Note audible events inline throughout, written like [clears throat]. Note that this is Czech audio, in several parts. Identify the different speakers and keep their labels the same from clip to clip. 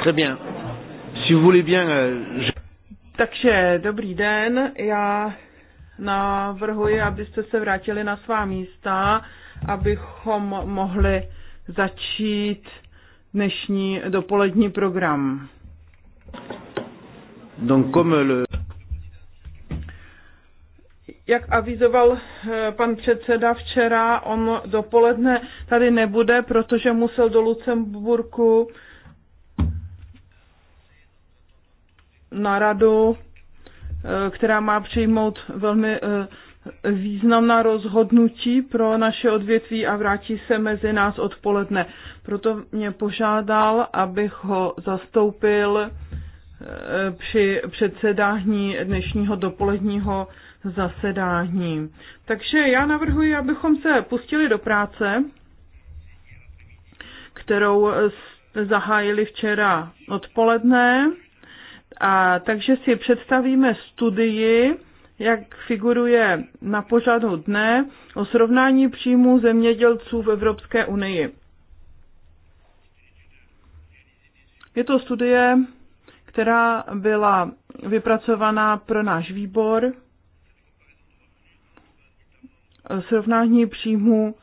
Speaker 1: Très bien. Si vous voulez bien, euh, je...
Speaker 2: Takže dobrý den, já navrhuji, abyste se vrátili na svá místa, abychom mohli začít dnešní dopolední program.
Speaker 1: Donc, comme le...
Speaker 2: Jak avizoval eh, pan předseda včera, on dopoledne tady nebude, protože musel do Lucemburku na radu, eh, která má přijmout velmi eh, významná rozhodnutí pro naše odvětví a vrátí se mezi nás odpoledne. Proto mě požádal, abych ho zastoupil eh, při předsedání dnešního dopoledního zasedání. Takže já navrhuji, abychom se pustili do práce, kterou zahájili včera odpoledne. A takže si představíme studii, jak figuruje na pořadu dne, o srovnání příjmů zemědělců v Evropské unii. Je to studie, která byla vypracovaná pro náš výbor srovnání příjmů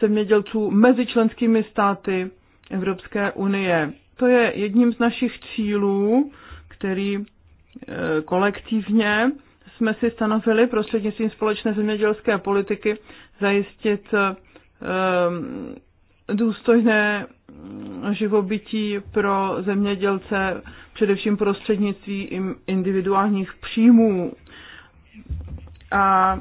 Speaker 2: zemědělců mezi členskými státy Evropské unie. To je jedním z našich cílů který eh, kolektivně jsme si stanovili prostřednictvím společné zemědělské politiky zajistit eh, důstojné živobytí pro zemědělce, především prostřednictvím individuálních příjmů. A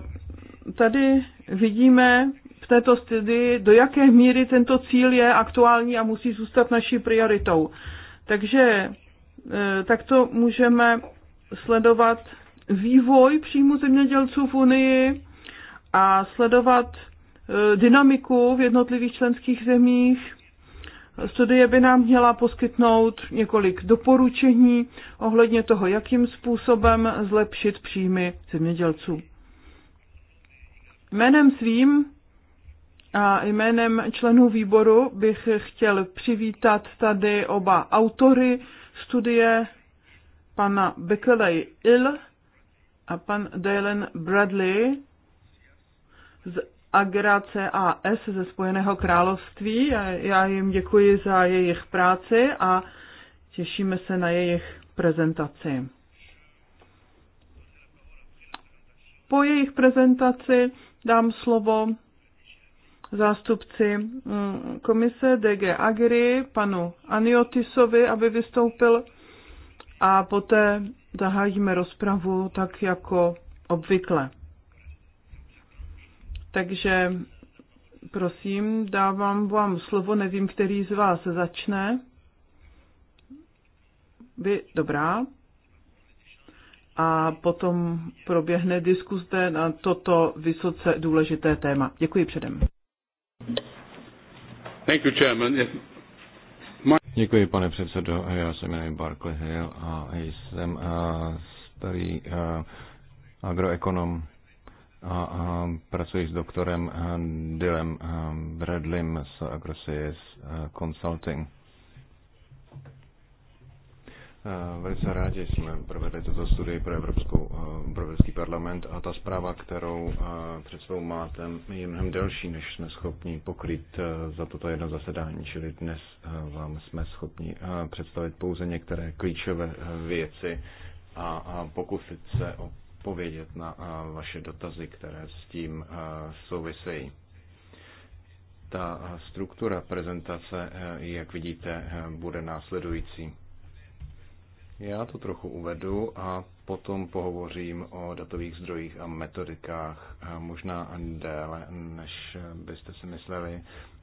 Speaker 2: tady vidíme v této studii, do jaké míry tento cíl je aktuální a musí zůstat naší prioritou. Takže Eh, takto můžeme sledovat vývoj příjmu zemědělců v Unii a sledovat eh, dynamiku v jednotlivých členských zemích. Studie by nám měla poskytnout několik doporučení ohledně toho, jakým způsobem zlepšit příjmy zemědělců. Jménem svým a jménem členů výboru bych chtěl přivítat tady oba autory studie pana Bekelej Il a pan Dalen Bradley z Agra CAS ze Spojeného království. Já jim děkuji za jejich práci a těšíme se na jejich prezentaci. Po jejich prezentaci dám slovo zástupci mm, komise DG Agri, panu Aniotisovi, aby vystoupil a poté zahájíme rozpravu tak jako obvykle. Takže prosím, dávám vám slovo, nevím, který z vás začne. Vy, dobrá. A potom proběhne diskuze na toto vysoce důležité téma. Děkuji předem.
Speaker 1: Děkuji, pane předsedo. Já se jmenuji Barclay Hill a jsem eh, starý eh, agroekonom a, a pracuji s doktorem eh, Dylem Bradlim z Agrosius Consulting. Eh, velice rádi jsme provedli tuto studii pro, Evropskou, eh, pro Evropský parlament a ta zpráva, kterou eh, před svou máte, je mnohem delší, než jsme schopni pokryt za toto jedno zasedání, čili dnes vám jsme schopni představit pouze některé klíčové věci a pokusit se odpovědět na vaše dotazy, které s tím souvisejí ta struktura prezentace, jak vidíte, bude následující. Já to trochu uvedu a potom pohovořím o datových zdrojích a metodikách možná déle, než byste si mysleli,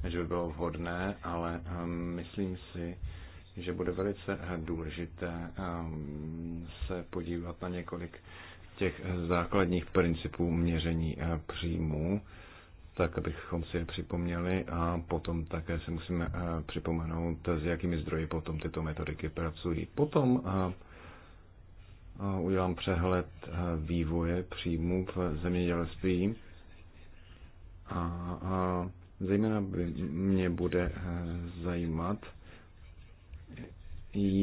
Speaker 1: že by bylo vhodné, ale hm, myslím si, že bude velice eh, důležité hm, se podívat na několik těch základních principů měření eh, příjmů tak abychom si je připomněli a potom také si musíme eh, připomenout, s jakými zdroji potom tyto metodiky pracují. Potom eh, eh, udělám přehled vývoje příjmů v zemědělství a zejména by mě bude zajímat,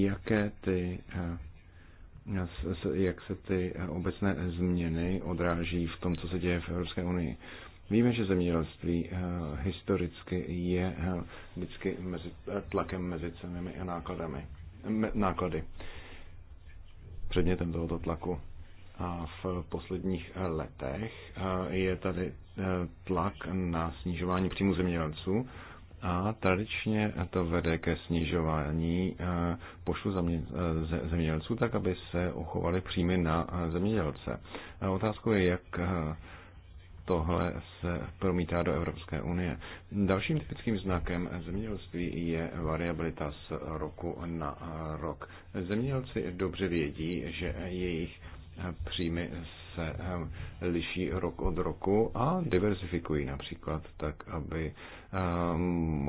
Speaker 1: jaké ty jak se ty obecné změny odráží v tom, co se děje v Evropské unii. Víme, že zemědělství eh, historicky je eh, vždycky mezi, eh, tlakem mezi cenami a nákladami, náklady předmětem tohoto tlaku. A v posledních letech je tady tlak na snižování příjmu zemědělců a tradičně to vede ke snižování pošlu zemědělců tak, aby se uchovaly příjmy na zemědělce. Otázkou je, jak tohle se promítá do Evropské unie. Dalším typickým znakem zemědělství je variabilita z roku na rok. Zemědělci dobře vědí, že jejich příjmy se ehm, liší rok od roku a diversifikují například tak, aby ehm,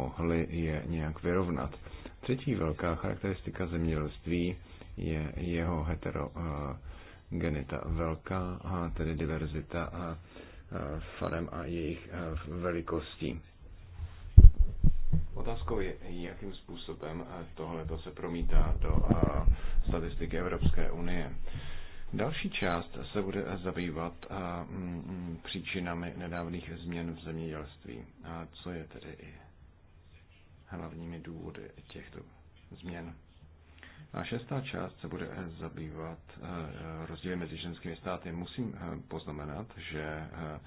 Speaker 1: mohli je nějak vyrovnat. Třetí velká charakteristika zemědělství je jeho hetero eh, genita velká, a tedy diverzita a eh, farem a jejich eh, velikostí. Otázkou je, jakým způsobem eh, tohle se promítá do eh, statistiky Evropské unie. Další část se bude zabývat mm, mm, příčinami nedávných změn v zemědělství. A co je tedy i hlavními důvody těchto změn? A šestá část se bude zabývat eh, rozdíly mezi ženskými státy. Musím eh, poznamenat, že eh,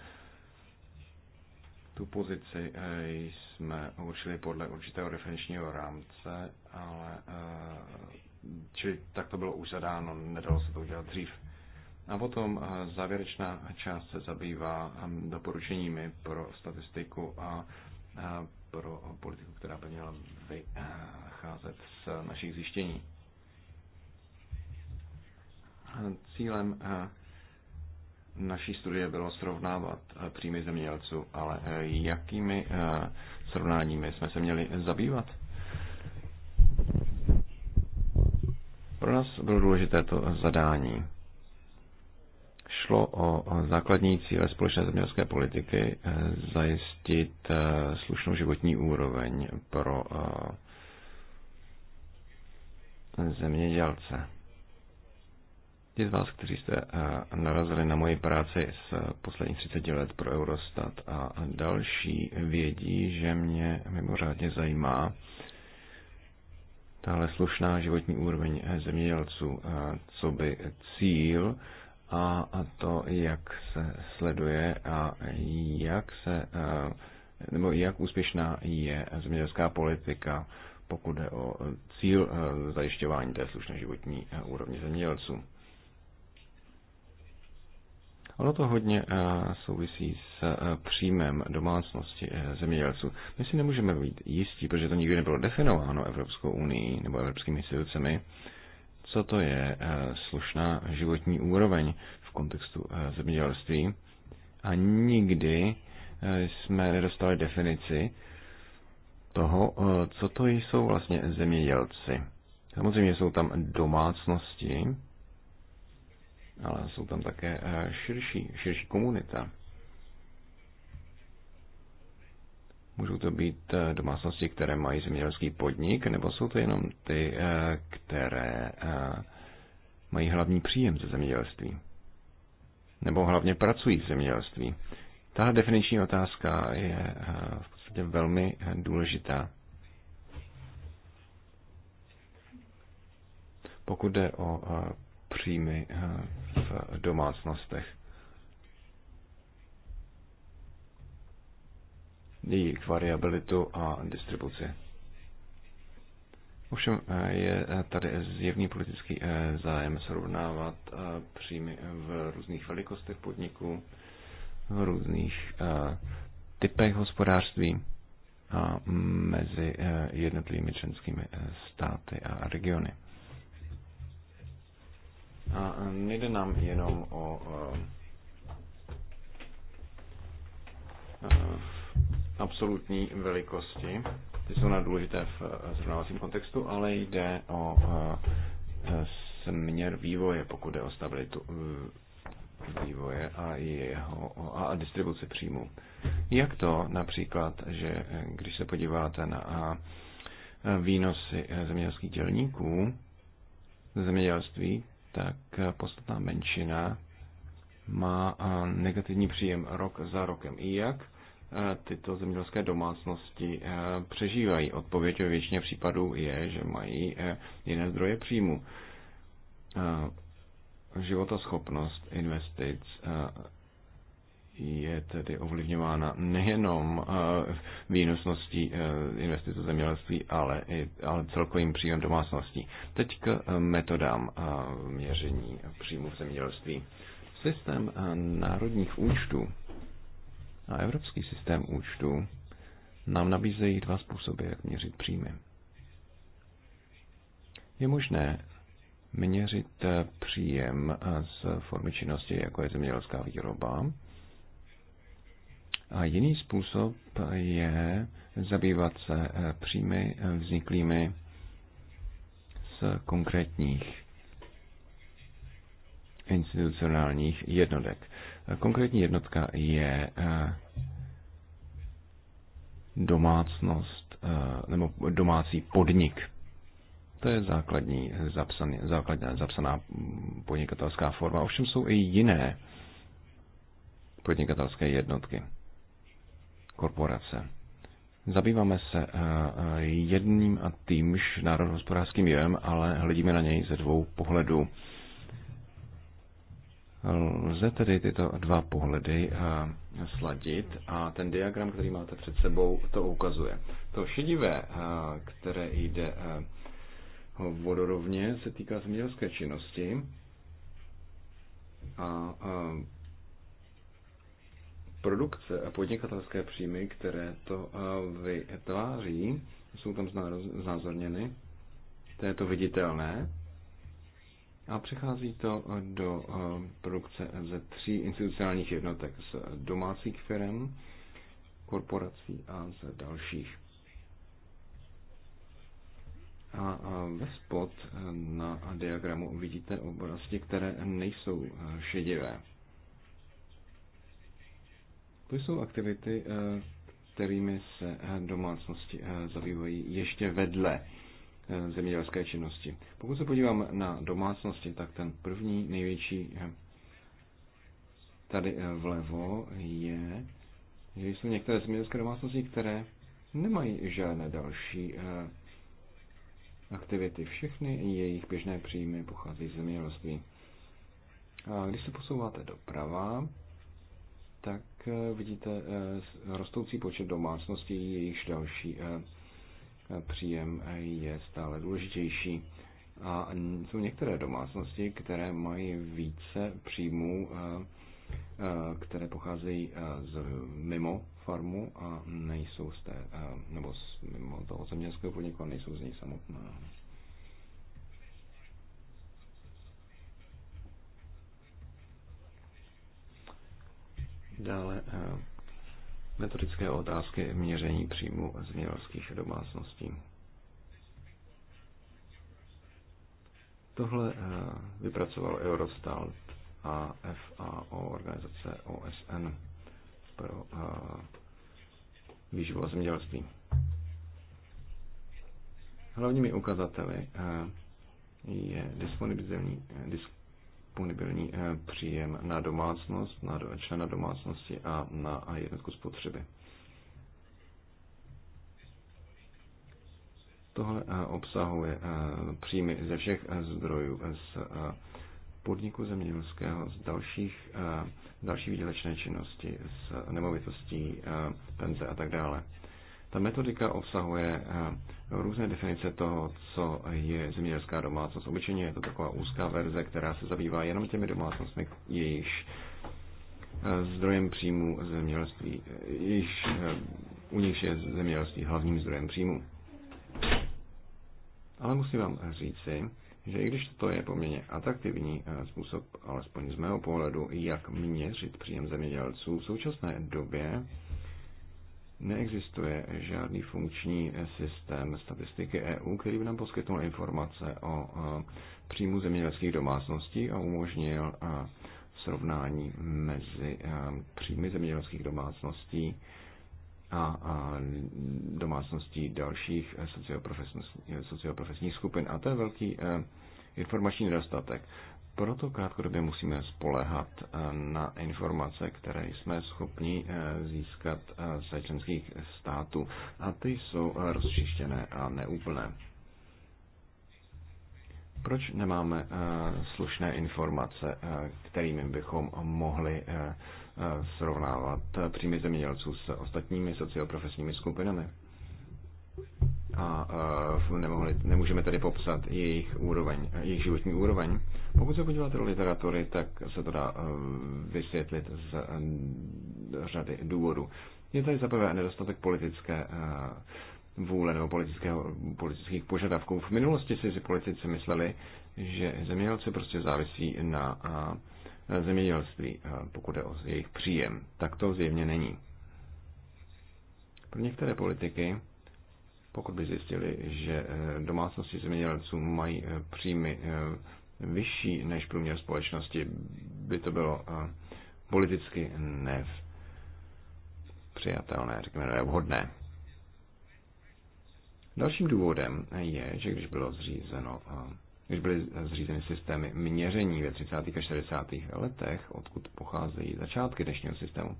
Speaker 1: tu pozici jsme určili podle určitého referenčního rámce, ale čili tak to bylo už zadáno, nedalo se to udělat dřív. A potom závěrečná část se zabývá hm, doporučeními pro statistiku a pro politiku, která by měla vycházet z našich zjištění. Cílem eh, naší studie bylo srovnávat eh, příjmy zemědělců, ale eh, jakými srovnáními jsme se měli zabývat? Pro nás bylo důležité to zadání. Šlo o základní cíle společné zemědělské politiky zajistit slušnou životní úroveň pro zemědělce. Ti z vás, kteří jste eh, narazili na moji práci z eh, posledních 30 let pro Eurostat a další, vědí, že mě mimořádně zajímá tahle slušná životní úroveň eh, zemědělců, co by cíl a to, jak se sleduje a jak se, nebo jak úspěšná je zemědělská politika, pokud jde o cíl zajišťování té slušné životní úrovně zemědělců. Ono to hodně eh, souvisí s eh, příjmem domácnosti eh, zemědělců. My si nemůžeme být jistí, protože to nikdy nebylo definováno Evropskou unii nebo evropskými institucemi, co to je slušná životní úroveň v kontextu zemědělství. A nikdy jsme nedostali definici toho, co to jsou vlastně zemědělci. Samozřejmě jsou tam domácnosti, ale jsou tam také eh, širší, širší komunita. Můžou to být eh, domácnosti, které mají zemědělský podnik, nebo jsou to jenom ty, eh, které mají hlavní příjem ze zemědělství. Nebo hlavně pracují v zemědělství. Ta definiční otázka je v podstatě velmi důležitá. Pokud jde o příjmy eh, v domácnostech. jejich variabilitu a distribuci. Ovšem eh, je eh, tady zjevný politický zájem srovnávat příjmy v různých velikostech podniků, v různých typech hospodářství a mezi jednotlivými členskými státy a regiony. A nejde nám jenom o absolutní velikosti, ty jsou důležité v srovnávacím kontextu, ale jde o směr vývoje, pokud jde o stabilitu e, vývoje a jeho a distribuci příjmu. Jak to například, že když se podíváte na výnosy zemědělských dělníků, zemědělství, tak podstatná menšina má negativní příjem rok za rokem. I jak tyto zemědělské domácnosti přežívají? Odpověď o většině případů je, že mají jiné zdroje příjmu. Životaschopnost investic je tedy ovlivňována nejenom eh, výnosností eh, investic zemědělství, ale i ale celkovým příjem domácností. Teď k eh, metodám měření příjmu v zemědělství. Systém národních účtů a evropský systém účtů nám nabízejí dva způsoby, jak měřit příjmy. Je možné měřit příjem z formy činnosti, jako je zemědělská výroba, a jiný způsob je zabývat se eh, příjmy eh, vzniklými z konkrétních institucionálních jednotek. Eh, konkrétní jednotka je domácnost nebo domácí podnik. To je základní zapsaný, základná zapsaná mm, podnikatelská forma. Ovšem jsou i jiné podnikatelské jednotky korporace. Zabýváme se eh, jedním a týmž národohospodářským jevem, ale hledíme na něj ze dvou pohledů. Lze tedy tyto dva pohledy eh, sladit a ten diagram, který máte před sebou, to ukazuje. To šedivé, eh, které jde vodorovně, se týká zemědělské činnosti a produkce a podnikatelské příjmy, které to eh, vytváří, jsou tam znázorněny, to je to viditelné, a přechází to eh, do eh, produkce ze tří institucionálních jednotek, z domácích firm, korporací a z dalších. A ve spod na diagramu vidíte oblasti, které nejsou šedivé. To jsou aktivity, eh, kterými se eh, domácnosti eh, zabývají ještě vedle zemědělské činnosti. Pokud se podívám na domácnosti, tak ten první největší tady vlevo je, že jsou některé zemědělské domácnosti, které nemají žádné další aktivity. Všechny jejich běžné příjmy pochází z zemědělství. A když se posouváte doprava, tak eh, vidíte eh, rostoucí počet domácností, jejichž další eh, příjem je stále důležitější. A jsou některé domácnosti, které mají více příjmů, které pocházejí z mimo farmu a nejsou z té, nebo z mimo toho zemědělského podniku a nejsou z něj samotného. Dále eh, metodické otázky měření příjmu zemědělských domácností. Tohle eh, vypracoval Eurostat a FAO, organizace OSN pro eh, výživu a zemědělství. Hlavními ukazateli je disponibilní, disponibilní eh, příjem na domácnost, na člena domácnosti a na jednotku spotřeby. Tohle eh, obsahuje eh, příjmy ze všech zdrojů, z podniku zemědělského, z dalších, další výdělečné činnosti, z nemovitostí, penze a tak dále. Ta metodika obsahuje eh, různé definice toho, co je zemědělská domácnost. Obyčejně je to taková úzká verze, která se zabývá jenom těmi domácnostmi, jejichž eh, zdrojem příjmu zemědělství, jejichž, eh, u nich je zemědělství hlavním zdrojem příjmu. Ale musím vám říci, že i když to je poměrně atraktivní způsob, alespoň z mého pohledu, jak měřit příjem zemědělců, v současné době Neexistuje žádný funkční systém statistiky EU, který by nám poskytnul informace o e, příjmu zemědělských domácností a umožnil e, srovnání mezi e, příjmy zemědělských domácností a domácností dalších socioprofesních skupin. A to je velký informační nedostatek proto krátkodobě musíme spolehat eh, na informace, které jsme schopni eh, získat eh, ze členských států. A ty jsou rozčištěné a neúplné. Proč nemáme slušné informace, kterými bychom mohli srovnávat příjmy zemědělců s ostatními socioprofesními skupinami? a e, nemohli, nemůžeme tedy popsat jejich úroveň, jejich životní úroveň. Pokud se podíváte do literatury, tak se to dá e, vysvětlit z e, řady důvodů. Je tady zaprvé nedostatek politické vůle nebo politického, politických požadavků. V minulosti si, politici mysleli, že zemědělci prostě závisí na zemědělství, pokud je o jejich příjem. Tak to zjevně není. Pro některé politiky pokud by zjistili, že eh, domácnosti zemědělců mají eh, příjmy eh, vyšší než průměr společnosti, by to bylo politicky nepřijatelné, řekněme nevhodné. Dalším důvodem je, že když bylo zřízeno když byly zřízeny systémy měření ve 30. a 40. letech, odkud pocházejí začátky dnešního systému,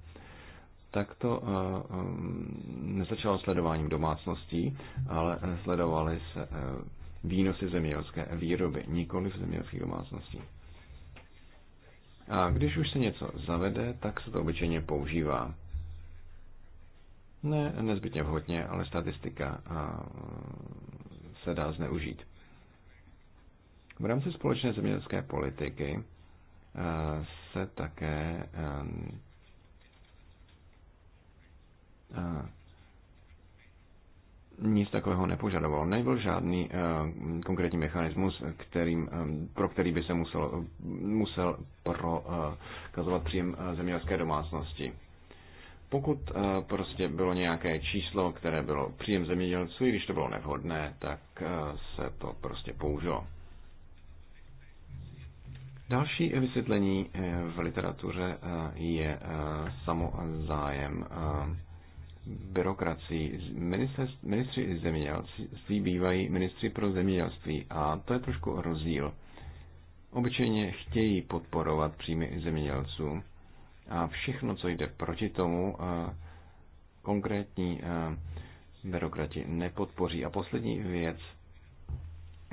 Speaker 1: tak to eh, eh, nezačalo sledováním domácností, ale eh, sledovaly se výnosy zemědělské výroby, nikoli v zemědělských domácností. A když už se něco zavede, tak se to obyčejně používá. Ne nezbytně vhodně, ale statistika se dá zneužít. V rámci společné zemědělské politiky se také Eh, nic takového nepožadoval. Nebyl žádný eh, konkrétní mechanismus, kterým, eh, pro který by se musel, musel prokazovat příjem zemědělské domácnosti. Pokud prostě bylo nějaké číslo, které bylo příjem zemědělců, i když to bylo nevhodné, tak se to prostě použilo. Další vysvětlení v literatuře je samozájem byrokracii. Ministři zemědělství bývají ministři pro zemědělství a to je trošku rozdíl. Obyčejně chtějí podporovat příjmy zemědělců a všechno, co jde proti tomu, konkrétní byrokrati nepodpoří. A poslední věc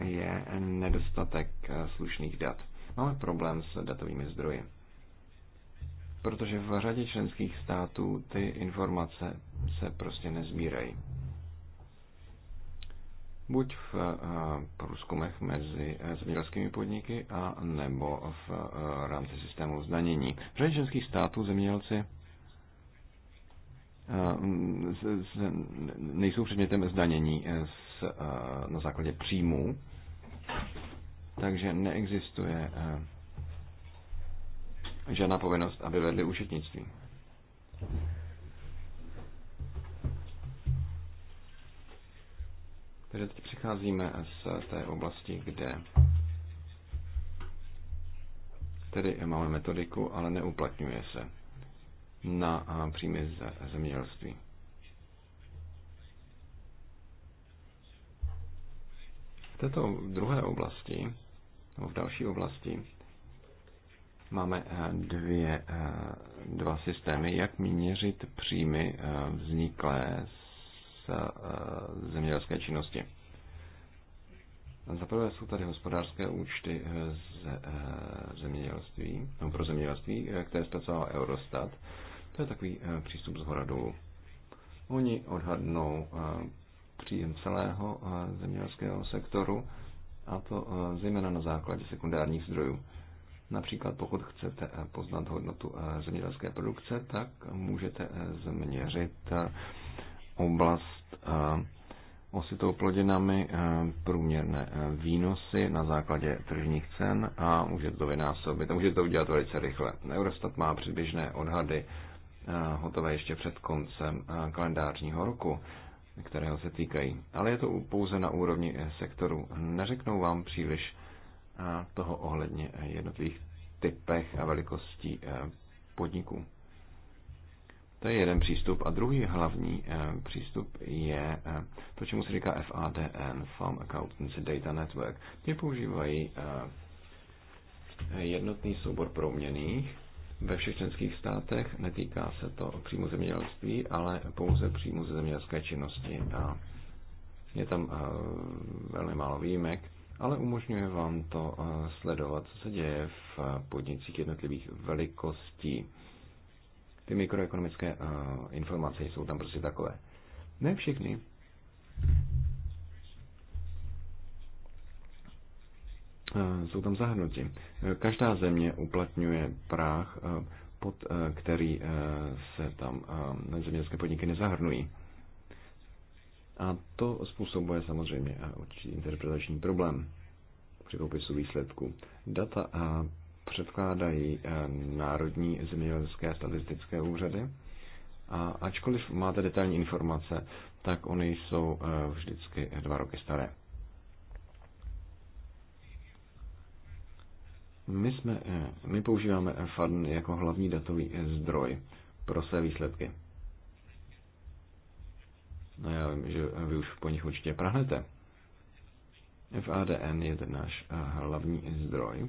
Speaker 1: je nedostatek slušných dat. Máme problém s datovými zdroji protože v řadě členských států ty informace se prostě nezbírají. Buď v eh, průzkumech mezi eh, zemědělskými podniky a nebo v eh, rámci systému zdanění. V řadě členských států zemědělci nejsou předmětem zdanění na základě příjmů, takže neexistuje žádná povinnost, aby vedli účetnictví. Takže teď přicházíme z té oblasti, kde tedy máme metodiku, ale neuplatňuje se na příjmy ze zemědělství. V této druhé oblasti, nebo v další oblasti, Máme eh, dvě, eh, dva systémy, jak měřit příjmy eh, vzniklé z zemědělské činnosti. Za prvé jsou tady hospodářské účty z zemědělství, no pro zemědělství, které zpracoval Eurostat. To je takový přístup z hora dolů. Oni odhadnou příjem celého zemědělského sektoru, a to zejména na základě sekundárních zdrojů. Například pokud chcete eh, poznat hodnotu eh, zemědělské produkce, tak můžete eh, změřit oblast ositou plodinami, průměrné výnosy na základě tržních cen a můžete to vynásobit. Můžete to udělat velice rychle. Eurostat má předběžné odhady hotové ještě před koncem kalendářního roku, kterého se týkají. Ale je to pouze na úrovni sektoru. Neřeknou vám příliš toho ohledně jednotlivých typech a velikostí eh, podniků. To je jeden přístup. A druhý hlavní eh, přístup je eh, to, čemu se říká FADN, Farm Accountancy Data Network. Ty používají jednotný soubor proměných ve všech členských státech. Netýká se to přímo zemědělství, ale pouze přímo ze zemědělské činnosti. A je tam velmi málo výjimek ale umožňuje vám to eh, sledovat, co se děje v eh, podnicích jednotlivých velikostí. Ty mikroekonomické eh, informace jsou tam prostě takové. Ne všechny. Jsou tam zahrnuti. Každá země uplatňuje práh, pod který se tam zemědělské podniky nezahrnují. A to způsobuje samozřejmě určitý interpretační problém při popisu výsledků. Data předkládají národní zemědělské statistické úřady. A ačkoliv máte detailní informace, tak oni jsou vždycky dva roky staré. My, jsme, my používáme FADN jako hlavní datový e, zdroj pro své výsledky. No já vím, že vy už po nich určitě prahnete. FADN je ten náš eh, hlavní zdroj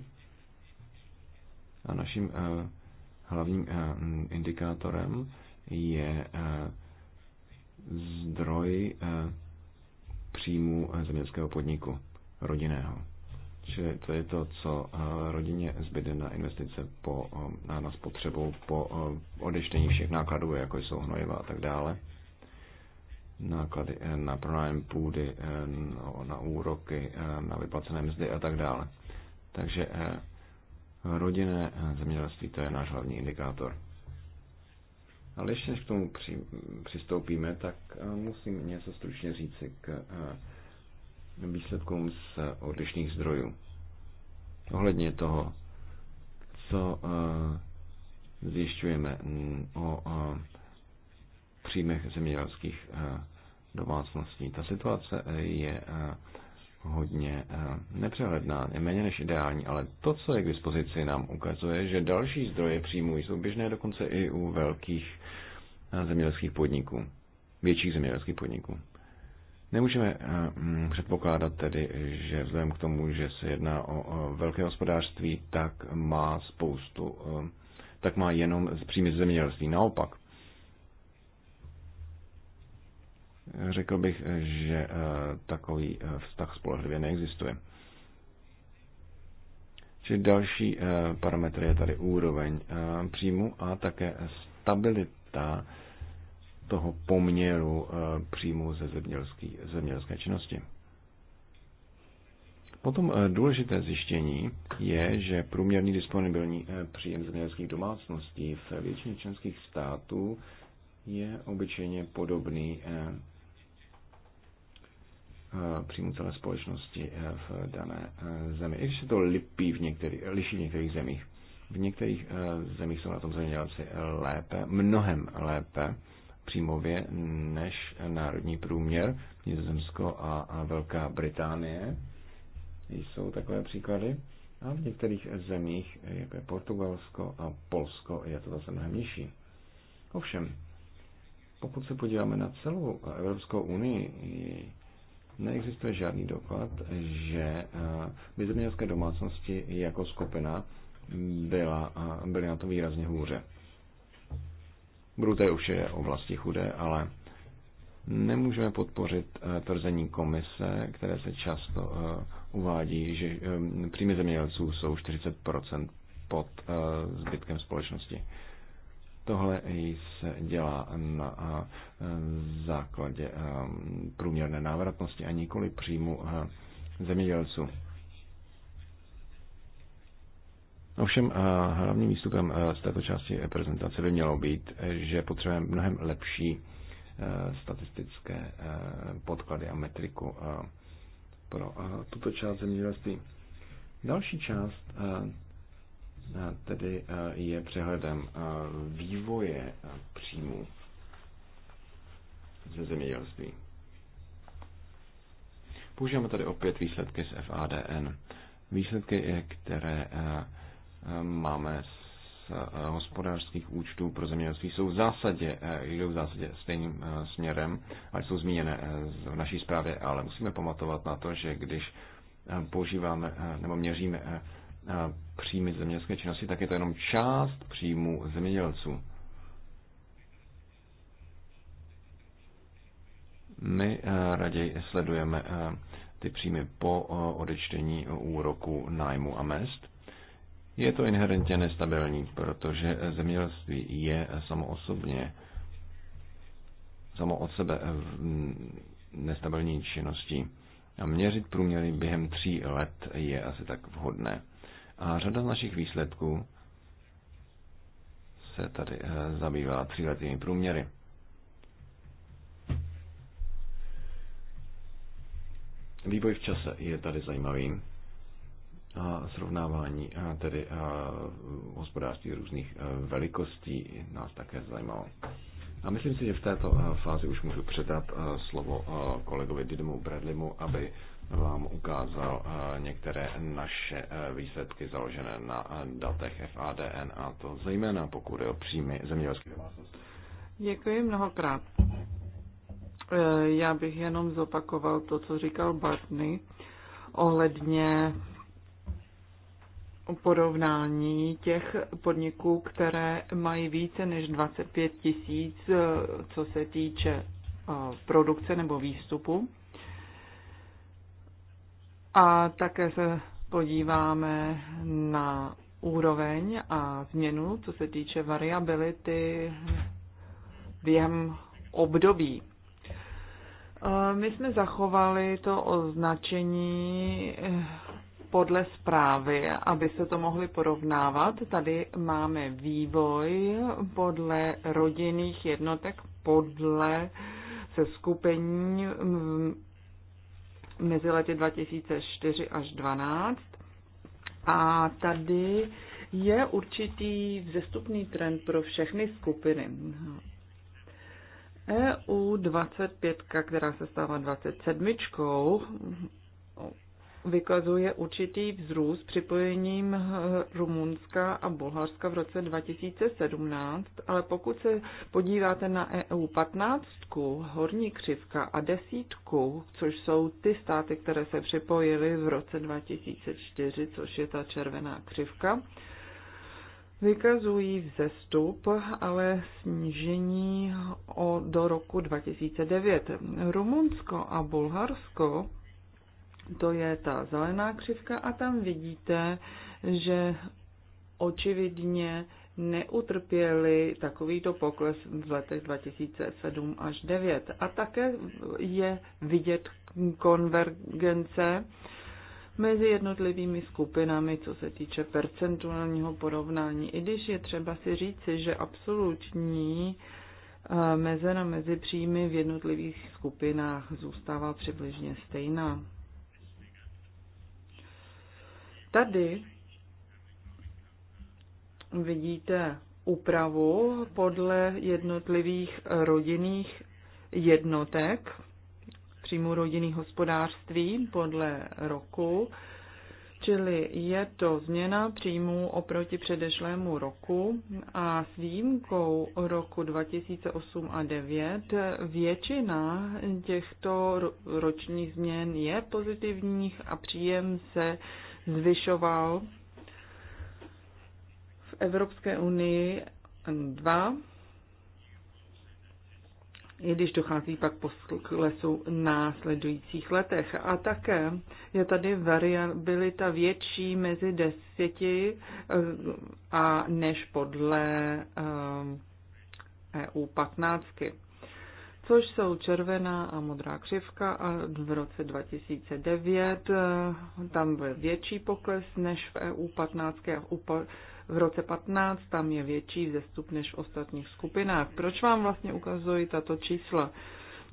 Speaker 1: a naším eh, hlavním eh, indikátorem je zdroj příjmu zemědělského podniku rodinného. Čili to je to, co rodině zbyde na investice po, na spotřebu po odečtení všech nákladů, jako jsou hnojiva a tak dále náklady eh, na pronájem půdy, eh, no, na úroky, eh, na vyplacené mzdy a tak dále. Takže rodinné zemědělství to je náš hlavní indikátor. Ale ještě než k tomu při, přistoupíme, tak musím něco stručně říci k výsledkům z odlišných zdrojů. Ohledně toho, co zjišťujeme mm, o příjmech zemědělských eh, domácností. Ta situace eh, je eh, hodně nepřehledná, je méně než ideální, ale to, co je k dispozici, nám ukazuje, že další zdroje příjmů jsou běžné dokonce i u velkých zemědělských podniků, větších zemědělských podniků. Nemůžeme mm, předpokládat tedy, že vzhledem k tomu, že se jedná o velké hospodářství, tak má spoustu, tak má jenom příjmy zemědělství. Naopak, Řekl bych, že eh, takový eh, vztah spolehlivě neexistuje. Čili další eh, parametr je tady úroveň příjmu a také stabilita toho poměru příjmu ze zemědělské, zemědělské činnosti. Potom důležité zjištění je, že průměrný disponibilní příjem zemědělských domácností v většině členských států je obyčejně podobný Eh, příjmu celé společnosti eh, v dané eh, zemi. I když se to lipí v některých, liší v některých zemích. V některých zemích jsou na tom zemědělci lépe, mnohem lépe příjmově než národní průměr. Nizozemsko a Velká Británie jsou takové příklady. A v některých zemích, jako je Portugalsko a Polsko, je to zase mnohem nižší. Ovšem, pokud se podíváme na celou Evropskou unii, neexistuje žádný doklad, že eh, by zemědělské domácnosti jako skupina byla, eh, byly na to výrazně hůře. Budou už je oblasti chudé, ale nemůžeme podpořit eh, tvrzení komise, které se často uvádí, že příjmy zemědělců jsou 40% pod zbytkem společnosti. Tohle se dělá na základě průměrné návratnosti a nikoli příjmu zemědělců. Ovšem hlavním výstupem z této části prezentace by mělo být, že potřebujeme mnohem lepší statistické podklady a metriku pro tuto část zemědělství. Další část tedy je přehledem vývoje příjmu ze zemědělství. Používáme tady opět výsledky z FADN. Výsledky, eh, které eh, eh, máme z hospodářských účtů pro zemědělství, jsou v zásadě, jdou v zásadě stejným směrem, ale jsou zmíněné v naší zprávě, ale musíme pamatovat na to, že když používáme nebo měříme příjmy zemědělské činnosti, tak je to jenom část příjmů zemědělců. My raději sledujeme ty příjmy po odečtení úroku nájmu a mest. Je to inherentně nestabilní, protože zemědělství je samo osobně, samo od sebe nestabilní činností. A měřit průměry během tří let je asi tak vhodné. A řada z našich výsledků se tady eh, zabývá tříletými průměry. Vývoj v čase je tady zajímavý. A srovnávání a eh, tedy a eh, hospodářství různých velikostí nás také zajímalo. A myslím si, že v této fázi už můžu předat slovo kolegovi Didymu Bradlimu, aby vám ukázal eh, některé naše eh, výsledky založené na eh, datech FADN a to zejména pokud je o příjmy zemědělských
Speaker 3: domácností. Děkuji mnohokrát. Já bych jenom zopakoval to, co říkal Bartny ohledně porovnání těch podniků, které mají více než 25 tisíc, co se týče produkce nebo výstupu. A také se podíváme na úroveň a změnu, co se týče variability během období. E, my jsme zachovali to označení e, podle zprávy, aby se to mohli porovnávat. Tady máme vývoj podle rodinných jednotek, podle se skupení mezi lety 2004 až 2012. A tady je určitý vzestupný trend pro všechny skupiny. EU 25, která se stává 27, vykazuje určitý vzrůst připojením eh, Rumunska a Bulharska v roce 2017, ale pokud se podíváte na EU 15, horní křivka a desítku, což jsou ty státy, které se připojily v roce 2004, což je ta červená křivka, vykazují vzestup, ale snížení o, do roku 2009. Rumunsko a Bulharsko to je ta zelená křivka a tam vidíte, že očividně neutrpěli takovýto pokles v letech 2007 až 2009. A také je vidět konvergence mezi jednotlivými skupinami, co se týče percentuálního porovnání. I když je třeba si říci, že absolutní eh, mezera mezi příjmy v jednotlivých skupinách zůstává přibližně stejná. Tady vidíte úpravu podle jednotlivých rodinných jednotek přímo rodinných hospodářství podle roku, čili je to změna příjmů oproti předešlému roku a s výjimkou roku 2008 a 2009 většina těchto ročních změn je pozitivních a příjem se zvyšoval v Evropské unii 2, i když dochází pak po lesu následujících letech. A také je tady variabilita větší mezi deseti eh, a než podle EU eh, e 15 což jsou červená a modrá křivka a v roce 2009 eh, tam byl větší pokles než v EU 15 a v roce 15 tam je větší vzestup než v ostatních skupinách. Proč vám vlastně ukazuji tato čísla?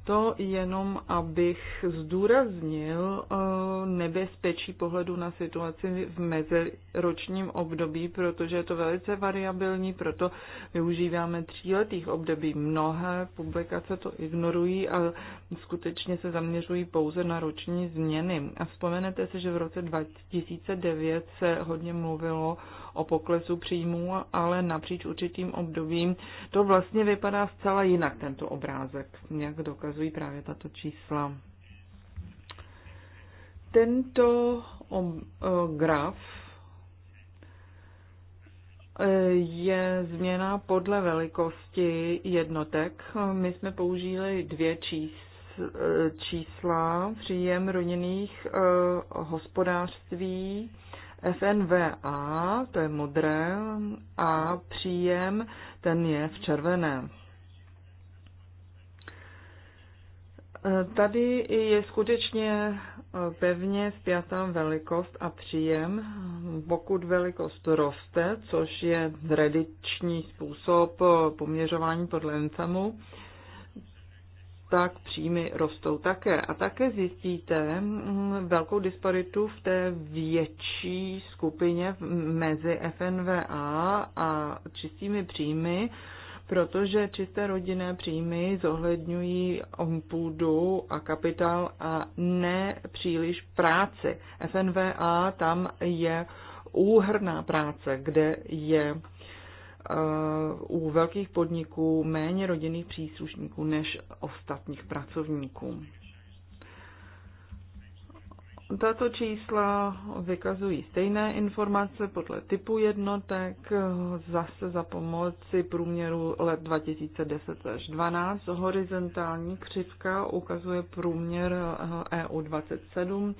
Speaker 3: To jenom abych zdůraznil eh, nebezpečí pohledu na situaci v meziročním období, protože je to velice variabilní, proto využíváme tříletých období. Mnohé publikace to ignorují a skutečně se zaměřují pouze na roční změny. A vzpomenete si, že v roce 2009 se hodně mluvilo o poklesu příjmů, ale napříč určitým obdobím to vlastně vypadá zcela jinak, tento obrázek, jak dokazují právě tato čísla. Tento eh, graf eh, je změna podle velikosti jednotek. My jsme použili dvě čísla eh, čísla, příjem rodinných hospodářství FNVA, to je modré, a příjem, ten je v červeném. Tady je skutečně eh, pevně zpětá velikost a příjem. Pokud velikost roste, což je tradiční způsob eh, poměřování podle NFAMu, tak příjmy rostou také. A také zjistíte mm, velkou disparitu v té větší skupině mezi FNVA a čistými příjmy, protože čisté rodinné příjmy zohledňují půdu a kapitál a ne příliš práci. FNVA tam je úhrná práce, kde je Eh, u velkých podniků méně rodinných příslušníků než ostatních pracovníků. Tato čísla vykazují stejné informace podle typu jednotek, zase za pomoci průměru let 2010 až 12. Horizontální křivka ukazuje průměr EU eh, e 27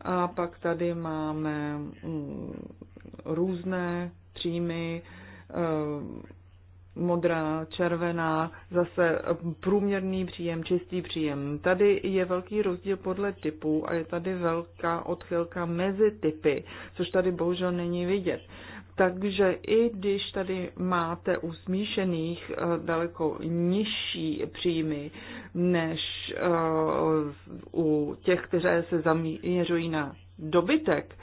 Speaker 3: a pak tady máme mm, různé příjmy, Eh, modrá, červená, zase eh, průměrný příjem, čistý příjem. Tady je velký rozdíl podle typu a je tady velká odchylka mezi typy, což tady bohužel není vidět. Takže i když tady máte u smíšených eh, daleko nižší příjmy než u těch, které se zaměřují na dobytek,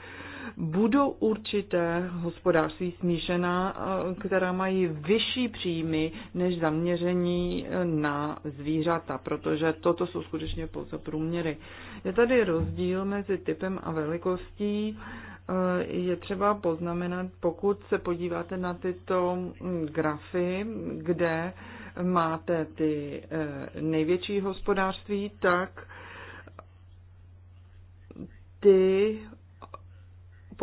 Speaker 3: budou určité hospodářství smíšená, eh, která mají vyšší příjmy než zaměření eh, na zvířata, protože toto jsou skutečně pouze průměry. Je tady rozdíl mezi typem a velikostí. Eh, je třeba poznamenat, pokud se podíváte na tyto mm, grafy, kde máte ty největší hospodářství, tak ty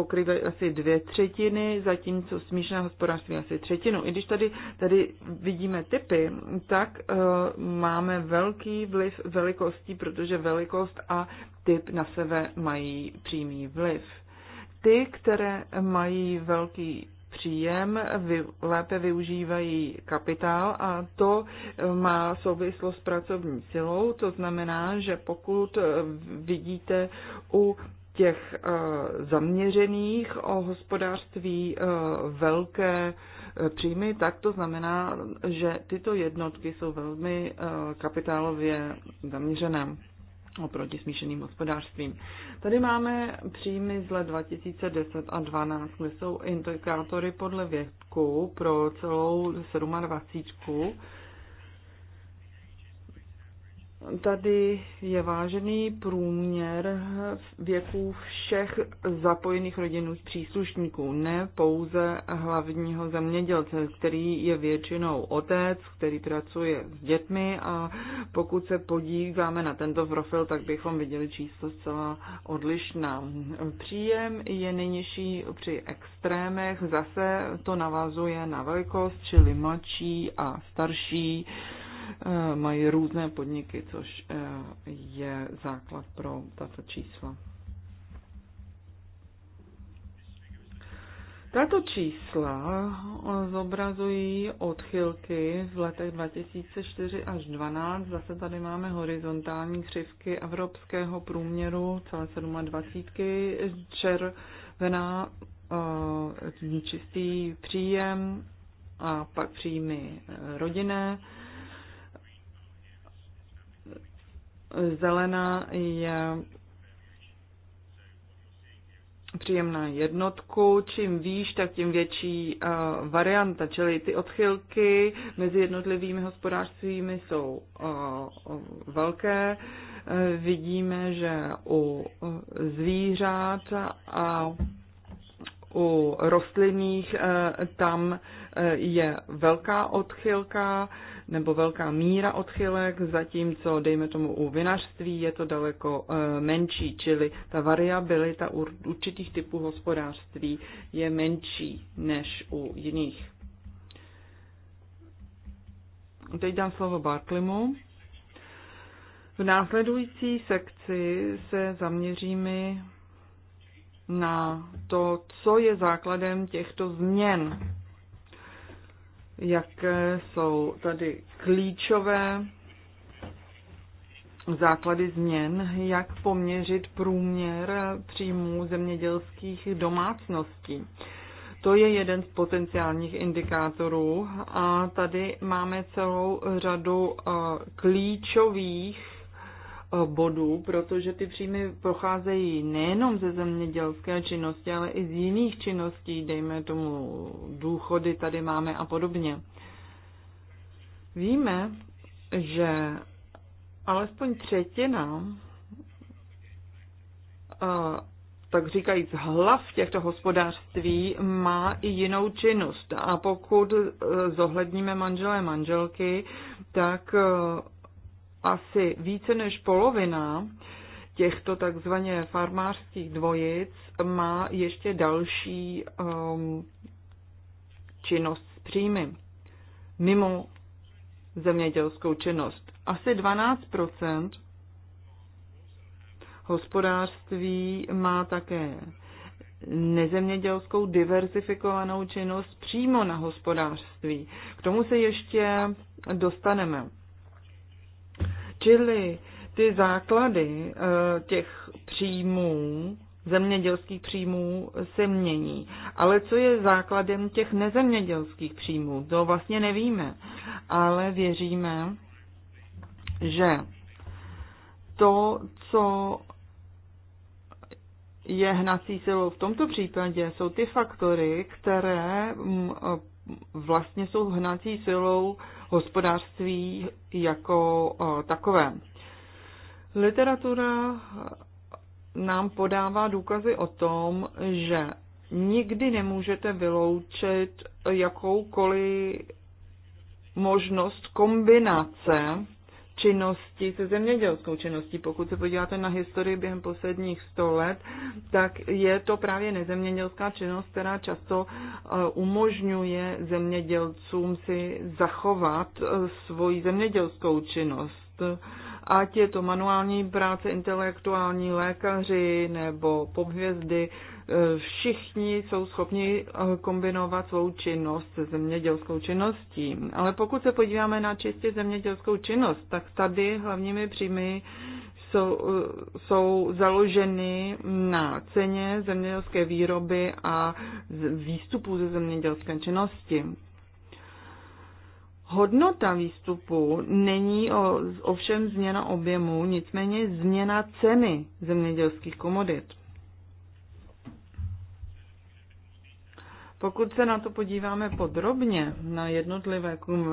Speaker 3: pokryly asi dvě třetiny, zatímco smíšené hospodářství asi třetinu. I když tady, tady vidíme typy, tak e, máme velký vliv velikostí, protože velikost a typ na sebe mají přímý vliv. Ty, které mají velký příjem, vy, lépe využívají kapitál a to eh, má souvislost s pracovní silou. To znamená, že pokud eh, vidíte u těch eh, zaměřených o hospodářství eh, velké eh, příjmy, tak to znamená, že tyto jednotky jsou velmi kapitálově zaměřené oproti smíšeným hospodářstvím. Tady máme příjmy z let 2010 a 2012, kde jsou indikátory podle věku pro celou 27 Tady je vážený průměr věků všech zapojených rodinných příslušníků, ne pouze hlavního zemědělce, který je většinou otec, který pracuje s dětmi a pokud se podíváme na tento profil, tak bychom viděli číslo zcela odlišná. Příjem je nejnižší při extrémech, zase to navazuje na velikost, čili mladší a starší Eh, mají různé podniky, což eh, je základ pro tato čísla. Tato čísla eh, zobrazují odchylky v letech 2004 až 2012. Zase tady máme horizontální křivky evropského průměru celé 27. červená čistý příjem a pak příjmy rodinné Zelená je příjemná jednotku. Čím výš, tak tím větší uh, varianta, čili ty odchylky mezi jednotlivými hospodářstvími jsou uh, velké. Uh, vidíme, že u zvířat a u rostlinných tam je velká odchylka nebo velká míra odchylek, zatímco, dejme tomu, u vinařství je to daleko eh, menší, čili ta variabilita u určitých typů hospodářství je menší než u jiných. Teď dám slovo Bartlimu. V následující sekci se zaměříme na to, co je základem těchto změn jaké jsou tady klíčové základy změn, jak poměřit průměr příjmů zemědělských domácností. To je jeden z potenciálních indikátorů a tady máme celou řadu eh, klíčových bodů, protože ty příjmy procházejí nejenom ze zemědělské činnosti, ale i z jiných činností, dejme tomu důchody tady máme a podobně. Víme, že alespoň třetina, tak říkajíc hlav těchto hospodářství má i jinou činnost. A pokud e, zohledníme manželé manželky, tak e, asi více než polovina těchto takzvaně farmářských dvojic má ještě další um, činnost s příjmy mimo zemědělskou činnost. Asi 12 hospodářství má také nezemědělskou diverzifikovanou činnost přímo na hospodářství. K tomu se ještě dostaneme. Čili ty základy eh, těch příjmů, zemědělských příjmů se mění. Ale co je základem těch nezemědělských příjmů, to vlastně nevíme. Ale věříme, že to, co je hnací silou v tomto případě, jsou ty faktory, které mm, eh, vlastně jsou hnací silou uh, hospodářství jako takové. Literatura nám podává důkazy o tom, že nikdy nemůžete vyloučit jakoukoliv možnost kombinace činnosti se zemědělskou činností. Pokud se podíváte na historii během posledních 100 let, tak je to právě nezemědělská činnost, která často eh, umožňuje zemědělcům si zachovat eh, svoji zemědělskou činnost ať je to manuální práce, intelektuální lékaři nebo pobvězdy, všichni jsou schopni eh, kombinovat svou činnost se zemědělskou činností. Ale pokud se podíváme na čistě zemědělskou činnost, tak tady hlavními příjmy jsou, eh, jsou založeny na ceně zemědělské výroby a výstupů ze zemědělské činnosti. Hodnota výstupu není o, ovšem změna objemu, nicméně změna ceny zemědělských komodit. Pokud se na to podíváme podrobně, na jednotlivé kum,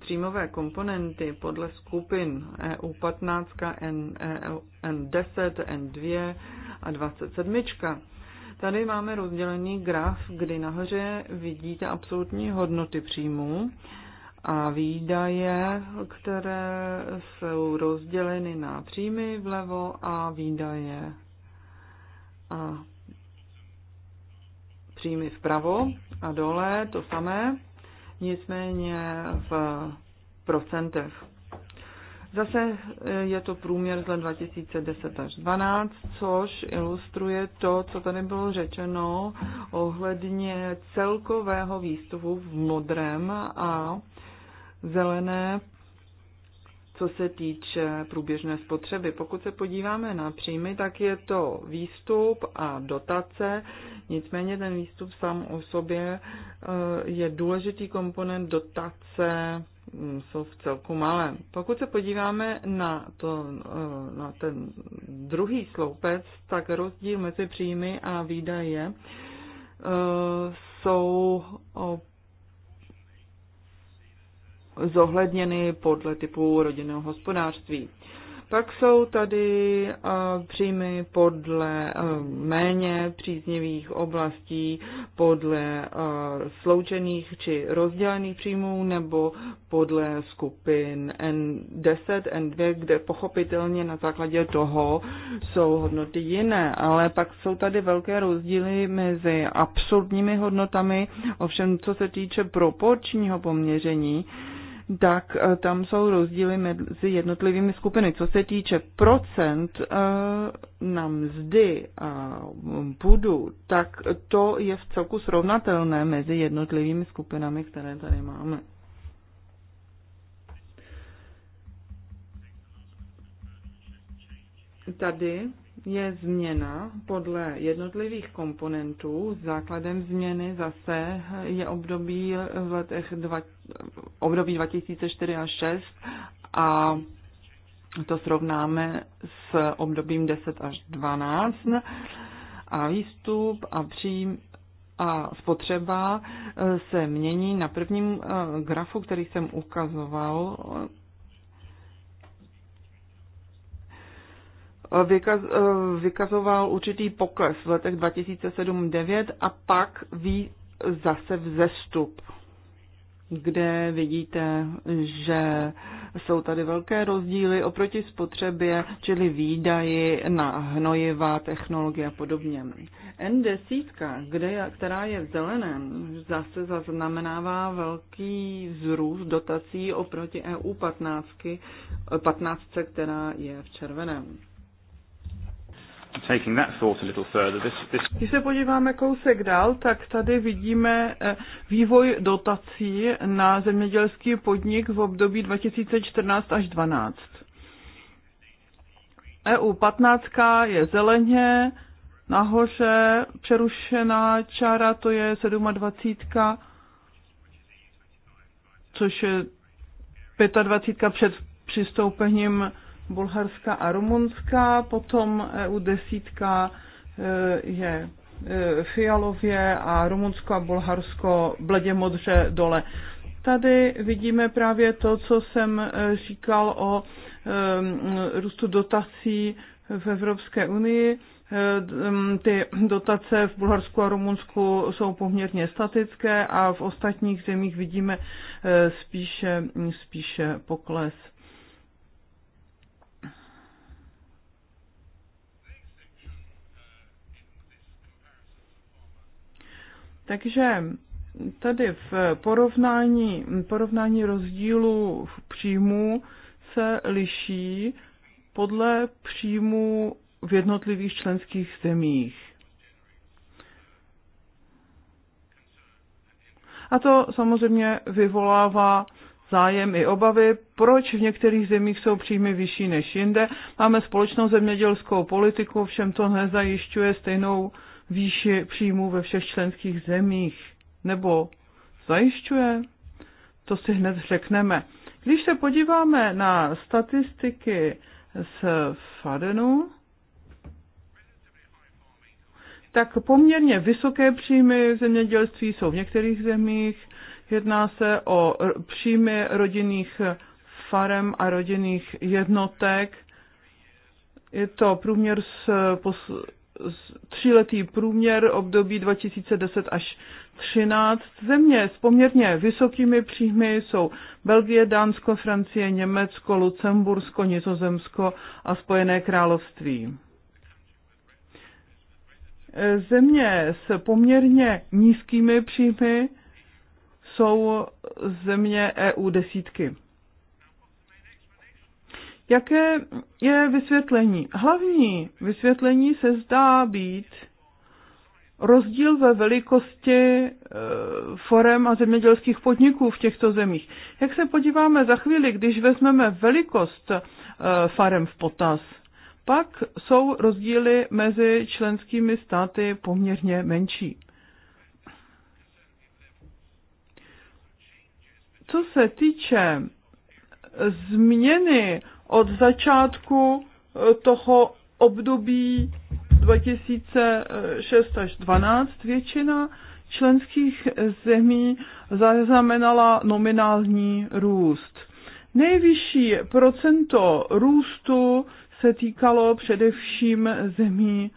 Speaker 3: příjmové komponenty podle skupin EU15, N, N10, e, N2 a 27, tady máme rozdělený graf, kdy nahoře vidíte absolutní hodnoty příjmů a výdaje, které jsou rozděleny na příjmy vlevo a výdaje a příjmy vpravo a dole to samé, nicméně v procentech. Zase eh, je to průměr z let 2010 až 12, což ilustruje to, co tady bylo řečeno ohledně celkového výstupu v modrém a zelené, co se týče průběžné spotřeby. Pokud se podíváme na příjmy, tak je to výstup a dotace Nicméně ten výstup sám o sobě eh, je důležitý komponent dotace, mm, jsou v celku malé. Pokud se podíváme na, to, eh, na ten druhý sloupec, tak rozdíl mezi příjmy a výdaje eh, jsou zohledněny podle typu rodinného hospodářství. Pak jsou tady eh, příjmy podle eh, méně příznivých oblastí, podle eh, sloučených či rozdělených příjmů nebo podle skupin N10, N2, kde pochopitelně na základě toho jsou hodnoty jiné. Ale pak jsou tady velké rozdíly mezi absurdními hodnotami, ovšem co se týče proporčního poměření, tak e, tam jsou rozdíly mezi jednotlivými skupiny. Co se týče procent e, na mzdy a půdu, tak to je v celku srovnatelné mezi jednotlivými skupinami, které tady máme. Tady je změna podle jednotlivých komponentů. Základem změny zase je období v letech dva, období 2004 až 6 a to srovnáme s obdobím 10 až 12 a výstup a příjm a spotřeba se mění na prvním eh, grafu, který jsem ukazoval vykaz, eh, vykazoval určitý pokles v letech 2007-2009 a pak ví zase vzestup, kde vidíte, že jsou tady velké rozdíly oproti spotřebě, čili výdaji na hnojiva, technologie a podobně. N10, kde, která je v zeleném, zase zaznamenává velký vzrůst dotací oproti EU 15, 15
Speaker 2: která je v červeném
Speaker 3: taking that thought a little further, this,
Speaker 2: this... Když se podíváme kousek dál, tak tady vidíme eh, vývoj dotací na zemědělský podnik v období 2014 až 2012. EU 15 je zeleně, nahoře přerušená čára, to je 27, což je 25 před přistoupením Bulharska a Rumunska, potom EU desítka e, je e, fialově a Rumunsko a Bulharsko bledě modře dole. Tady vidíme právě to, co jsem e, říkal o růstu dotací v Evropské unii. Ty dotace v Bulharsku a Rumunsku jsou poměrně statické a v ostatních zemích vidíme spíše, spíše pokles. Takže tady v porovnání, porovnání rozdílu v příjmu se liší podle příjmu v jednotlivých členských zemích. A to samozřejmě vyvolává zájem i obavy, proč v některých zemích jsou příjmy vyšší než jinde. Máme společnou zemědělskou politiku, všem to nezajišťuje stejnou výši příjmů ve všech členských zemích? Nebo zajišťuje? To si hned řekneme. Když se podíváme na statistiky z Fadenu, tak poměrně vysoké příjmy v zemědělství jsou v některých zemích. Jedná se o příjmy rodinných farem a rodinných jednotek. Je to průměr z, tříletý průměr období 2010 až 13. Země s poměrně vysokými příjmy jsou Belgie, Dánsko, Francie, Německo, Lucembursko, Nizozemsko a Spojené království. Země s poměrně nízkými příjmy jsou země EU desítky. Jaké je vysvětlení? Hlavní vysvětlení se zdá být rozdíl ve velikosti e, forem a zemědělských podniků v těchto zemích. Jak se podíváme za chvíli, když vezmeme velikost e, farem v potaz, pak jsou rozdíly mezi členskými státy poměrně menší. Co se týče změny od začátku eh, toho období 2006 až 2012 většina členských zemí zaznamenala nominální růst. Nejvyšší procento růstu se týkalo především zemí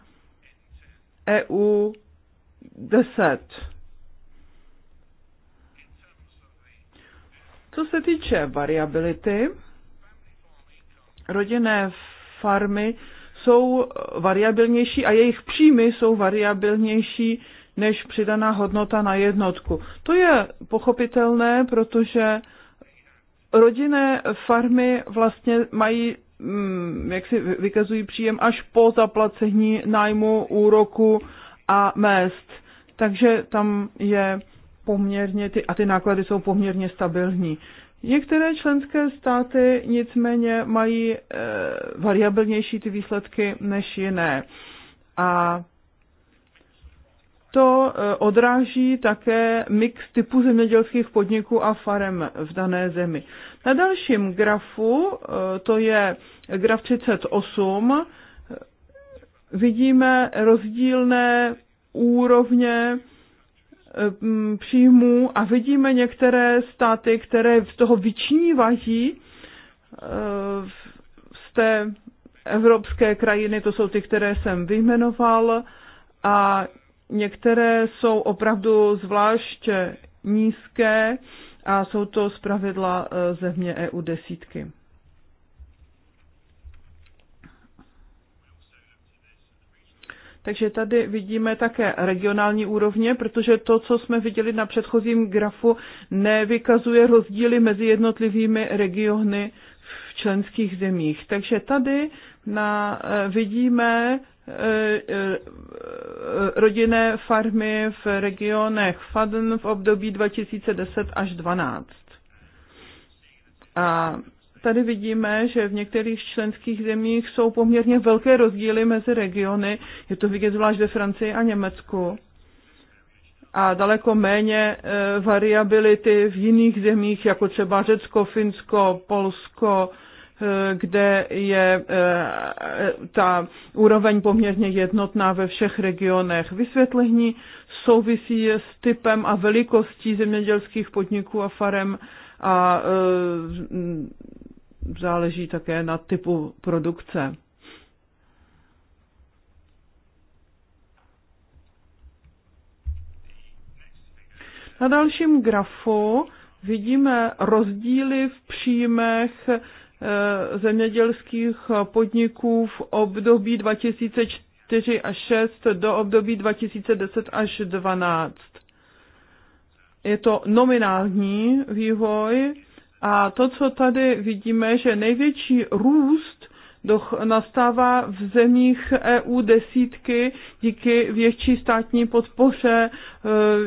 Speaker 2: EU 10. Co se týče variability, rodinné farmy jsou variabilnější a jejich příjmy jsou variabilnější než přidaná hodnota na jednotku. To je pochopitelné, protože rodinné farmy vlastně mají, mm, jak si vykazují příjem, až po zaplacení nájmu, úroku a mest. Takže tam je poměrně, ty, a ty náklady jsou poměrně stabilní. Některé členské státy nicméně mají e, variabilnější ty výsledky než jiné. A to eh, odráží také mix typu zemědělských podniků a farem v dané zemi. Na dalším grafu, eh, to je graf 38, vidíme rozdílné úrovně Eh, příjmů a vidíme některé státy, které z toho vyčnívají eh, z té evropské krajiny, to jsou ty, které jsem vyjmenoval a některé jsou opravdu zvlášť nízké a jsou to zpravidla eh, země EU desítky. Takže tady vidíme také regionální úrovně, protože to, co jsme viděli na předchozím grafu, nevykazuje rozdíly mezi jednotlivými regiony v členských zemích. Takže tady na, eh, vidíme eh, eh, rodinné farmy v regionech Faden v období 2010 až 2012. A tady vidíme, že v některých členských zemích jsou poměrně velké rozdíly mezi regiony. Je to vidět zvlášť ve Francii a Německu. A daleko méně e, variability v jiných zemích, jako třeba Řecko, Finsko, Polsko, e, kde je e, ta úroveň poměrně jednotná ve všech regionech. Vysvětlení souvisí s typem a velikostí zemědělských podniků a farem a záleží také na typu produkce. Na dalším grafu vidíme rozdíly v příjmech eh, zemědělských podniků v období 2004 až 6 do období 2010 až 12. Je to nominální vývoj a to, co tady vidíme, že největší růst doch nastává v zemích EU desítky díky větší státní podpoře, e,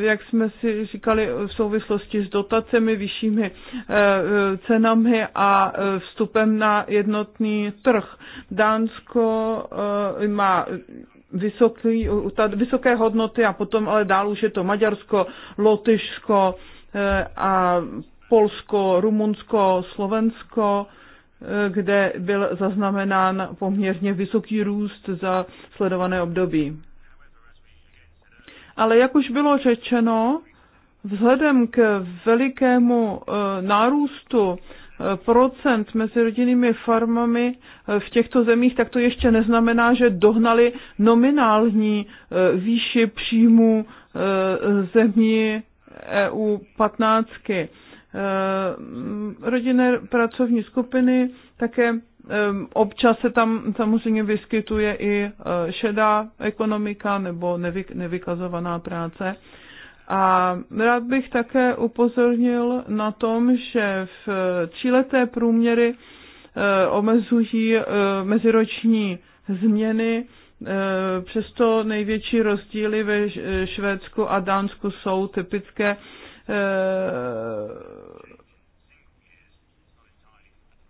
Speaker 2: jak jsme si říkali v souvislosti s dotacemi, vyššími e, e, cenami a vstupem na jednotný trh. Dánsko má vysoký, vysoké hodnoty a potom ale dál už je to Maďarsko, Lotyšsko a Polsko, Rumunsko, Slovensko, eh, kde byl zaznamenán poměrně vysoký růst za sledované období. Ale jak už bylo řečeno, vzhledem k velikému eh, nárůstu eh, procent mezi rodinnými farmami v těchto zemích, tak to ještě neznamená, že dohnali nominální výši příjmu zemí EU 15. Eh, rodinné pracovní skupiny, také občas se tam samozřejmě vyskytuje i eh, šedá ekonomika nebo nevy, nevykazovaná práce. A rád bych také upozornil na tom, že v eh, tříleté průměry omezují meziroční změny, přesto největší rozdíly ve Švédsku a Dánsku jsou typické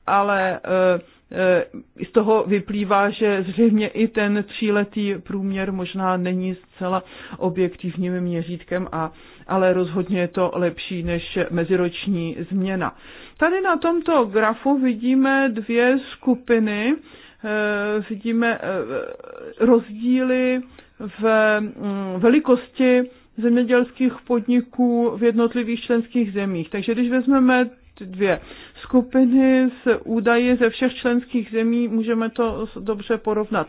Speaker 2: ale e, e, z toho vyplývá, že zřejmě i ten tříletý průměr možná není zcela objektivním měřítkem, a, ale rozhodně je to lepší než meziroční změna. Tady na tomto grafu vidíme dvě skupiny, e, vidíme rozdíly v mm, velikosti zemědělských podniků v jednotlivých členských zemích. Takže když vezmeme dvě skupiny s údaji ze všech členských zemí, můžeme to dobře porovnat.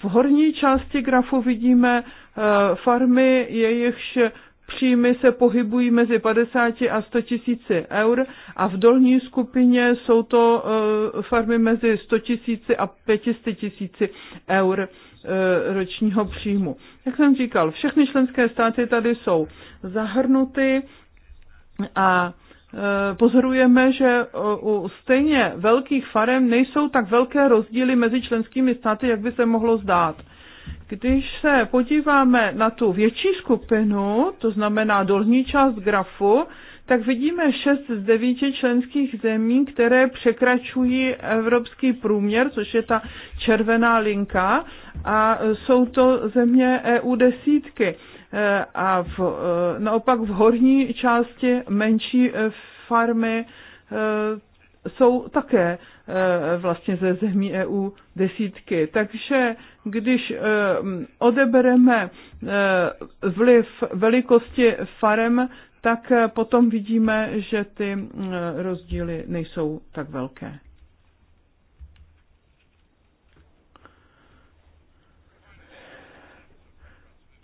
Speaker 2: V horní části grafu vidíme eh, farmy, jejichž příjmy se pohybují mezi 50 a 100 tisíci eur a v dolní skupině jsou to eh, farmy mezi 100 tisíci a 500 tisíci eur eh, ročního příjmu. Jak jsem říkal, všechny členské státy tady jsou zahrnuty a Eh, pozorujeme, že eh, u stejně velkých farem nejsou tak velké rozdíly mezi členskými státy, jak by se mohlo zdát. Když se podíváme na tu větší skupinu, to znamená dolní část grafu, tak vidíme šest z devíti členských zemí, které překračují evropský průměr, což je ta červená linka, a jsou to země EU desítky. Eh, a v, eh, naopak v horní části menší eh, farmy jsou také vlastně ze zemí EU desítky. Takže když odebereme vliv velikosti farem, tak potom vidíme, že ty rozdíly nejsou tak velké.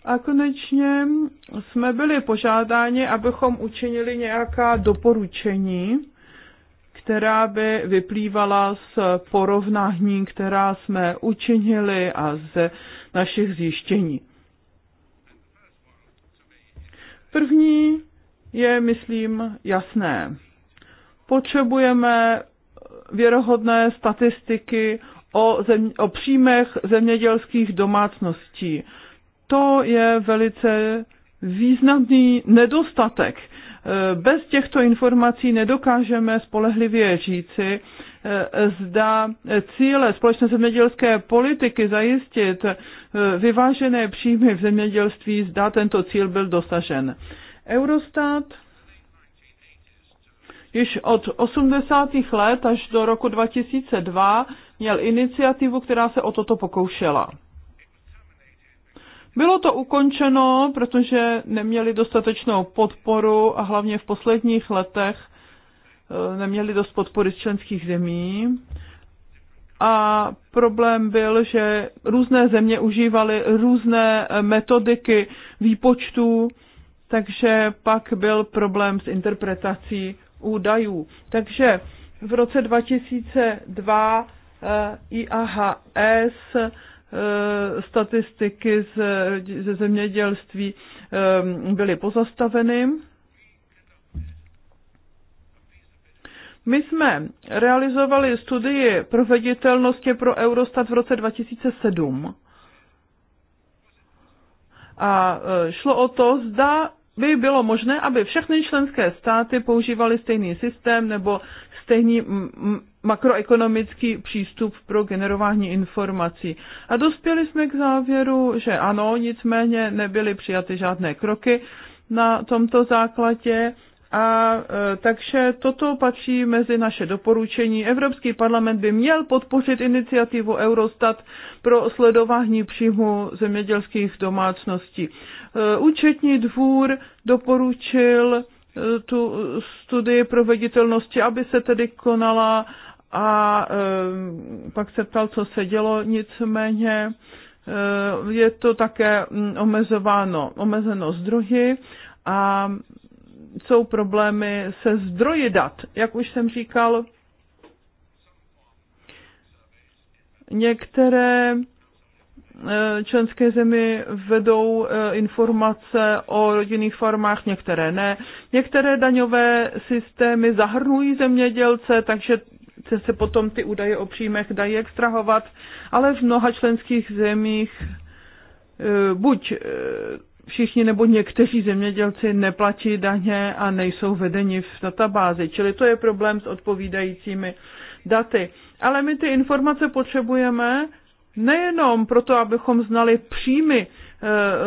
Speaker 2: A konečně jsme byli požádáni, abychom učinili nějaká doporučení, která by vyplývala z porovnání, která jsme učinili a z našich zjištění. První je, myslím, jasné. Potřebujeme věrohodné statistiky o, zem, o příjmech zemědělských domácností to je velice významný nedostatek. E, bez těchto informací nedokážeme spolehlivě říci, e, zda cíle společné zemědělské politiky zajistit e, vyvážené příjmy v zemědělství, zda tento cíl byl dosažen. Eurostat již od 80. let až do roku 2002 měl iniciativu, která se o toto pokoušela. Bylo to ukončeno, protože neměli dostatečnou podporu a hlavně v posledních letech eh, neměli dost podpory z členských zemí. A problém byl, že různé země užívaly různé eh, metodiky výpočtů, takže pak byl problém s interpretací údajů. Takže v roce 2002 eh, IAHS Eh, statistiky ze zemědělství eh, byly pozastaveny. My jsme realizovali studii proveditelnosti pro Eurostat v roce 2007. A eh, šlo o to, zda by bylo možné, aby všechny členské státy používaly stejný systém nebo stejný makroekonomický přístup pro generování informací. A dospěli jsme k závěru, že ano, nicméně nebyly přijaty žádné kroky na tomto základě. A e, takže toto patří mezi naše doporučení. Evropský parlament by měl podpořit iniciativu Eurostat pro sledování příjmu zemědělských domácností. E, účetní dvůr doporučil e, tu studii proveditelnosti, aby se tedy konala a eh, pak se ptal, co se dělo, nicméně eh, je to také mm, omezováno, omezeno zdroji a jsou problémy se zdroji dat. Jak už jsem říkal, některé eh, členské zemi vedou informace o rodinných farmách, některé ne. Některé daňové systémy zahrnují zemědělce, takže jak se potom ty údaje o příjmech dají extrahovat, ale v mnoha členských zemích e, buď e, všichni nebo někteří zemědělci neplatí daně a nejsou vedeni v databázi. Čili to je problém s odpovídajícími daty. Ale my ty informace potřebujeme nejenom proto, abychom znali příjmy e,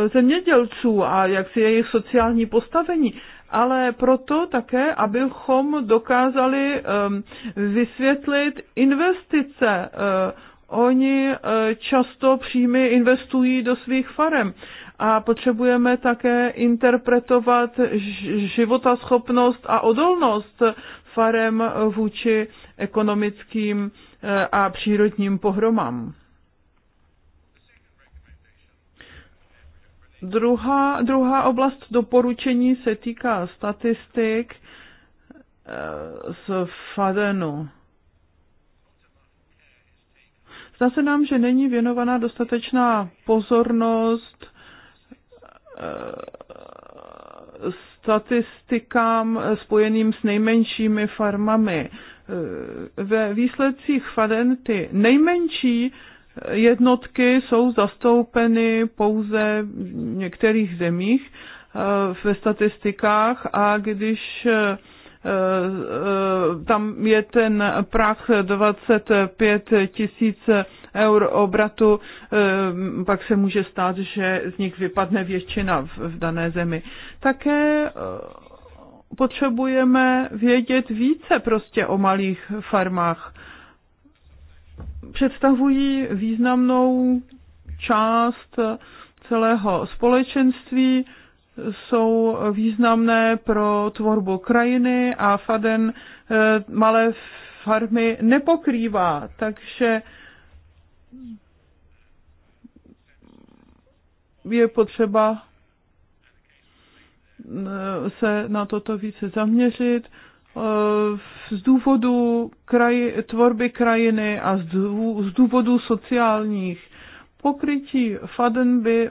Speaker 2: zemědělců a jak si jejich sociální postavení, ale proto také, abychom dokázali vysvětlit investice. E, oni e, často příjmy investují do svých farem a potřebujeme také interpretovat životaschopnost a odolnost farem vůči ekonomickým e, a přírodním pohromám. Druhá, druhá oblast doporučení se týká statistik eh, z FADENu. Zdá se nám, že není věnovaná dostatečná pozornost eh, statistikám spojeným s nejmenšími farmami. Eh, ve výsledcích FADEN ty nejmenší jednotky jsou zastoupeny pouze v některých zemích eh, ve statistikách a když eh, eh, tam je ten prach 25 tisíc eur obratu, pak se může stát, že z nich vypadne většina v dané zemi. Také potřebujeme vědět více prostě o malých farmách představují významnou část celého společenství, jsou významné pro tvorbu krajiny a Faden eh, malé farmy nepokrývá, takže je potřeba eh, se na toto více zaměřit z důvodu kraj, tvorby krajiny a z důvodu sociálních. Pokrytí FADEN by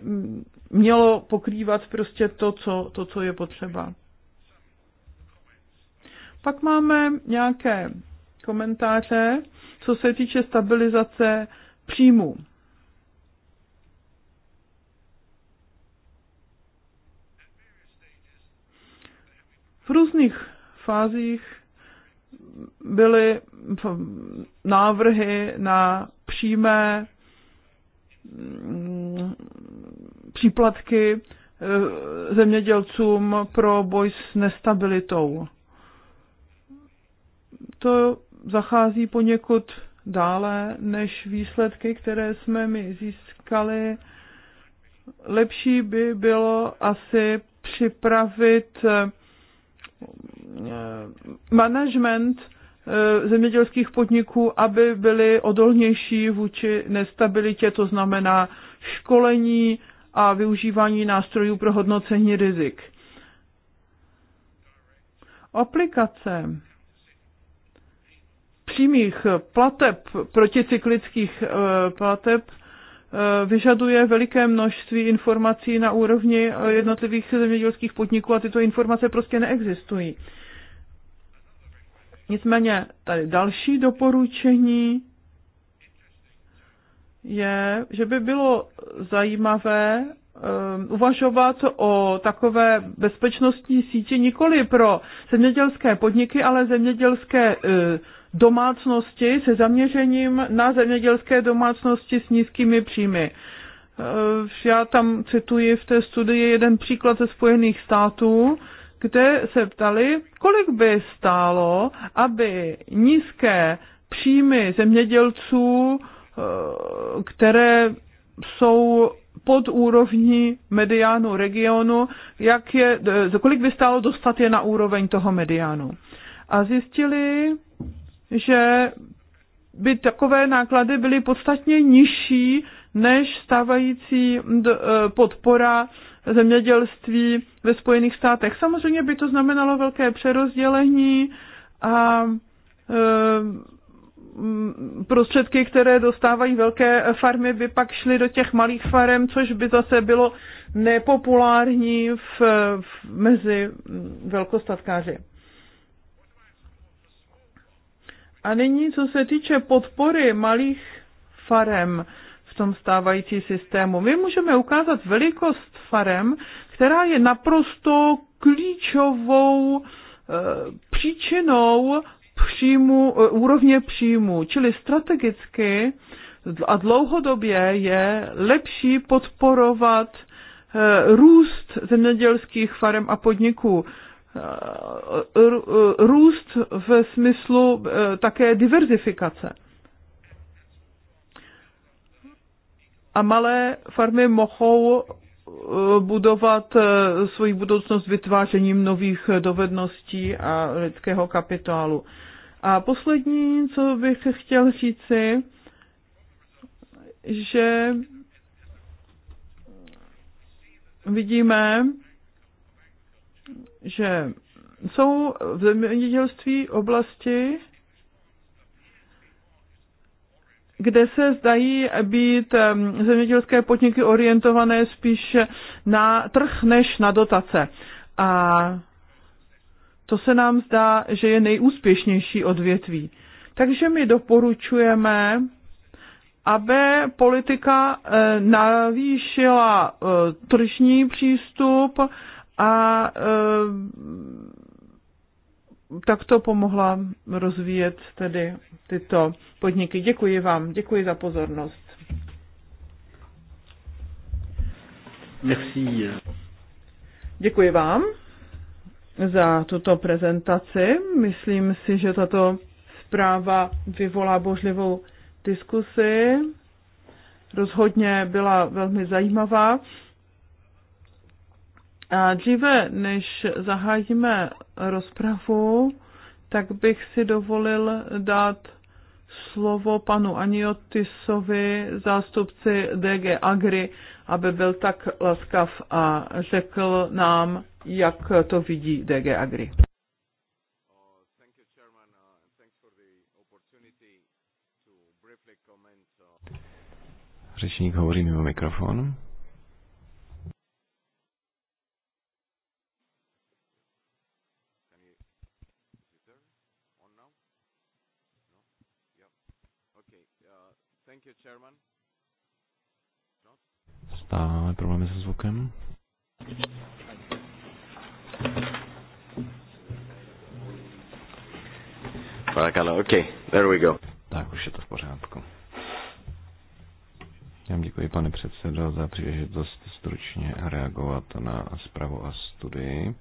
Speaker 2: mělo pokrývat prostě to, co, to, co je potřeba. Pak máme nějaké komentáře, co se týče stabilizace příjmu. V různých fázích byly návrhy na přímé mm, příplatky eh, zemědělcům pro boj s nestabilitou. To zachází poněkud dále než výsledky, které jsme my získali. Lepší by bylo asi připravit eh, Eh, management eh, zemědělských podniků, aby byly odolnější vůči nestabilitě, to znamená školení a využívání nástrojů pro hodnocení rizik. Aplikace přímých plateb, proticyklických eh, plateb, vyžaduje veliké množství informací na úrovni jednotlivých zemědělských podniků a tyto informace prostě neexistují. Nicméně tady další doporučení je, že by bylo zajímavé ehm, uvažovat o takové bezpečnostní síti nikoli pro zemědělské podniky, ale zemědělské eh, domácnosti se zaměřením na zemědělské domácnosti s nízkými příjmy. Eh, já tam cituji v té studii jeden příklad ze Spojených států, kde se ptali, kolik by stálo, aby nízké příjmy zemědělců, eh, které jsou pod úrovní mediánu regionu, jak je, za eh, kolik by stálo dostat je na úroveň toho mediánu. A zjistili, že by takové náklady byly podstatně nižší než stávající e, podpora zemědělství ve Spojených státech. Samozřejmě by to znamenalo velké přerozdělení a e, prostředky, které dostávají velké farmy, by pak šly do těch malých farem, což by zase bylo nepopulární v, v, mezi velkostatkáři. A nyní, co se týče podpory malých farem, tom stávající systému. My můžeme ukázat velikost farem, která je naprosto klíčovou e, příčinou příjmu, e, úrovně příjmu, čili strategicky a dlouhodobě je lepší podporovat e, růst zemědělských farem a podniků růst v smyslu také diverzifikace. a malé farmy mohou eh, budovat eh, svoji budoucnost vytvářením nových dovedností a lidského kapitálu. A poslední, co bych chtěl říci, že vidíme, že jsou v zemědělství oblasti, kde se zdají být zemědělské podniky orientované spíše na trh než na dotace. A to se nám zdá, že je nejúspěšnější odvětví. Takže my doporučujeme, aby politika eh, navýšila eh, tržní přístup a eh, tak to pomohla rozvíjet tedy tyto podniky. Děkuji vám, děkuji za pozornost. Merci. Děkuji vám za tuto prezentaci. Myslím si, že tato zpráva vyvolá božlivou diskusi. Rozhodně byla velmi zajímavá. A dříve, než zahájíme rozpravu, tak bych si dovolil dát slovo panu Aniotisovi, zástupci DG Agri, aby byl tak laskav a řekl nám, jak to vidí DG Agri.
Speaker 1: Řečník hovoří mimo mikrofon. No. Stále problémy se zvukem. ale OK, there we go. Tak už je to v pořádku. Já vám děkuji, pane předsedo, za příležitost stručně reagovat na zprávu a studii.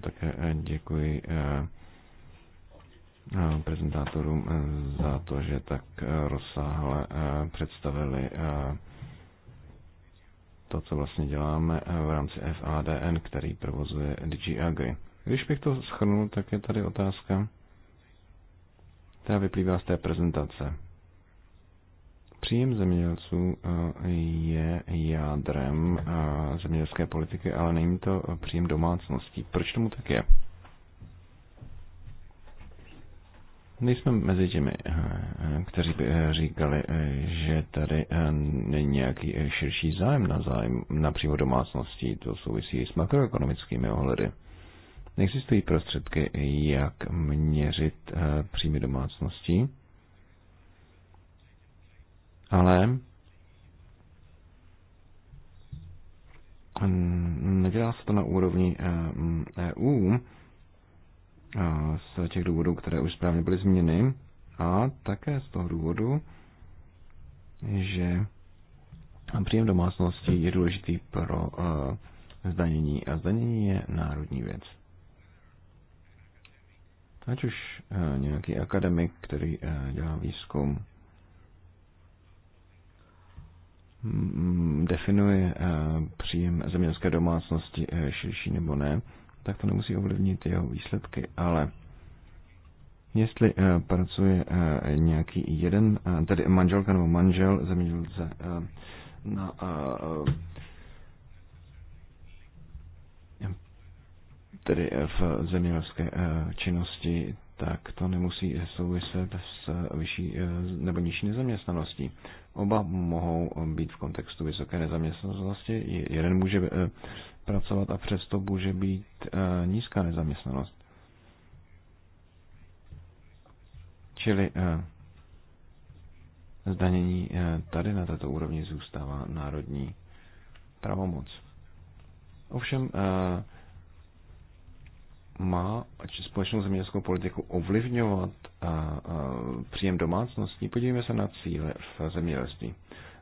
Speaker 1: Také eh, děkuji eh, Eh, prezentátorům eh, za to, že tak eh, rozsáhle představili to, co vlastně děláme v rámci FADN, který provozuje DigiAgri. Když bych to schrnul, tak je tady otázka, která vyplývá z té prezentace. Příjem zemědělců je jádrem zemědělské politiky, ale není to příjem domácností. Proč tomu tak je? Nejsme mezi těmi, eh, kteří by eh, říkali, eh, že tady není nějaký širší zájem na, zájem na přímo domácností. To souvisí s makroekonomickými ohledy. Existují prostředky, jak měřit příjmy domácností, ale nedělá se to na úrovni EU, e z těch důvodů, které už správně byly změny a také z toho důvodu, že příjem domácností je důležitý pro uh, zdanění a zdanění je národní věc. Ať už uh, nějaký akademik, který uh, dělá výzkum, mm, mm, definuje příjem zemědělské domácnosti širší nebo ne, tak to nemusí ovlivnit jeho výsledky, ale jestli eh, pracuje eh, nějaký jeden, eh, tedy manželka nebo manžel zemědělce na tedy v zemědělské činnosti, tak to nemusí souviset s vyšší nebo nižší nezaměstnaností. Oba mohou být v kontextu vysoké nezaměstnanosti. Jeden může pracovat a přesto může být eh, nízká nezaměstnanost. Čili eh, zdanění eh, tady na této úrovni zůstává národní pravomoc. Ovšem má společnou zemědělskou politiku ovlivňovat příjem domácností, podívejme se na cíle v zemědělství.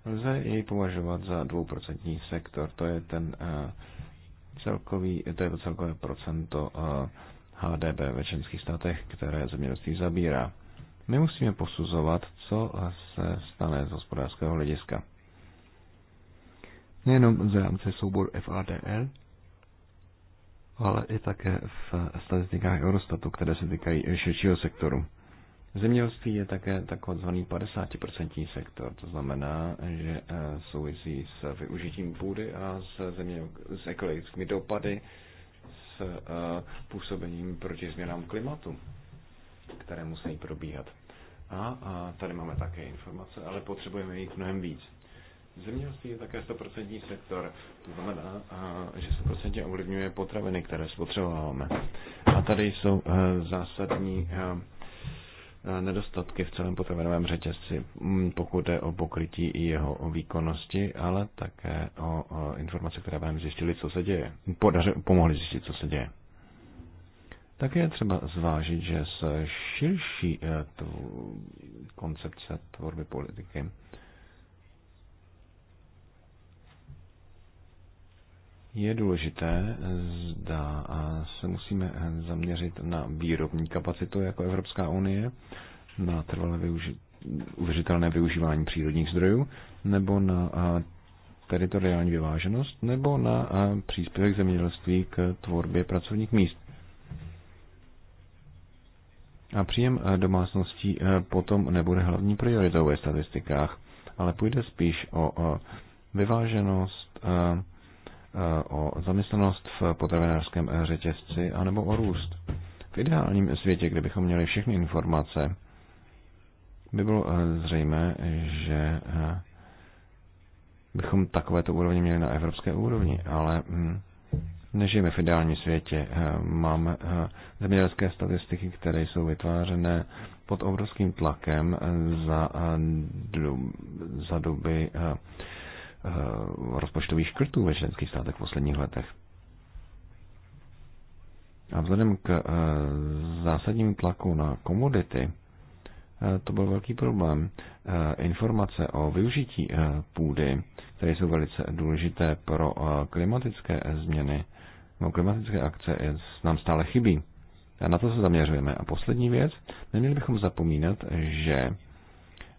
Speaker 1: Lze jej považovat za dvouprocentní sektor, to je ten celkový, to je to celkové procento HDB eh, ve členských státech, které zemědělství zabírá. My musíme posuzovat, co se stane z hospodářského hlediska. Nejenom v rámci souboru FADL, ale i také v statistikách Eurostatu, které se týkají širšího sektoru. Zemědělství je také takzvaný 50% sektor, to znamená, že eh, souvisí s využitím půdy a s, země, s ekologickými dopady, s eh, působením proti změnám klimatu, které musí probíhat. A, a tady máme také informace, ale potřebujeme jich mnohem víc. Zemědělství je také 100% sektor, to znamená, eh, že 100% ovlivňuje potraviny, které spotřebováváme. A tady jsou zásadní nedostatky v celém potravinovém řetězci, mm, pokud jde o pokrytí i jeho výkonnosti, ale také o informace, které vám zjistili, co se děje. Podaři, pomohli zjistit, co se děje. Také je třeba zvážit, že z širší eh, koncepce tvorby politiky je důležité, zda se musíme zaměřit na výrobní kapacitu jako Evropská unie, na trvalé využi- uvěřitelné využívání přírodních zdrojů, nebo na teritoriální vyváženost, nebo na příspěvek zemědělství k tvorbě pracovních míst. A příjem domácností potom nebude hlavní prioritou ve statistikách, ale půjde spíš o vyváženost, o zaměstnanost v potravinářském řetězci anebo o růst. V ideálním světě, kdybychom měli všechny informace, by bylo eh, zřejmé, že eh, bychom takovéto úrovně měli na evropské úrovni, ale hm, nežijeme v ideálním světě. Eh, máme zemědělské statistiky, které jsou vytvářené pod obrovským tlakem za, za doby Eh, rozpočtových škrtů ve členských státech v posledních letech. A vzhledem k eh, zásadním tlaku na komodity, eh, to byl velký problém. Informace o využití půdy, které jsou velice důležité pro klimatické změny, no, klimatické akce, nám stále chybí. A na to se zaměřujeme. A poslední věc, neměli bychom zapomínat, že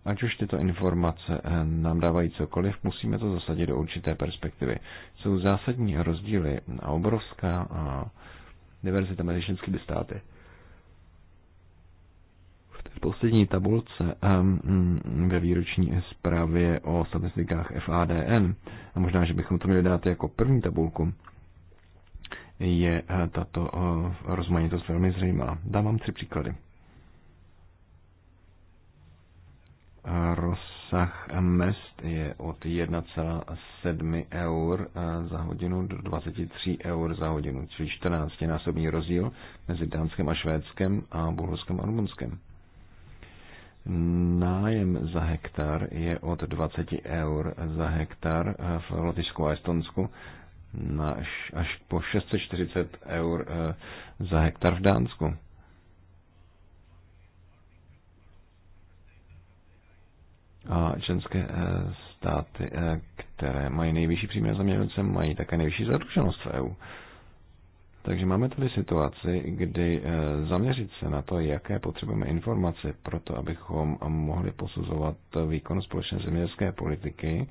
Speaker 1: Ať už tyto informace eh, nám dávají cokoliv, musíme to zasadit do určité perspektivy. Jsou zásadní rozdíly a obrovská a diverzita mezi členskými státy. V té poslední tabulce ehm, mm, ve výroční zprávě o statistikách FADN, a možná, že bychom to měli dát jako první tabulku, je eh, tato eh, rozmanitost velmi zřejmá. Dávám tři příklady. rozsah mest je od 1,7 eur za hodinu do 23 eur za hodinu, čili 14-násobný rozdíl mezi Dánskem a Švédskem a Bulharskem a Rumunskem. Nájem za hektar je od 20 eur za hektar v Lotyšsku a Estonsku až po 640 eur e, za hektar v Dánsku. A členské eh, státy, eh, které mají nejvyšší příjmy zaměstnance, mají také nejvyšší zadluženost v EU. Takže máme tady situaci, kdy eh, zaměřit se na to, jaké potřebujeme informace pro to, abychom mohli posuzovat výkon společné zemědělské politiky,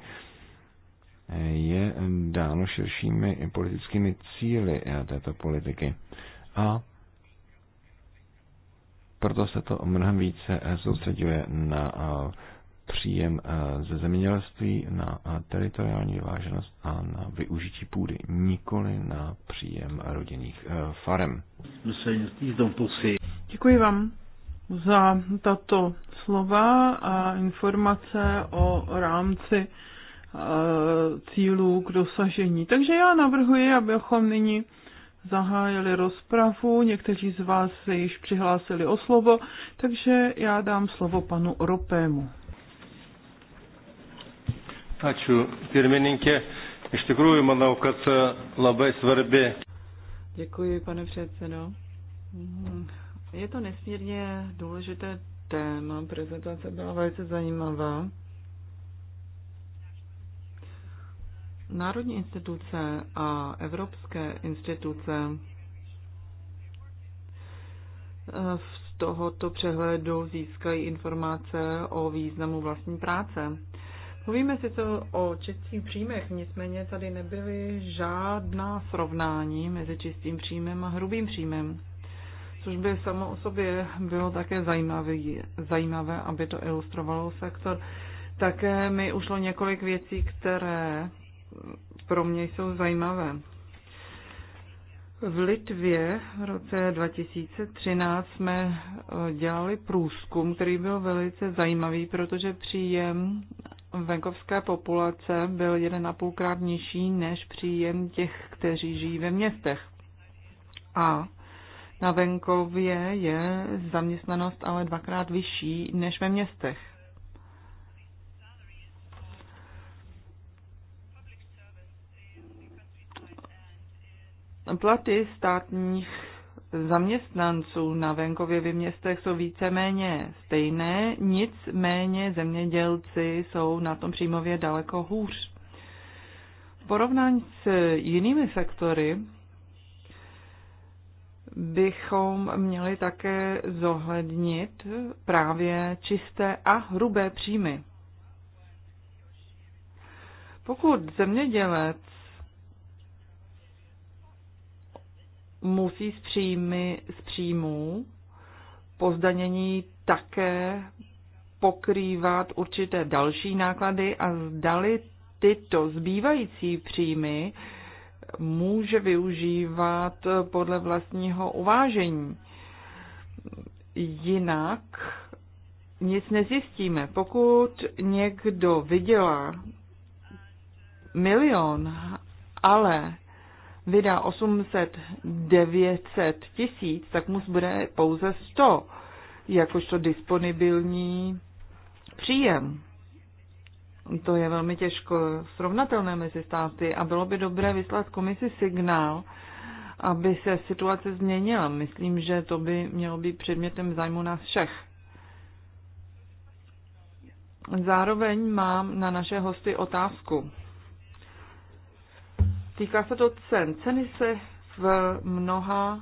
Speaker 1: je dáno širšími politickými cíly této politiky. A proto se to mnohem více soustředuje na příjem eh, ze zemědělství na eh, teritoriální váženost a na využití půdy, nikoli na příjem rodinných eh, farem.
Speaker 2: Děkuji vám za tato slova a informace o rámci cílů k dosažení. Takže já navrhuji, abychom nyní zahájili rozpravu, někteří z vás se již přihlásili o slovo, takže já dám slovo panu Ropému.
Speaker 1: Ačiū pirmininkė. Iš tikrųjų, manau, kad e, labai svarbi.
Speaker 3: Děkuji, pane předsedo. Mm, je to nesmírně důležité téma. Prezentace byla velice zajímavá. Národní instituce a evropské instituce e, v tohoto přehledu získají informace o významu vlastní práce. Mluvíme to o čistých příjmech, nicméně tady nebyly žádná srovnání mezi čistým příjmem a hrubým příjmem, což by samo o sobě bylo také zajímavé, zajímavé aby to ilustrovalo sektor. Také mi ušlo několik věcí, které pro mě jsou zajímavé. V Litvě v roce 2013 jsme eh, dělali průzkum, který byl velice zajímavý, protože příjem venkovské populace byl 1,5 krát nižší než příjem těch, kteří žijí ve městech. A na venkově je zaměstnanost ale dvakrát vyšší než ve městech. Platy státních zaměstnanců na venkově v městech jsou víceméně stejné, nicméně zemědělci jsou na tom příjmově daleko hůř. V porovnání s jinými sektory bychom měli také zohlednit právě čisté a hrubé příjmy. Pokud zemědělec musí z, příjmy, z příjmů po zdanění také pokrývat určité další náklady a zdali tyto zbývající příjmy může využívat podle vlastního uvážení. Jinak nic nezjistíme. Pokud někdo vydělá milion, ale vydá 800, 900 tisíc, tak mu bude pouze 100, jakožto disponibilní příjem. To je velmi těžko srovnatelné mezi státy a bylo by dobré vyslat komisi signál, aby se situace změnila. Myslím, že to by mělo být předmětem zájmu nás všech. Zároveň mám na naše hosty otázku. Týká se to cen. Ceny se v mnoha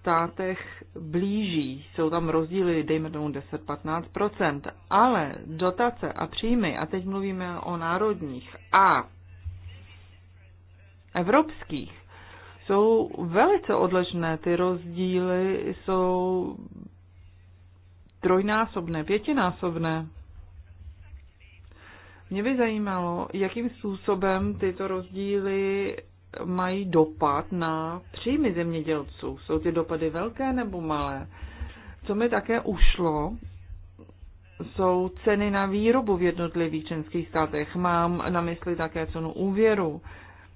Speaker 3: státech blíží. Jsou tam rozdíly, dejme tomu 10-15%, ale dotace a příjmy, a teď mluvíme o národních a evropských, jsou velice odlišné. Ty rozdíly jsou trojnásobné, pětinásobné. Mě by zajímalo, jakým způsobem tyto rozdíly mají dopad na příjmy zemědělců. Jsou ty dopady velké nebo malé? Co mi také ušlo, jsou ceny na výrobu v jednotlivých členských státech. Mám na mysli také cenu úvěru,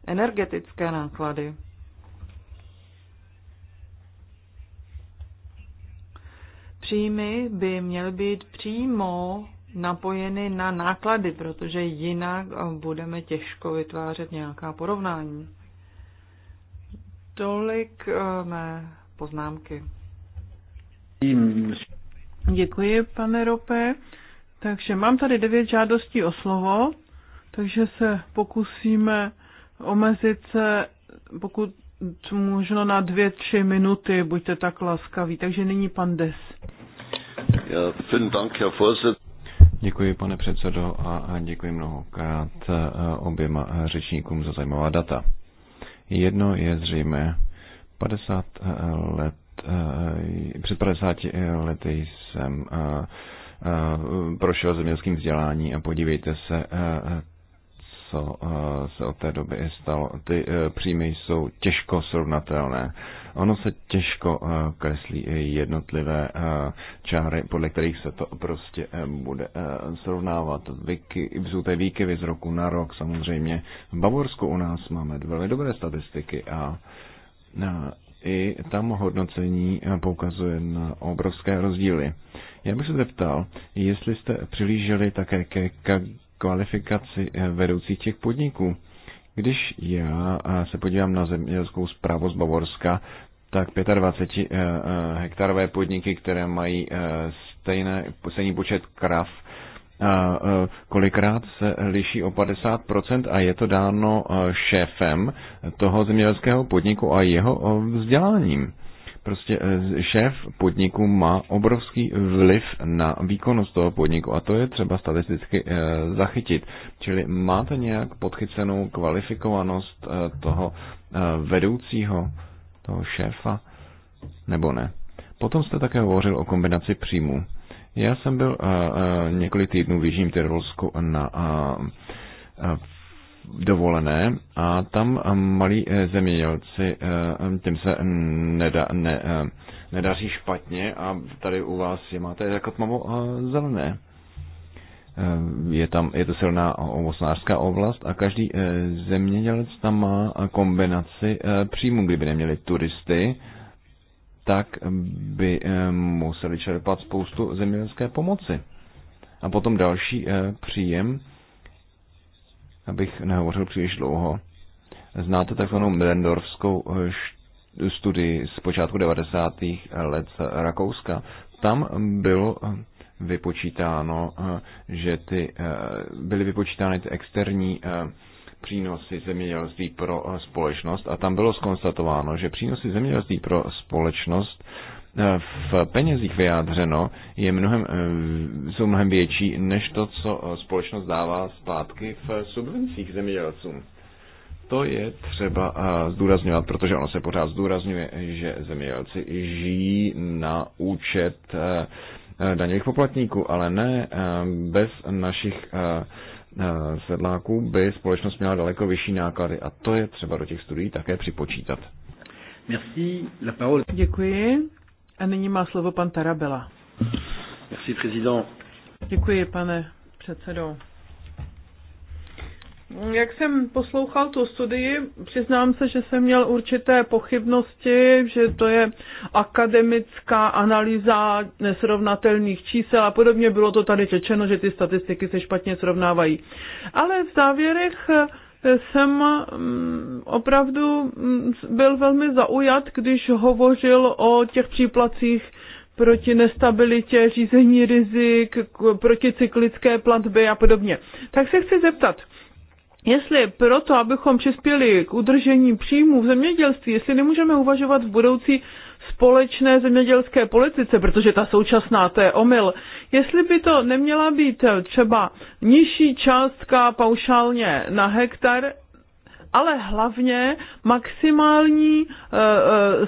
Speaker 3: energetické náklady. Příjmy by měly být přímo napojeny na náklady, protože jinak eh, budeme těžko vytvářet nějaká porovnání. Tolik eh, mé poznámky.
Speaker 2: Děkuji, pane Rope. Takže mám tady devět žádostí o slovo, takže se pokusíme omezit se, pokud možno na dvě, tři minuty, buďte tak laskaví. Takže nyní pan Des.
Speaker 3: Ja, vielen Dank, Herr
Speaker 1: Děkuji, pane předsedo, a děkuji mnohokrát e, oběma řečníkům za zajímavá data. Jedno je zřejmé. 50 e, let, e, před 50 lety jsem prošel zemědělským vzdělání a podívejte se, co eh, se od té doby stalo. Ty eh, příjmy jsou těžko srovnatelné. Ono se těžko eh, kreslí jednotlivé čáry, podle kterých se to prostě bude srovnávat. Vyky, jsou to výkyvy z roku na rok samozřejmě. V Bavorsku u nás máme velmi dobré statistiky a i tam hodnocení poukazuje na obrovské rozdíly. Já bych se zeptal, jestli jste přilíželi také ke kvalifikaci eh, vedoucích těch podniků. Když já eh, se podívám na zemědělskou zprávu z Bavorska, tak 25 eh, hektarové podniky, které mají stejné, stejný počet krav, a kolikrát se liší o 50% a je to dáno šéfem toho zemědělského podniku a jeho vzděláním. Prostě eh, šéf podniku má obrovský vliv na výkonnost toho podniku a to je třeba statisticky eh, zachytit. Čili máte nějak podchycenou kvalifikovanost eh, toho vedoucího, toho šéfa, nebo ne? Potom jste také hovořil o kombinaci příjmů. Já jsem byl několik týdnů v Jižním Tyrolsku na dovolené a tam eh, malí eh, zemědělci, eh, tím se neda, ne, nedaří špatně a tady u vás je máte jako tmavo zelené. Je tam, je to silná ovocnářská oblast a každý zemědělec tam má kombinaci příjmu, Kdyby neměli turisty, tak by museli čerpat spoustu zemědělské pomoci. A potom další příjem abych nehovořil příliš dlouho. Znáte takzvanou Millendorfskou eh, studii z počátku 90. let Rakouska. Tam bylo eh, vypočítáno, eh, že ty, byly vypočítány ty externí přínosy zemědělství pro společnost a tam bylo skonstatováno, že přínosy zemědělství pro společnost v penězích vyjádřeno je mnohem, eh, jsou mnohem větší než to, co eh, společnost dává zpátky v subvencích zemědělcům. To je třeba eh, zdůrazňovat, protože ono se pořád zdůrazňuje, že zemědělci žijí na účet daňových poplatníků, ale ne bez našich sedláků by společnost měla daleko vyšší náklady a to je třeba do těch studií také připočítat.
Speaker 2: Merci, la parole. Děkuji. A nyní má slovo pan Tarabela.
Speaker 3: Merci, président.
Speaker 2: Děkuji, pane předsedo. Jak jsem poslouchal tu studii, přiznám se, že jsem měl určité pochybnosti, že to je akademická analýza nesrovnatelných čísel a podobně. Bylo to tady řečeno, že ty statistiky se špatně srovnávají. Ale v závěrech jsem mm, opravdu mm, byl velmi zaujat, když hovořil o těch příplacích proti nestabilitě, řízení rizik, proti cyklické platby a podobně. Tak se chci zeptat, jestli proto, abychom přispěli k udržení příjmů v zemědělství, jestli nemůžeme uvažovat v budoucí společné zemědělské politice, protože ta současná to je omyl, jestli by to neměla být třeba nižší částka paušálně na hektar, ale hlavně maximální eh,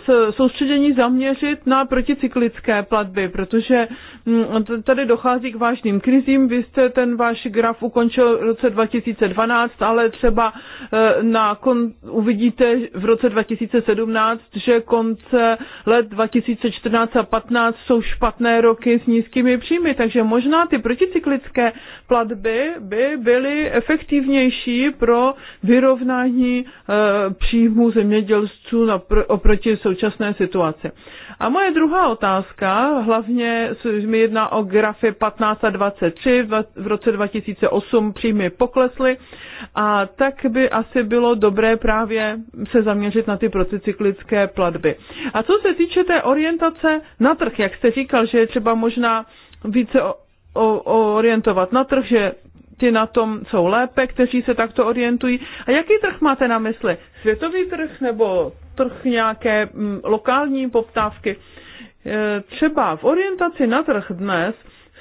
Speaker 2: eh, soustředění zaměřit na proticyklické platby, protože mm, tady dochází k vážným krizím. Vy jste ten váš graf ukončil v roce 2012, ale třeba eh, na kon, uvidíte v roce 2017, že konce let 2014 a 15 jsou špatné roky s nízkými příjmy, takže možná ty proticyklické platby by byly efektivnější pro vyrovnání úrovni eh, příjmu zemědělců oproti současné situaci. A moje druhá otázka, hlavně mi jedná o grafy 15 a 23, v roce 2008 příjmy poklesly a tak by asi bylo dobré právě se zaměřit na ty procyklické platby. A co se týče té orientace na trh, jak jste říkal, že je třeba možná více o, o, orientovat na trh, že ty na tom jsou lépe, kteří se takto orientují. A jaký trh máte na mysli? Světový trh nebo trh nějaké mm, lokální poptávky? E, třeba v orientaci na trh dnes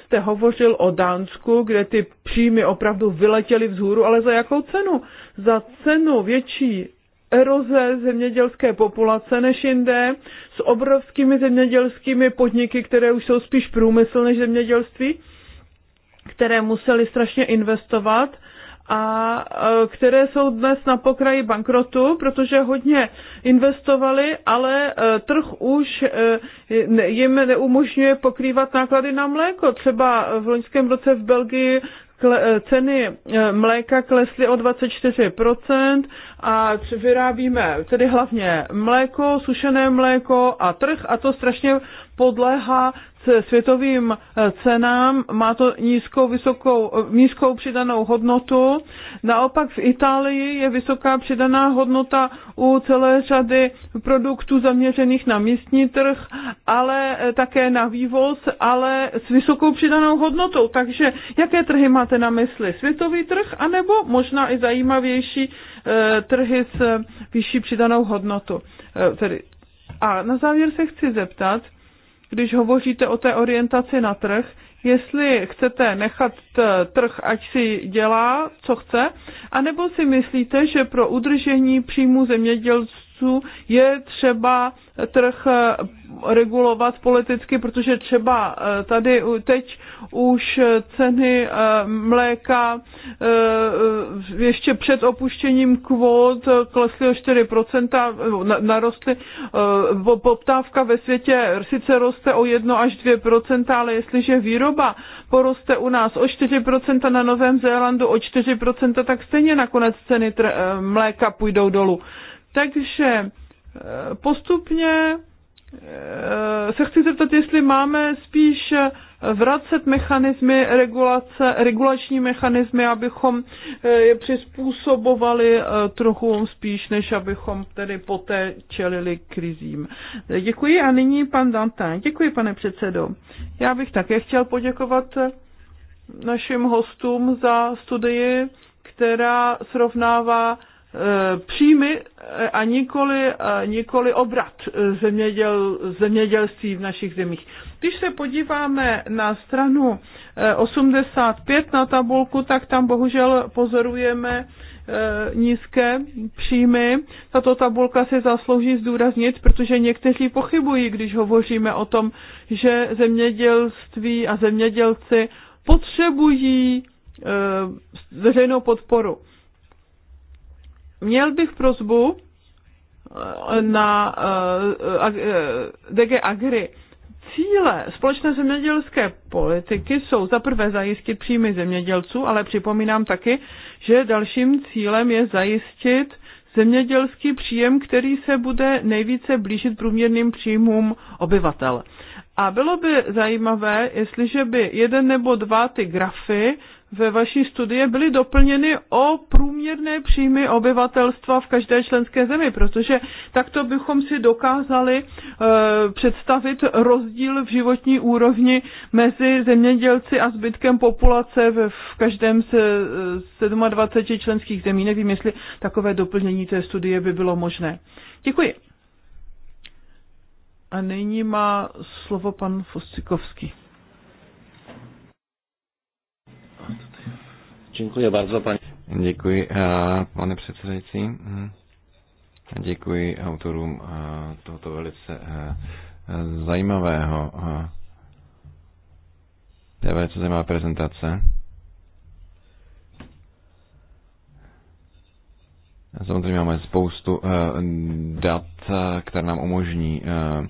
Speaker 2: jste hovořil o Dánsku, kde ty příjmy opravdu vyletěly vzhůru, ale za jakou cenu? Za cenu větší eroze zemědělské populace než jinde, s obrovskými zemědělskými podniky, které už jsou spíš průmysl než zemědělství které museli strašně investovat a e, které jsou dnes na pokraji bankrotu, protože hodně investovali, ale e, trh už e, jim neumožňuje pokrývat náklady na mléko. Třeba v loňském roce v Belgii ceny mléka klesly o 24% a vyrábíme tedy hlavně mléko, sušené mléko a trh a to strašně podléhá světovým eh, cenám, má to nízkou, vysokou, eh, nízkou přidanou hodnotu. Naopak v Itálii je vysoká přidaná hodnota u celé řady produktů zaměřených na místní trh, ale eh, také na vývoz, ale s vysokou přidanou hodnotou. Takže jaké trhy máte na mysli? Světový trh, anebo možná i zajímavější trhy s vyšší přidanou hodnotou? a na závěr se chci zeptat, když hovoříte o té orientaci na trh, jestli chcete nechat trh, ať si dělá, co chce, anebo si myslíte, že pro udržení příjmu zemědělců výrobců je třeba trh eh, regulovat politicky, protože třeba eh, tady teď už eh, ceny mléka ještě před opuštěním kvót klesly o 4%, narostly. Poptávka ve světě sice roste o 1 až 2%, ale jestliže výroba poroste u nás o 4%, na Novém Zélandu o 4%, tak stejně nakonec ceny mléka půjdou dolů. Takže eh, postupně eh, se chci zeptat, jestli máme spíš eh, vracet mechanismy regulace, regulační mechanismy, abychom je přizpůsobovali trochu spíš, než abychom tedy poté čelili krizím. Děkuji a nyní pan Dantin. Děkuji, pane předsedo. Já bych také chtěl poděkovat našim hostům za studii, která srovnává Eh, příjmy eh, a nikoli, eh, nikoli obrat zeměděl, zemědělství v našich zemích. Když se podíváme na stranu 85 na tabulku, tak tam bohužel pozorujeme nízké příjmy. Tato tabulka se zaslouží zdůraznit, protože někteří pochybují, když hovoříme o tom, že zemědělství a zemědělci potřebují veřejnou podporu. Měl bych prozbu eh, na eh, eh, DG Agri. Cíle společné zemědělské politiky jsou za prvé zajistit příjmy zemědělců, ale připomínám taky, že dalším cílem je zajistit zemědělský příjem, který se bude nejvíce blížit průměrným příjmům obyvatel. A bylo by zajímavé, jestliže by jeden nebo dva ty grafy ve vaší studie byly doplněny o průměrné příjmy obyvatelstva v každé členské zemi, protože takto bychom si dokázali eh, představit rozdíl v životní úrovni mezi zemědělci a zbytkem populace v každém z 27 eh, členských zemí. Nevím, jestli takové doplnění té studie by bylo možné. Děkuji. A nyní má slovo pan Fosikovský.
Speaker 1: Děkuji bardzo, paní. Děkuji, eh, pane předsedající. Hm. Děkuji autorům eh, tohoto velice eh, zajímavého to je velice zajímavá prezentace. Samozřejmě máme spoustu uh, dat, které nám umožní uh,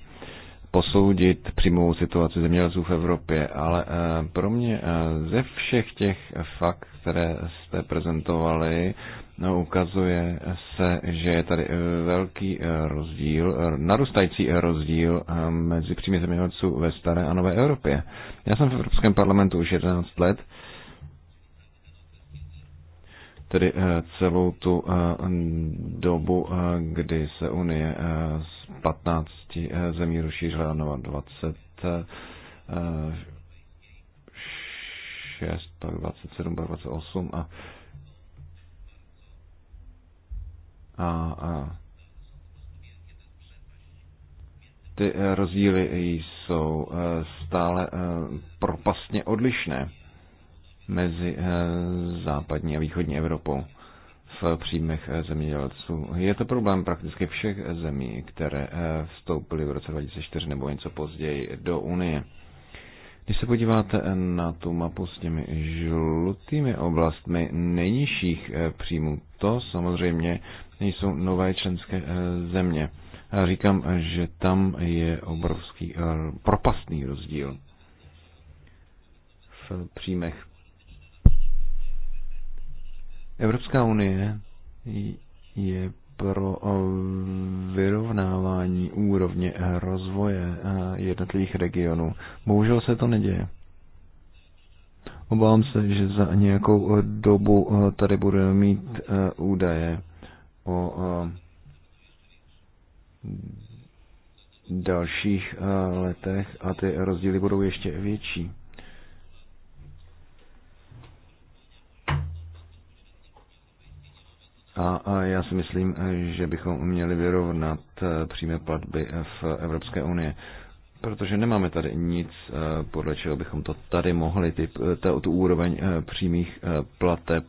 Speaker 1: posoudit přímou situaci zemědělců v Evropě, ale eh, pro mě eh, ze všech těch fakt, které jste prezentovali, no, ukazuje se, že je tady eh, velký rozdíl, narůstající rozdíl mezi příjmy zemědělců ve staré a nové Evropě. Já jsem v Evropském parlamentu už 11 let tedy eh, celou tu eh, dobu, eh, kdy se Unie z 15 zemí rozšířila na 26, pak 27, pak 28 a a, a ty rozdíly jsou stále propastně odlišné mezi eh, západní a východní Evropou v příjmech eh, zemědělců. Je to problém prakticky všech zemí, které eh, vstoupily v roce 2004 nebo něco později do Unie. Když se podíváte na tu mapu s těmi žlutými oblastmi nejnižších příjmů, to samozřejmě nejsou nové členské země. Já říkám, že tam je obrovský propastný rozdíl v příjmech. Evropská unie je pro vyrovnávání úrovně rozvoje jednotlivých regionů. Bohužel se to neděje. Obávám se, že za nějakou dobu tady budeme mít eh, údaje o eh, dalších eh, letech a ty rozdíly budou ještě větší. A já si myslím, že bychom měli vyrovnat eh, přímé platby v Evropské unii, protože nemáme tady nic, eh, podle čeho bychom to tady mohli, ty, ta, eh, tu úroveň přímých plateb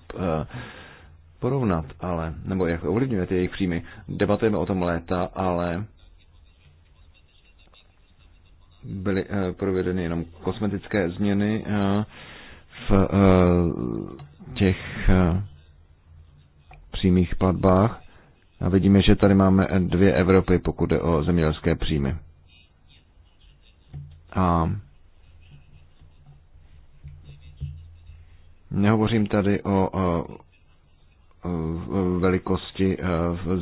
Speaker 1: porovnat, ale, nebo jak ovlivňuje ty jejich příjmy. Debatujeme o tom léta, ale byly provedeny jenom kosmetické změny v těch přímých platbách. A vidíme, že tady máme dvě Evropy, pokud jde o zemědělské příjmy. A nehovořím tady o, o velikosti e,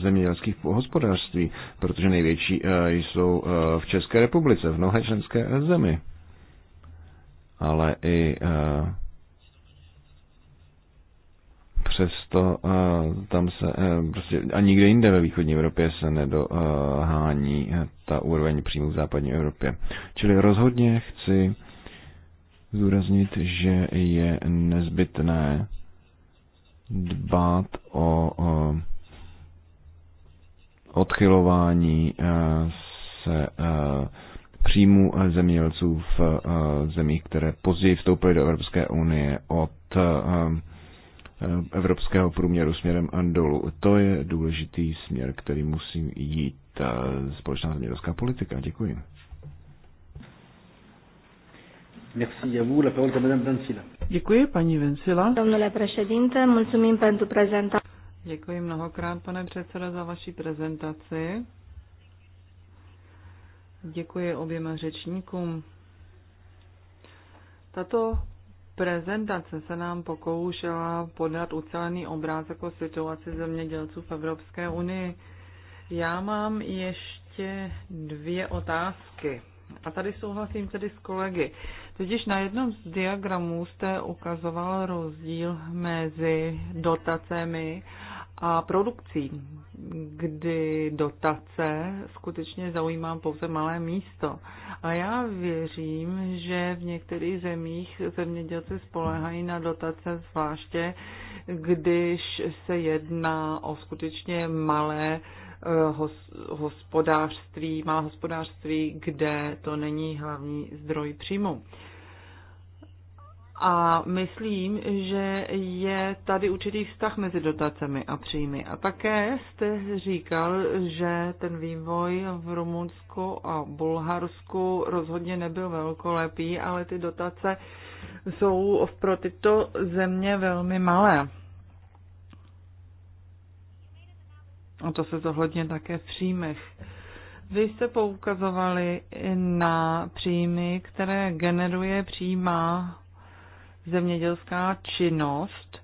Speaker 1: zemědělských hospodářství, protože největší e, jsou e, v České republice, v mnohé členské zemi. Ale i přesto eh, tam se eh, prostě a nikde jinde ve východní Evropě se nedohání eh, ta úroveň příjmu v západní Evropě. Čili rozhodně chci zúraznit, že je nezbytné dbát o, odchylování se příjmu zemědělců v zemích, které později vstoupily do Evropské unie od evropského průměru směrem Andolu. To je důležitý směr, který musí jít eh, společná zemědělská politika. Děkuji.
Speaker 2: Děkuji, paní Vencila. Děkuji
Speaker 3: mnohokrát, pane předsedo, za vaši prezentaci. Děkuji oběma řečníkům. Tato prezentace se nám pokoušela podat ucelený obrázek o jako situaci zemědělců v Evropské unii. Já mám ještě dvě otázky. A tady souhlasím tedy s kolegy. Totiž na jednom z diagramů jste ukazoval rozdíl mezi dotacemi a produkcí, kdy dotace skutečně zaujímá pouze malé místo. A já věřím, že v některých zemích zemědělci spolehají na dotace, zvláště když se jedná o skutečně malé eh, hospodářství, má hospodářství, kde to není hlavní zdroj příjmu. A myslím, že je tady určitý vztah mezi dotacemi a příjmy. A také jste říkal, že ten vývoj v Rumunsku a Bulharsku rozhodně nebyl velkolepý, ale ty dotace jsou pro tyto země velmi malé. A to se zohledně také v příjmech. Vy jste poukazovali na příjmy, které generuje přímá zemědělská činnost.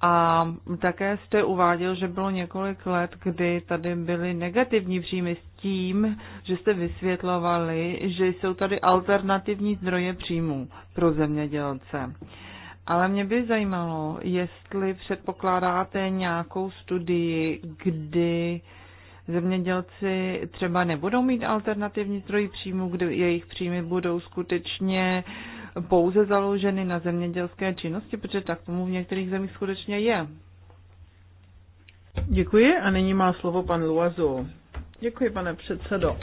Speaker 3: A také jste uváděl, že bylo několik let, kdy tady byly negativní příjmy s tím, že jste vysvětlovali, že jsou tady alternativní zdroje příjmů pro zemědělce. Ale mě by zajímalo, jestli předpokládáte nějakou studii, kdy zemědělci třeba nebudou mít alternativní zdroj příjmu, kdy jejich příjmy budou skutečně uh, pouze založeny na zemědělské činnosti, protože tak tomu v některých
Speaker 2: zemích skutečně je. Děkuji a nyní má slovo pan Luazu. Děkuji, pane předsedo.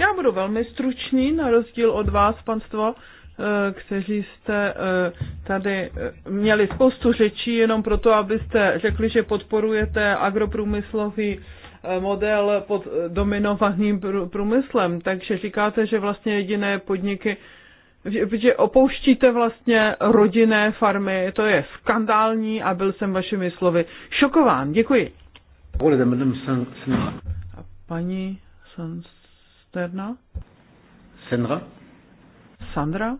Speaker 2: Já budu velmi stručný, na rozdíl od vás, panstvo, eh, kteří jste eh, tady eh, měli spoustu řečí jenom proto, abyste řekli, že podporujete agroprůmyslový model pod dominovaným průmyslem. Takže říkáte, že vlastně jediné podniky že opouštíte vlastně rodinné farmy, to je skandální a byl jsem vašimi slovy šokován. Děkuji. A paní Sansterna?
Speaker 1: Sandra?
Speaker 3: Sandra?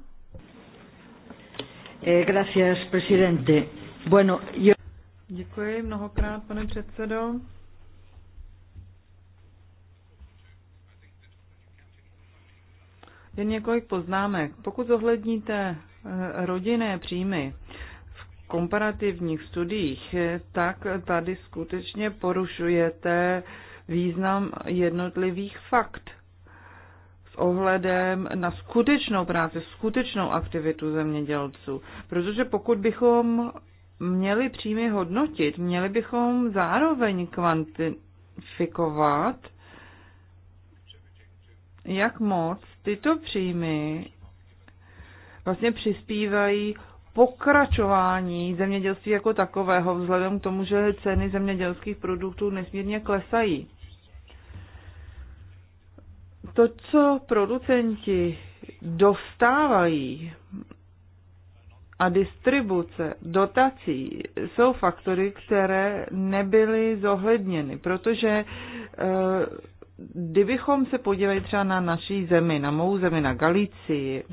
Speaker 3: Eh, gracias, presidente. Bueno, yo... Děkuji mnohokrát, pane předsedo. Jen několik poznámek. Pokud zohledníte eh, rodinné příjmy v komparativních studiích, tak tady skutečně porušujete význam jednotlivých fakt s ohledem na skutečnou práci, skutečnou aktivitu zemědělců. Protože pokud bychom měli příjmy hodnotit, měli bychom zároveň kvantifikovat jak moc tyto příjmy vlastně přispívají pokračování zemědělství jako takového, vzhledem k tomu, že ceny zemědělských produktů nesmírně klesají. To, co producenti dostávají a distribuce dotací jsou faktory, které nebyly zohledněny, protože eh, kdybychom se podívali třeba na naší zemi, na mou zemi, na Galicii,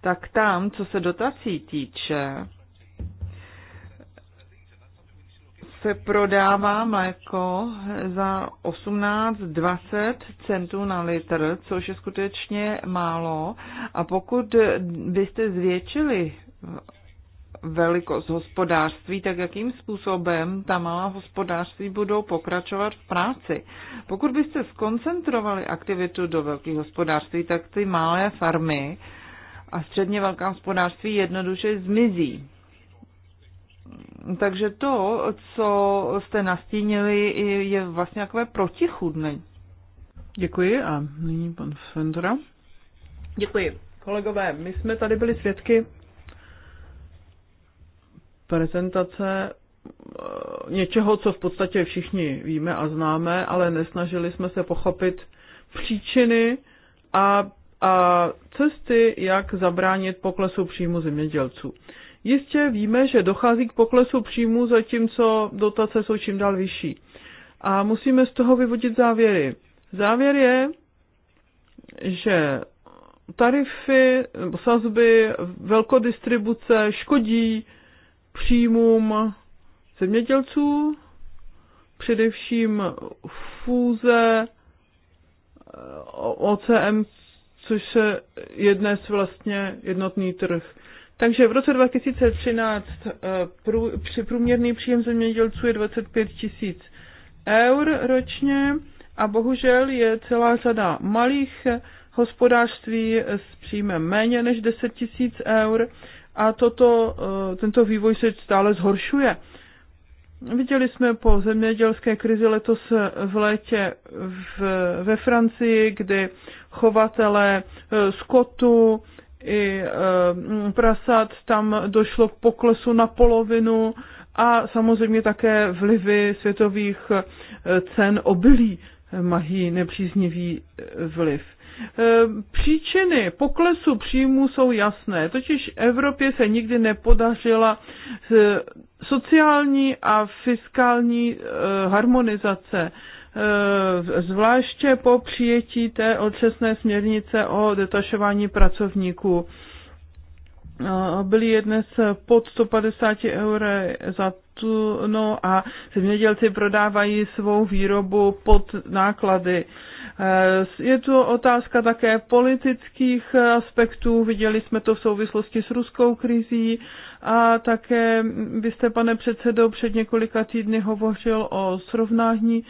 Speaker 3: tak tam, co se dotací týče, se prodává mléko za 18-20 centů na litr, což je skutečně málo. A pokud byste zvětšili velikost hospodářství, tak jakým způsobem ta malá hospodářství budou pokračovat v práci. Pokud byste skoncentrovali aktivitu do velkých hospodářství, tak ty malé farmy a středně velká hospodářství jednoduše zmizí. Takže to, co jste nastínili, je
Speaker 2: vlastně takové protichudné. Děkuji a nyní pan Fendra. Děkuji. Kolegové, my jsme tady byli svědky prezentace eh, něčeho, co v podstatě všichni víme a známe, ale nesnažili jsme se pochopit příčiny a, a cesty, jak zabránit poklesu příjmu zemědělců. Jistě víme, že dochází k poklesu příjmu, zatímco dotace jsou čím dál vyšší. A musíme z toho vyvodit závěry. Závěr je, že tarify, sazby, velkodistribuce škodí příjmům zemědělců, především fůze eh, OCM, což se je dnes vlastně jednotný trh. Takže v roce 2013 eh, průměrný příjem zemědělců je 25 tisíc eur ročně a bohužel je celá řada malých hospodářství s příjmem méně než 10 tisíc eur, a toto, eh, tento vývoj se stále zhoršuje. Viděli jsme po zemědělské krizi letos v létě v, ve Francii, kdy chovatele eh, skotu i eh, prasat tam došlo k poklesu na polovinu a samozřejmě také vlivy světových cen obilí mají nepříznivý vliv. Eh, příčiny poklesu příjmů jsou jasné, totiž Evropě se nikdy nepodařila eh, sociální a fiskální eh, harmonizace zvláště po přijetí té otřesné směrnice o detašování pracovníků byly je dnes pod 150 eur za no a zemědělci prodávají svou výrobu pod náklady. Eh, je tu otázka také politických aspektů, viděli jsme to v souvislosti s ruskou krizí a také byste pane předsedo, před několika týdny hovořil o srovnání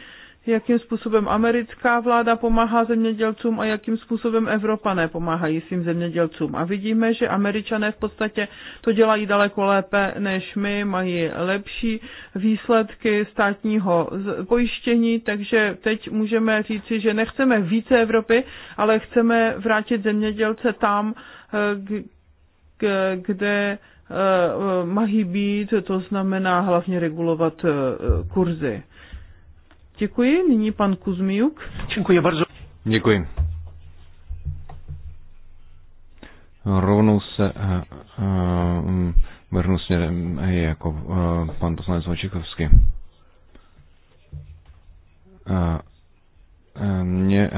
Speaker 2: jakým způsobem americká vláda pomáhá zemědělcům a jakým způsobem Evropané pomáhají svým zemědělcům. A vidíme, že američané v podstatě to dělají daleko lépe než my, mají lepší výsledky státního pojištění, takže teď můžeme říci, že nechceme více Evropy, ale chceme vrátit zemědělce tam, eh, kde eh, eh, mají být, to znamená hlavně regulovat kurzy. Děkuji. Nyní pan Kuzmiuk. Děkuji bardzo.
Speaker 1: Děkuji. Rovnou se uh, uh, vrhnu směrem jako uh, pan poslanec Vočikovský. Uh, mě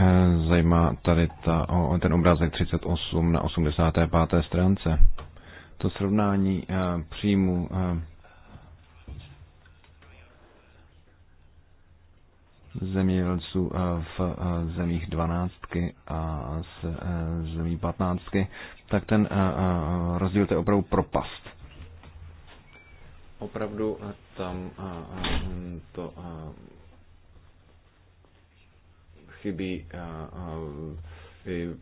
Speaker 1: zajímá tady ta, o, ten obrázek 38 na 85. stránce. To srovnání příjmu zemědělců eh, v eh, zemích dvanáctky a z eh, zemí patnáctky, tak ten rozdíl to je opravdu propast. Opravdu tam to chybí,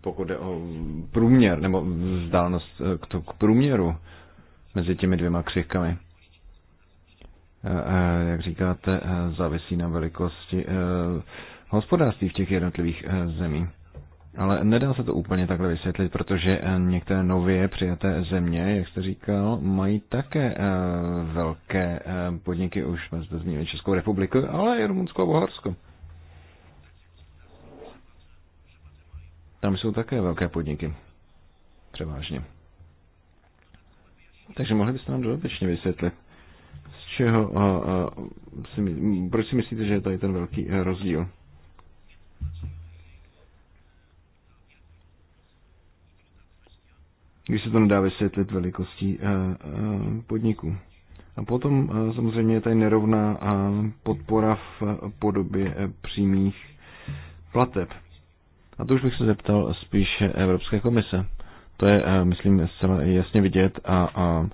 Speaker 1: pokud jde o průměr, nebo vzdálenost k průměru mezi těmi dvěma křivkami. Eh, eh, jak říkáte, eh, závisí na velikosti hospodářství v těch jednotlivých zemích. Ale nedá se to úplně takhle vysvětlit, protože některé nově přijaté země, jak jste říkal, mají také velké podniky, už jsme zde zmínili Českou republiku, ale i Rumunsko a Bohorsko. Tam jsou také velké podniky. Převážně. Takže mohli byste nám dodatečně vysvětlit, čeho, si, proč si myslíte, že je tady ten velký eh, rozdíl? Když se to nedá vysvětlit velikostí eh, eh, podniku. A potom samozřejmě je tady nerovná podpora v podobě přímých plateb. A to už bych se zeptal spíše Evropské komise. To je, myslím, zcela jasně vidět a, a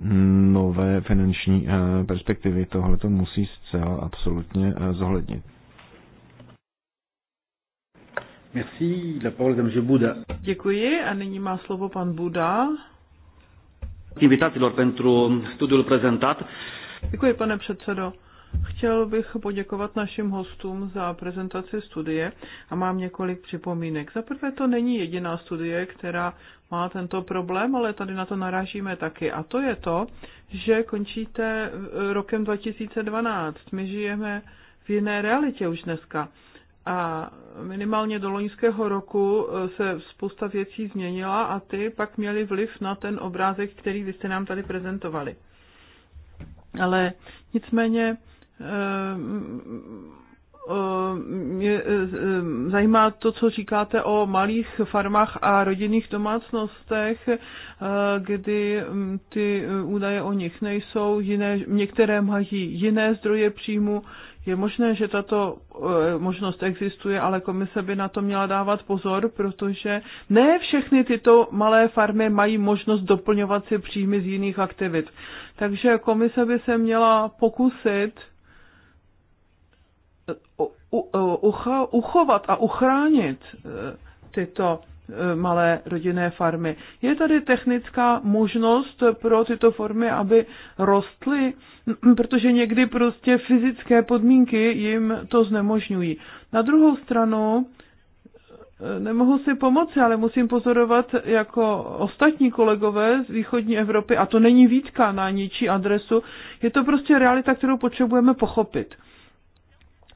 Speaker 1: nové finanční eh, perspektivy. Tohle to musí zcela absolutně eh, zohlednit.
Speaker 2: Merci, la parole de M. Buda. Děkuji a nyní má slovo pan Buda.
Speaker 3: Invitaților pentru studiul prezentat.
Speaker 2: Děkuji, pane předsedo. Chtěl bych poděkovat našim hostům za prezentaci studie a mám několik připomínek. Za prvé to není jediná studie, která má tento problém, ale tady na to narážíme taky. A to je to, že končíte rokem 2012. My žijeme v jiné realitě už dneska. A minimálně do loňského roku se spousta věcí změnila a ty pak měly vliv na ten obrázek, který vy jste nám tady prezentovali. Ale nicméně eh, Eh, mě eh, eh, zajímá to, co říkáte o malých farmách a rodinných domácnostech, kdy hm, ty údaje o nich nejsou, jiné, některé mají jiné zdroje příjmu. Je možné, že tato možnost existuje, ale komise by na to měla dávat pozor, protože ne všechny tyto malé farmy mají možnost doplňovat si příjmy z jiných aktivit. Takže komise by se měla pokusit Eh, uchovat a uchránit eh, tyto eh, malé rodinné farmy. Je tady technická možnost pro tyto formy, aby rostly, [clears throat] protože někdy prostě fyzické podmínky jim to znemožňují. Na druhou stranu, nemohu si pomoci, ale musím pozorovat jako ostatní kolegové z východní Evropy, a to není výtka na ničí adresu, je to prostě realita, kterou potřebujeme pochopit.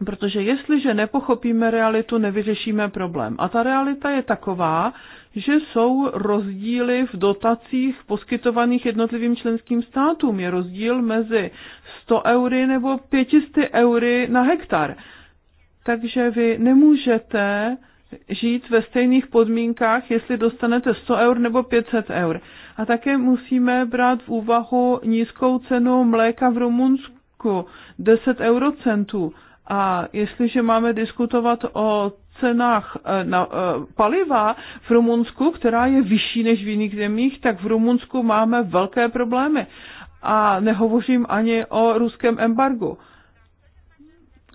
Speaker 2: Protože jestliže nepochopíme realitu, nevyřešíme problém. A ta realita je taková, že jsou rozdíly v dotacích poskytovaných jednotlivým členským státům. Je rozdíl mezi 100 eury nebo 500 eury na hektar. Takže vy nemůžete žít ve stejných podmínkách, jestli dostanete 100 eur nebo 500 eur. A také musíme brát v úvahu nízkou cenu mléka v Rumunsku, 10 eurocentů. A jestliže máme diskutovat o cenách eh, na eh, paliva v Rumunsku, která je vyšší než v jiných zemích, tak v Rumunsku máme velké problémy. A nehovořím ani o ruském embargu.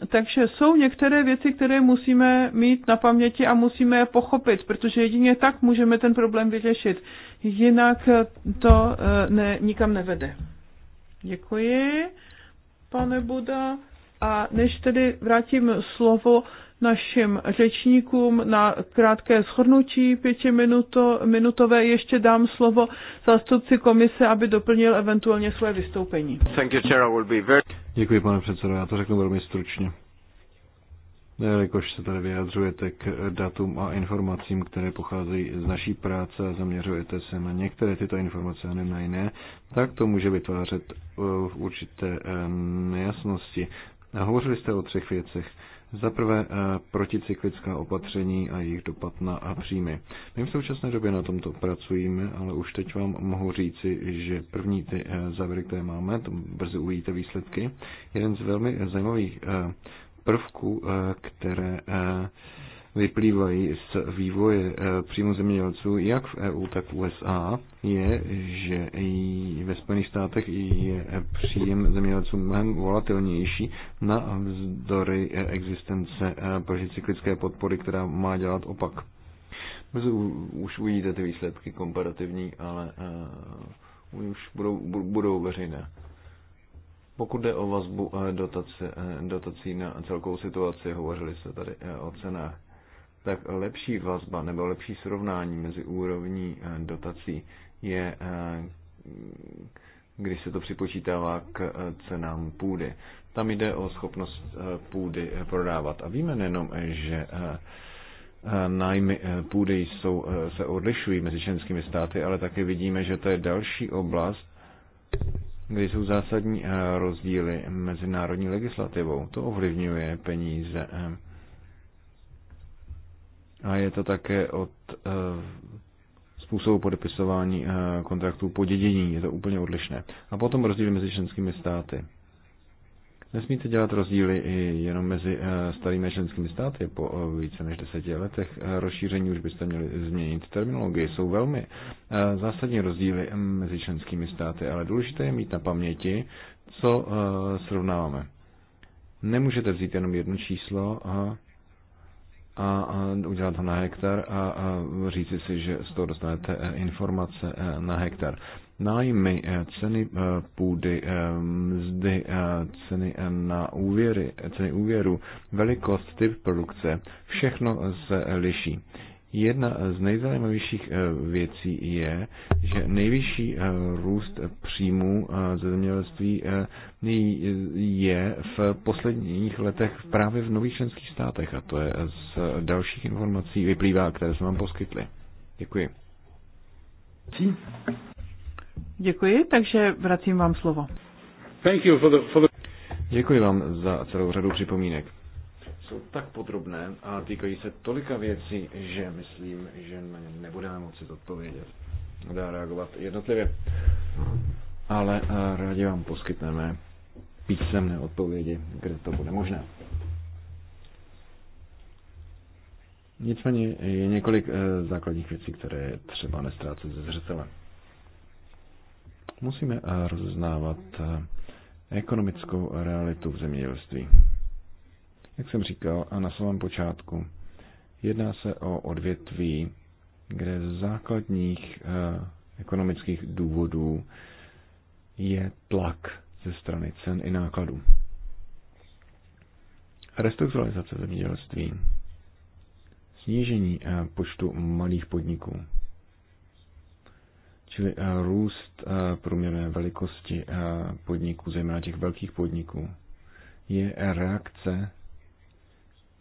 Speaker 2: Takže jsou některé věci, které musíme mít na paměti a musíme je pochopit, protože jedině tak můžeme ten problém vyřešit. Jinak to eh, ne, nikam nevede. Děkuji, pane Buda. A než tedy vrátím slovo našim řečníkům na krátké shrnutí pětiminutové, ještě dám slovo zástupci komise, aby doplnil eventuálně své vystoupení.
Speaker 1: Děkuji, pane předsedo, já to řeknu velmi stručně. Jelikož se tady vyjadřujete k datům a informacím, které pocházejí z naší práce a zaměřujete se na některé tyto informace a ne na jiné, tak to může vytvářet eh, určité eh, nejasnosti. A hovořili jste o třech věcech. Za prvé eh, proticyklická opatření a jejich dopad na a eh, příjmy. My v současné době na tomto pracujeme, ale už teď vám mohu říci, že první ty eh, závěry, které máme, to brzy uvidíte výsledky. Jeden z velmi zajímavých prvků, které vyplývají z vývoje eh, přímo zemědělců jak v EU, tak v USA, je, že i ve Spojených státech je příjem zemědělců mnohem volatilnější na vzdory eh, existence eh, cyklické podpory, která má dělat opak. Už uvidíte ty výsledky komparativní, ale uh, už budou, budou veřejné. Pokud jde o vazbu dotace, dotací na celkovou situaci, hovořili jste tady o cenách tak lepší vazba nebo lepší srovnání mezi úrovní eh, dotací je, eh, když se to připočítává k eh, cenám půdy. Tam jde o schopnost půdy prodávat. A víme nejenom, že nájmy půdy jsou, se odlišují mezi členskými státy, ale také vidíme, že to je další oblast, kde jsou zásadní rozdíly mezi národní legislativou. To ovlivňuje peníze a je to také od eh, způsobu podepisování eh, kontraktů po dědění. Je to úplně odlišné. A potom rozdíly mezi členskými státy. Nesmíte dělat rozdíly i jenom mezi eh, starými členskými státy. Po více než deseti letech rozšíření už byste měli změnit terminologii. Jsou velmi zásadní rozdíly mezi členskými státy, ale důležité je mít na paměti, co srovnáváme. Nemůžete vzít jenom jedno číslo a a, a udělat ho na hektar a, a říci si, že z toho dostanete e, informace e, na hektar. Nájmy, e, ceny půdy, mzdy, ceny na úvěry, ceny úvěru, velikost, typ produkce, všechno se liší. Jedna z nejzajímavějších eh, věcí je, že nejvyšší eh, růst příjmů eh, ze zemědělství je v posledních letech právě v nových členských státech a to je z dalších informací vyplývá, které jsme vám poskytli. Děkuji.
Speaker 2: Děkuji, takže vracím vám slovo.
Speaker 1: Děkuji vám za celou řadu připomínek jsou tak podrobné a týkají se tolika věcí, že myslím, že na ně nebudeme moci odpovědět. Dá reagovat jednotlivě. Ale eh, rádi vám poskytneme písemné odpovědi, kde to bude možné. Nicméně je několik eh, základních věcí, které je třeba nestrácet ze zřetele. Musíme eh, rozeznávat ekonomickou realitu v zemědělství. Jak jsem říkal a na samém počátku, jedná se o odvětví, kde z základních eh, ekonomických důvodů je tlak ze strany cen i nákladů. Restrukturalizace zemědělství, snížení eh, počtu malých podniků, čili eh, růst průměrné velikosti podniků, zejména těch velkých podniků, je reakce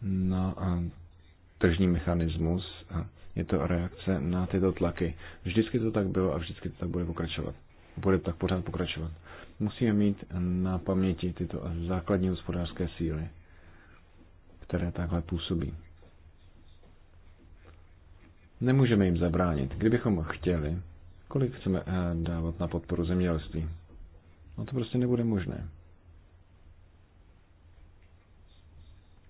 Speaker 1: na tržní mechanismus. Je to reakce na tyto tlaky. Vždycky to tak bylo a vždycky to tak bude pokračovat. Bude tak pořád pokračovat. Musíme mít na paměti tyto základní hospodářské síly, které takhle působí. Nemůžeme jim zabránit. Kdybychom chtěli, kolik chceme eh, dávat na podporu zemědělství? No to prostě nebude možné.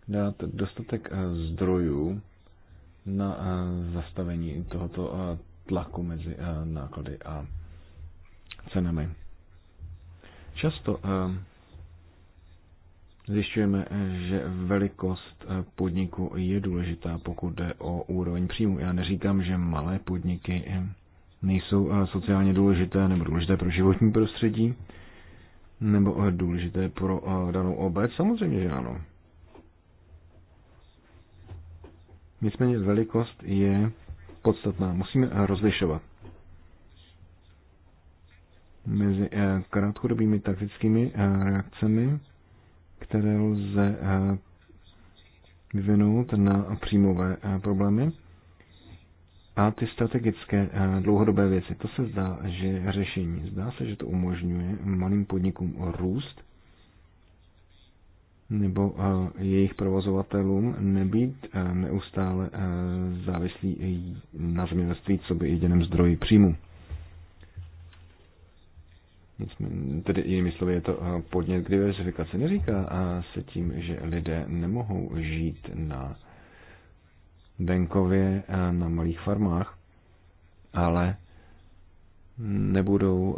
Speaker 1: dát dostatek eh, zdrojů na eh, zastavení tohoto eh, tlaku mezi náklady a cenami. Často zjišťujeme, že velikost podniku je důležitá, pokud jde o úroveň příjmu. Já neříkám, že malé podniky nejsou sociálně důležité nebo důležité pro životní prostředí nebo důležité pro danou obec. Samozřejmě, že ano. Nicméně velikost je podstatná. Musíme rozlišovat mezi eh, krátkodobými taktickými eh, reakcemi, které lze eh, vyvinout na přímové problémy, a ty strategické dlouhodobé věci. To se zdá, že řešení. Zdá se, že to umožňuje malým podnikům růst nebo eh, jejich provozovatelům nebýt eh, neustále eh, závislí na zemědělství, co by jediném zdroji příjmu. Tedy jinými slovy je to podnět k diversifikaci. Neříká a se tím, že lidé nemohou žít na venkově, na malých farmách, ale nebudou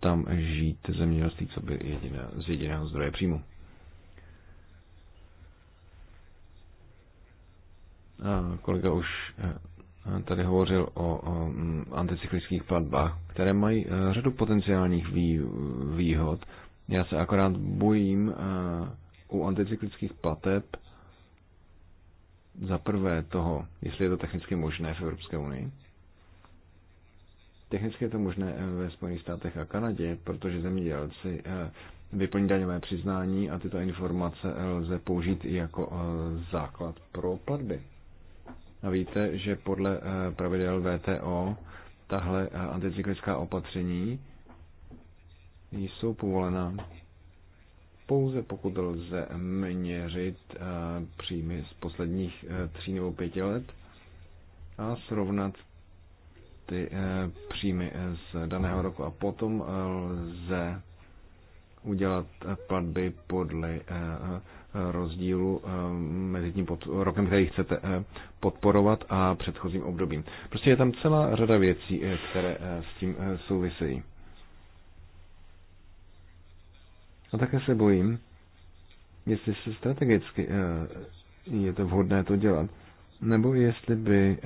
Speaker 1: tam žít zemědělství, co by jediné, z jediného zdroje příjmu. kolega už eh, tady hovořil o mm, anticyklických platbách, které mají eh, řadu potenciálních výhod. Já se akorát bojím eh, u anticyklických plateb za prvé toho, jestli je to technicky možné v Evropské unii. Technicky je to možné ve Spojených státech a Kanadě, protože zemědělci vyplní daňové přiznání a tyto informace lze použít i jako základ pro platby. A víte, že podle eh, pravidel VTO tahle eh, anticyklická opatření jsou povolená pouze pokud lze měřit eh, příjmy z posledních tří nebo pěti let a srovnat ty příjmy z daného roku. A potom lze udělat platby podle eh, eh, rozdílu eh, mezi tím pod, rokem, který chcete podporovat a předchozím obdobím. Prostě je tam celá řada věcí, které s tím souvisejí. A také se bojím, jestli se strategicky je to vhodné to dělat, nebo jestli by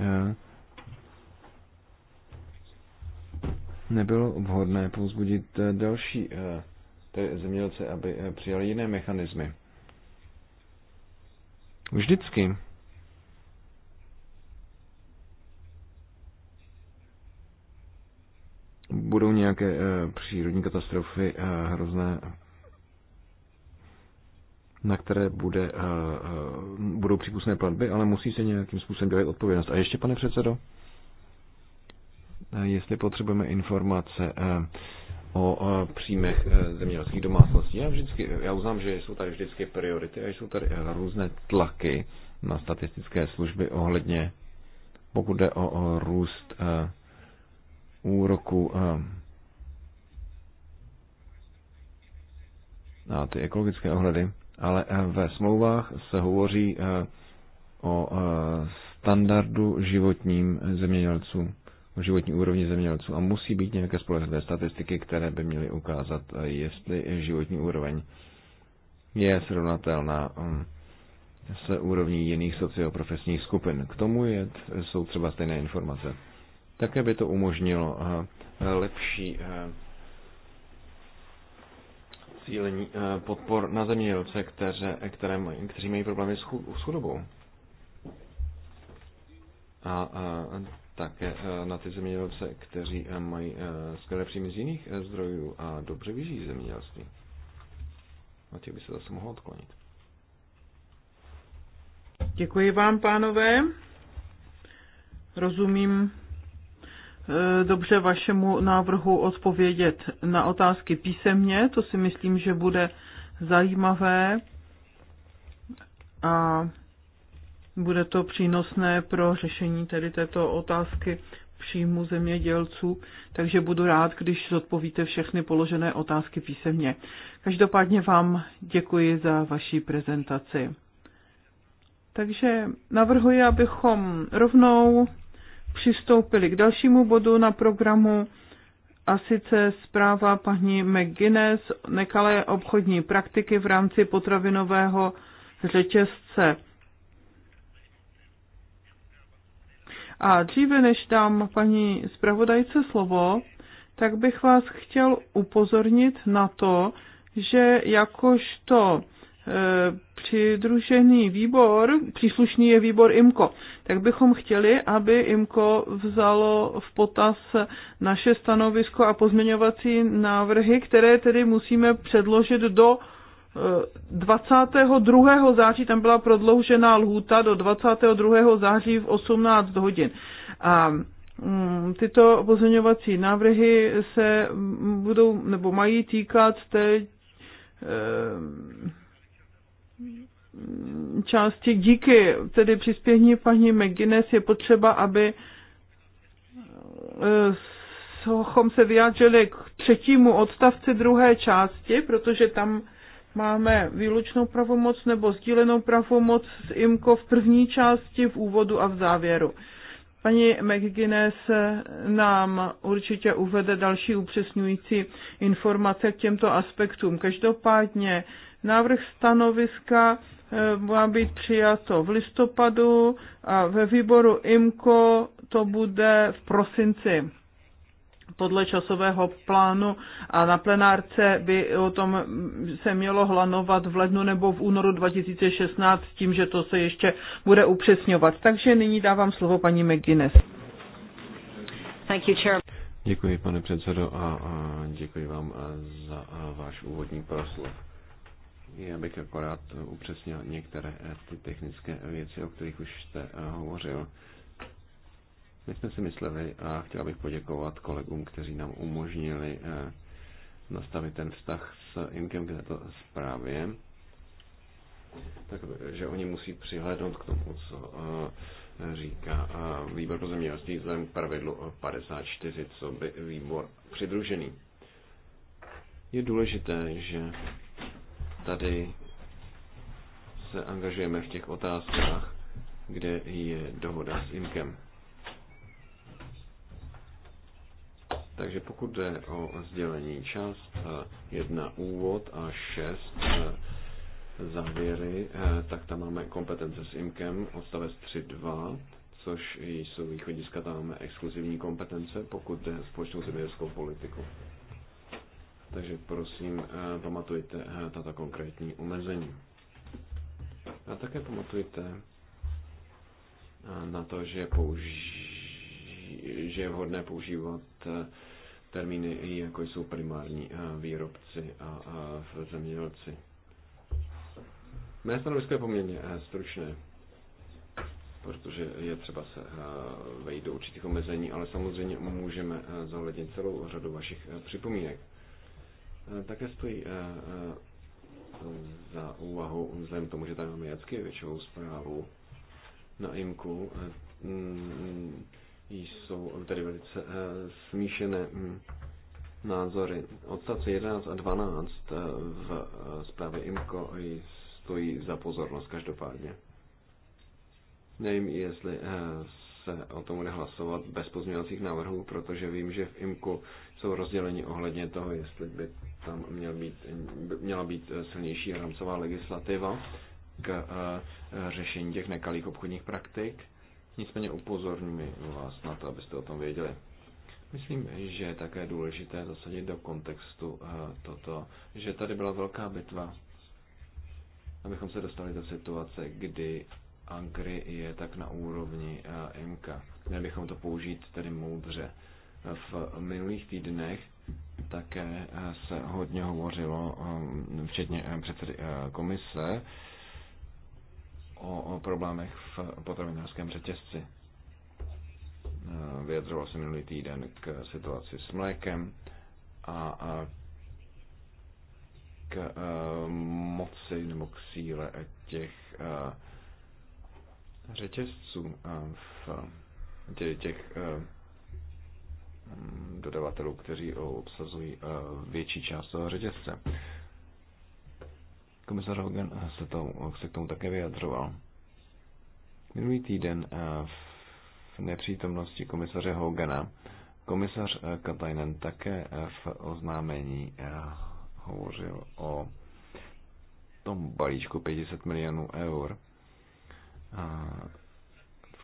Speaker 1: nebylo vhodné povzbudit další tedy zemědělce, aby eh, přijali jiné mechanismy. Vždycky. Budou nějaké eh, přírodní katastrofy eh, hrozné, na které bude, budou přípustné platby, ale musí se nějakým způsobem dělat odpovědnost. A ještě, pane předsedo, jestli potřebujeme informace, o příjmech e, zemědělských domácností. Já, vždycky, já uznám, že jsou tady vždycky priority a jsou tady různé tlaky na statistické služby ohledně, pokud jde o, růst e, úroku e, a ty ekologické ohledy, ale ve smlouvách se hovoří o standardu životním zemědělcům o životní úrovni zemědělců a musí být nějaké spolehlivé statistiky, které by měly ukázat, eh, jestli životní úroveň je srovnatelná mm, s úrovní jiných socioprofesních skupin. K tomu je, jsou třeba stejné informace. Také by to umožnilo eh, lepší eh, cílení podpor na zemědělce, které, které, kteří mají problémy s chudobou. A, a také eh, na ty zemědělce, kteří eh, mají eh, skvělé příjmy z jiných zdrojů a dobře vyžijí zemědělství. A těch by se zase mohlo odklonit.
Speaker 2: Děkuji vám, pánové. Rozumím dobře vašemu návrhu odpovědět na otázky písemně. To si myslím, že bude zajímavé. A bude to přínosné pro řešení tedy této otázky příjmu zemědělců, takže budu rád, když zodpovíte všechny položené otázky písemně. Každopádně vám děkuji za vaši prezentaci. Takže navrhuji, abychom rovnou přistoupili k dalšímu bodu na programu a sice zpráva paní McGuinness nekalé obchodní praktiky v rámci potravinového řetězce. A dříve než dám paní zpravodajce slovo, tak bych vás chtěl upozornit na to, že jakožto e, přidružený výbor, příslušný je výbor IMKO, tak bychom chtěli, aby IMKO vzalo v potaz naše stanovisko a pozměňovací návrhy, které tedy musíme předložit do 22. září tam byla prodloužená lhůta do 22. září v 18 hodin. A mm, tyto pozměňovací návrhy se budou nebo mají týkat té eh, části díky tedy přispění paní McGuinness je potřeba, aby abychom eh, se vyjádřili k třetímu odstavci druhé části, protože tam máme výlučnou pravomoc nebo sdílenou pravomoc s IMCO v první části, v úvodu a v závěru. Paní McGuinness nám určitě uvede další upřesňující informace k těmto aspektům. Každopádně návrh stanoviska eh, má být přijato v listopadu a ve výboru IMCO to bude v prosinci podle časového plánu a na plenárce by o tom se mělo hlanovat v lednu nebo v únoru 2016 s tím, že to se ještě bude upřesňovat. Takže nyní dávám slovo paní McGuinness. Thank you,
Speaker 1: chair. Děkuji, pane předsedo, a, a děkuji vám za váš úvodní proslov. Já bych akorát upřesnil některé ty technické věci, o kterých už jste hovořil. My jsme si mysleli a chtěla bych poděkovat kolegům, kteří nám umožnili eh, nastavit ten vztah s Inkem k této zprávě. Takže oni musí přihlédnout k tomu, co eh, říká eh, výbor pro zemědělství vzhledem k pravidlu 54, co by výbor přidružený. Je důležité, že tady se angažujeme v těch otázkách, kde je dohoda s IMKem. Takže pokud jde o sdělení část 1 eh, úvod a 6 eh, závěry, eh, tak tam máme kompetence s IMKem, odstavec 3.2, což jsou východiska, tam máme exkluzivní kompetence, pokud jde společnou zemědělskou politiku. Takže prosím, pamatujte tato konkrétní omezení. A také pamatujte na to, že, použi- že je vhodné používat termíny, jako jsou primární eh, výrobci a zemědělci. Mé stanovisko je poměrně eh, stručné, protože je třeba se eh, vejít do určitých omezení, ale samozřejmě můžeme zohlednit celou řadu vašich připomínek. Také stojí za úvahu, vzhledem k tomu, že tady máme jacky většinou zprávu na IMKU, mm, jsou tady velice eh, smíšené hm, názory. Odstavce 11 a 12 eh, v eh, zprávě IMCO stojí za pozornost každopádně. Nevím, jestli se o tom bude hlasovat bez pozměňovacích návrhů, protože vím, že v IMKU jsou rozděleni ohledně toho, jestli by tam měl být, měla být silnější rámcová legislativa k řešení těch nekalých obchodních praktik Nicméně upozorňuji vás na to, abyste o tom věděli. Myslím, že je také důležité zasadit do kontextu eh, toto, že tady byla velká bitva, abychom se dostali do situace, kdy Angry je tak na úrovni eh, MK. Měli bychom to použít tedy moudře. V minulých týdnech také eh, se hodně hovořilo, včetně předsedy komise, o problémech v potravinářském řetězci. E, vyjadřoval se minulý týden k situaci s mlékem a k e, moci nebo k síle těch e, řetězců v těch dodavatelů, kteří obsazují větší část toho řetězce. Komisař Hogan se, tomu, se k tomu také vyjadřoval. Minulý týden eh, v nepřítomnosti komisaře Hogana komisař eh, Katajnen také eh, v oznámení hovořil o tom balíčku 500 milionů eur,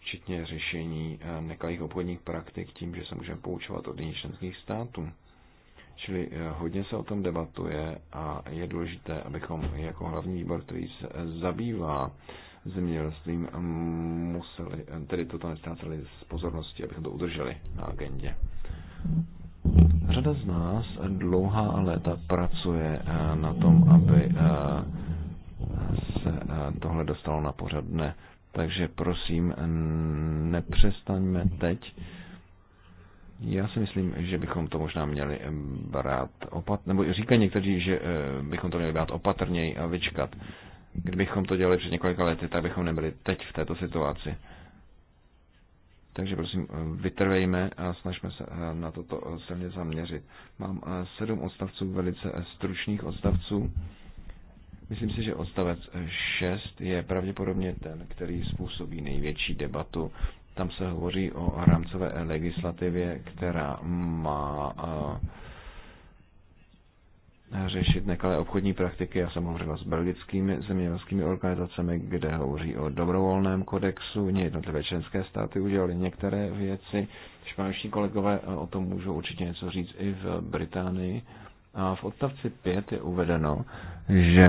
Speaker 1: včetně řešení nekalých obchodních praktik tím, že se můžeme poučovat od jiných členských států. Čili eh, hodně se o tom debatuje a je důležité, abychom jako hlavní výbor, který se eh, zabývá zemědělstvím, eh, museli, tedy toto nestráceli z pozornosti, abychom to udrželi na agendě. Řada z nás dlouhá léta pracuje na tom, aby se tohle dostalo na pořad dne. Takže prosím, nepřestaňme teď já si myslím, že bychom to možná měli eh, brát opat, nebo říkají někteří, že eh, bychom to měli brát opatrněji a vyčkat. Kdybychom to dělali před několika lety, tak bychom nebyli teď v této situaci. Takže prosím, eh, vytrvejme a snažme se na toto silně zaměřit. Mám sedm odstavců, velice stručných odstavců. Myslím si, že odstavec 6 je pravděpodobně ten, který způsobí největší debatu tam se hovoří o rámcové legislativě, která má eh, řešit nekalé obchodní praktiky. Já jsem hovořila s belgickými zemědělskými organizacemi, kde hovoří o dobrovolném kodexu. Jednotlivé členské státy udělali některé věci. Španělští kolegové eh, o tom můžou určitě něco říct i v Británii. A v odstavci 5 je uvedeno, že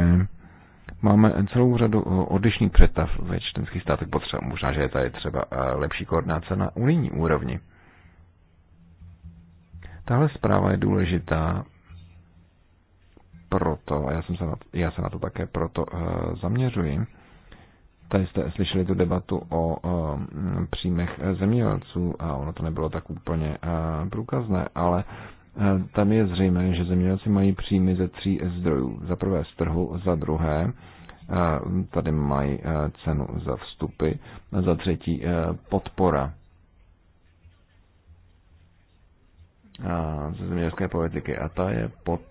Speaker 1: Máme celou řadu eh, odlišných představ ve členských státech potřeba. Možná, že je tady třeba eh, lepší koordinace na unijní úrovni. Tahle zpráva je důležitá proto, a já, jsem se na, já se na to také proto uh, zaměřuji, tady jste slyšeli tu debatu o uh, příjmech zemědělců a ono to nebylo tak úplně uh, průkazné, ale Eh, tam je zřejmé, že zemědělci mají příjmy ze tří zdrojů. Za prvé z trhu, za druhé eh, tady mají eh, cenu za vstupy, za třetí podpora ze zemědělské politiky a ta je pod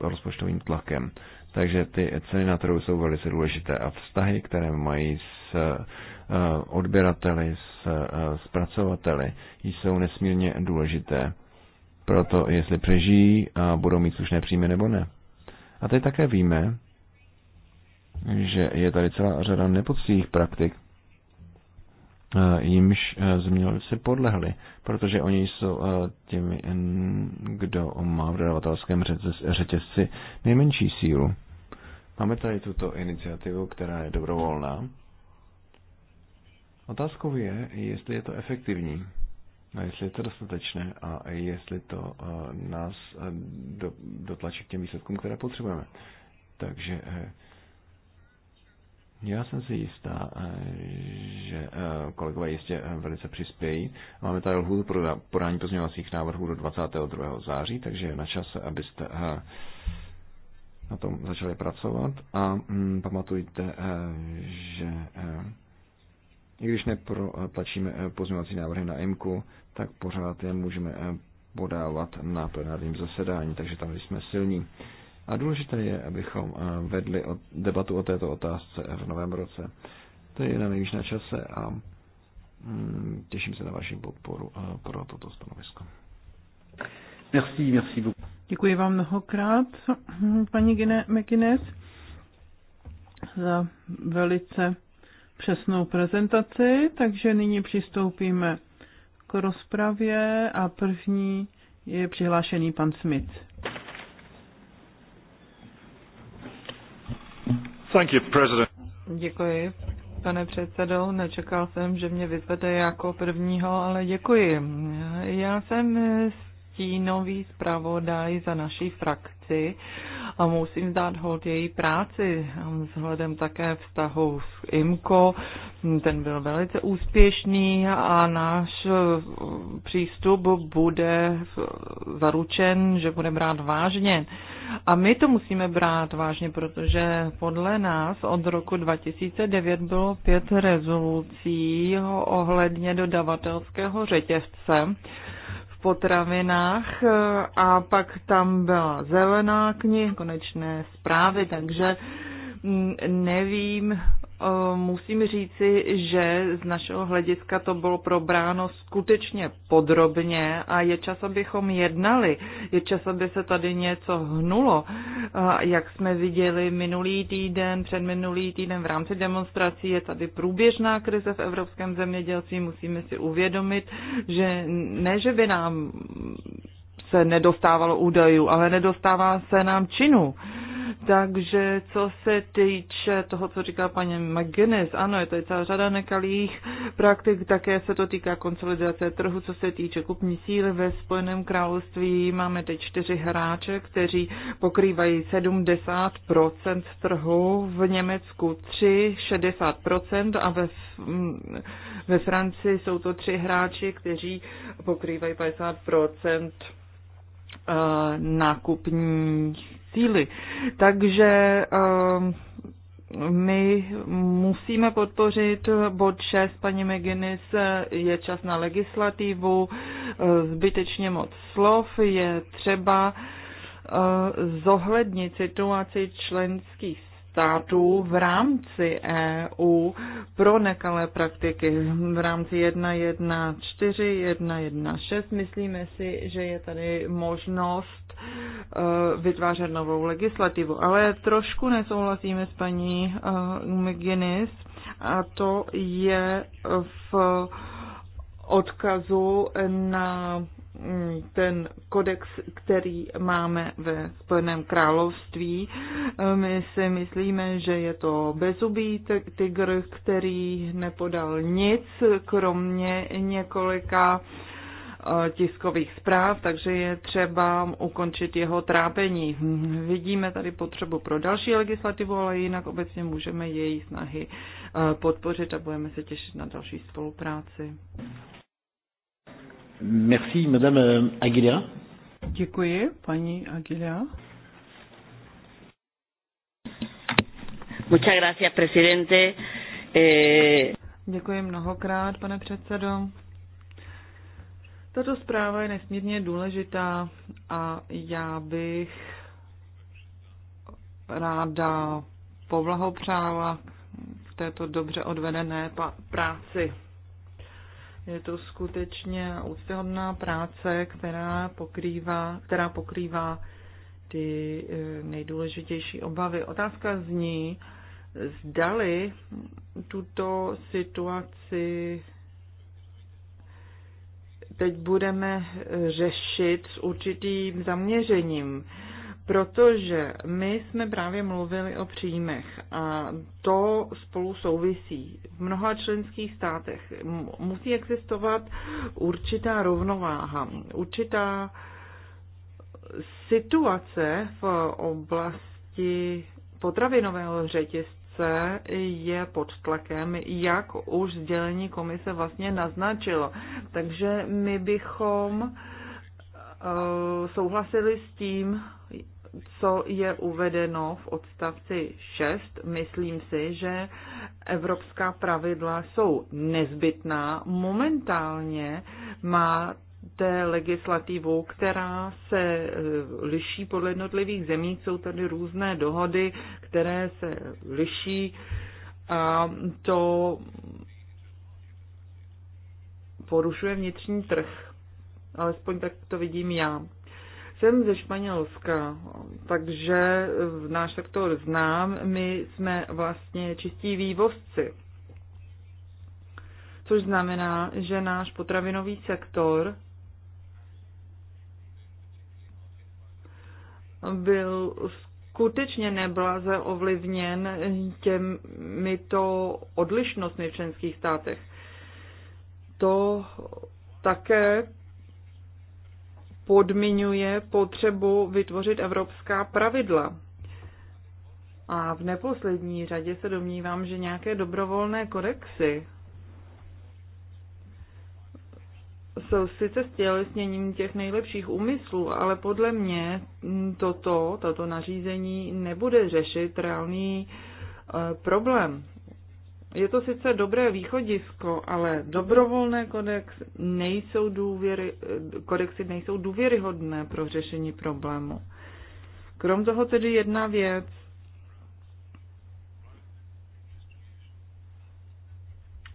Speaker 1: rozpočtovým tlakem. Takže ty ceny na trhu jsou velice důležité a vztahy, které mají s odběrateli, s zpracovateli, jsou nesmírně důležité pro to, jestli přežijí a budou mít slušné příjmy nebo ne. A teď také víme, že je tady celá řada nepoctivých praktik, eh, jimž eh, zemědělci podlehli, protože oni jsou eh, těmi, kdo má v dodavatelském řetězci nejmenší sílu. Máme tady tuto iniciativu, která je dobrovolná. Otázkou je, jestli je to efektivní. A jestli je to dostatečné a jestli to eh, nás eh, dotlačí k těm výsledkům, které potřebujeme. Takže eh, já jsem si jistá, že kolegové jistě velice přispějí. Máme tady lhůtu pro podání pozměňovacích návrhů do 22. září, takže je na čase, abyste na tom začali pracovat. A mm, pamatujte, že i když neplačíme eh, pozměňovací návrhy na IMKU, tak pořád je můžeme eh, podávat na plenárním zasedání, takže tam jsme silní. A důležité je, abychom eh, vedli debatu o této otázce v novém roce. To je na nejvíc na čase a mm, těším se na vaši podporu pro toto stanovisko.
Speaker 2: Merci, merci Děkuji vám mnohokrát, paní Gine, McInnes, za velice přesnou prezentaci, takže nyní přistoupíme k rozpravě a první je přihlášený pan Smith.
Speaker 1: Thank you, President.
Speaker 2: Děkuji, pane
Speaker 3: předsedo. Nečekal jsem, že mě vyzvete jako prvního, ale děkuji. Já jsem stínový zpravodaj za naší frakci a musím dát hold její práci hm, vzhledem také vztahu s IMCO. Ten byl velice úspěšný a náš eh, přístup bude zaručen, že bude brát vážně. A my to musíme brát vážně, protože podle nás od roku 2009 bylo pět rezolucí ohledně dodavatelského řetězce potravinách e, a pak tam byla zelená kniha, konečné zprávy, takže mm, nevím, Eh, musím říci, že z našeho hlediska to bylo probráno skutečně podrobně a je čas, abychom jednali, je čas, aby se tady něco hnulo. Eh, jak jsme viděli minulý týden, před minulý týden v rámci demonstrací je tady průběžná krize v evropském zemědělství, musíme si uvědomit, že ne, že by nám se nedostávalo údajů, ale nedostává se nám činu. Takže co se týče toho, co říká paní McGuinness, ano, je to je celá řada nekalých praktik, také se to týká konsolidace trhu, co se týče kupní síly ve Spojeném království. Máme teď čtyři hráče, kteří pokrývají 70% trhu, v Německu 3, 60% a ve, ve Francii jsou to tři hráči, kteří pokrývají 50% eh, nákupních síly. Takže ehm, my musíme podpořit bod 6, paní McGuinness, je čas na legislativu, eh, zbytečně moc slov, je třeba eh, zohlednit situaci členských států v rámci EU pro nekalé praktiky v rámci 1.1.4, 1.1.6. Myslíme si, že je tady možnost eh, vytvářet novou legislativu, ale trošku nesouhlasíme s paní eh, McGuinness a to je v odkazu na ten kodex, který máme ve Spojeném království. My si myslíme, že je to bezubý tygr, který nepodal nic, kromě několika eh, tiskových zpráv, takže je třeba ukončit jeho trápení. Vidíme tady potřebu pro další legislativu, ale jinak obecně můžeme její snahy eh, podpořit a budeme se těšit na další spolupráci.
Speaker 1: Merci, Madame
Speaker 3: euh, Aguilera.
Speaker 2: Děkuji, paní Aguilera. Muchas gracias,
Speaker 3: presidente. Eh, Děkuji mnohokrát, pane předsedo. Tato zpráva je nesmírně důležitá a já bych ráda povlahopřála v této dobře odvedené práci. Je to skutečně úctyhodná práce, která pokrývá, která pokrývá ty eh, nejdůležitější obavy. Otázka zní, zdali tuto situaci teď budeme řešit s určitým zaměřením protože my jsme právě mluvili o příjmech a to spolu souvisí. V mnoha členských státech musí existovat určitá rovnováha, určitá situace v oblasti potravinového řetězce je pod tlakem, jak už sdělení komise vlastně naznačilo. Takže my bychom Eh, souhlasili s tím, co je uvedeno v odstavci 6, myslím si, že evropská pravidla jsou nezbytná. Momentálně má té legislativu, která se eh, liší podle jednotlivých zemí. Jsou tady různé dohody, které se liší a to porušuje vnitřní trh alespoň tak to vidím já. Jsem ze Španělska, takže náš sektor znám. My jsme vlastně čistí vývozci, což znamená, že náš potravinový sektor byl skutečně neblaze ovlivněn těmito odlišnostmi v členských státech. To také podmiňuje potřebu vytvořit evropská pravidla. A v neposlední řadě se domnívám, že nějaké dobrovolné kodexy jsou sice stělesněním těch nejlepších úmyslů, ale podle mě toto, tato nařízení nebude řešit reálný eh, problém. Je to sice dobré východisko, ale dobrovolné kodex nejsou důvěry, kodexy nejsou důvěryhodné pro řešení problému. Krom toho tedy jedna věc.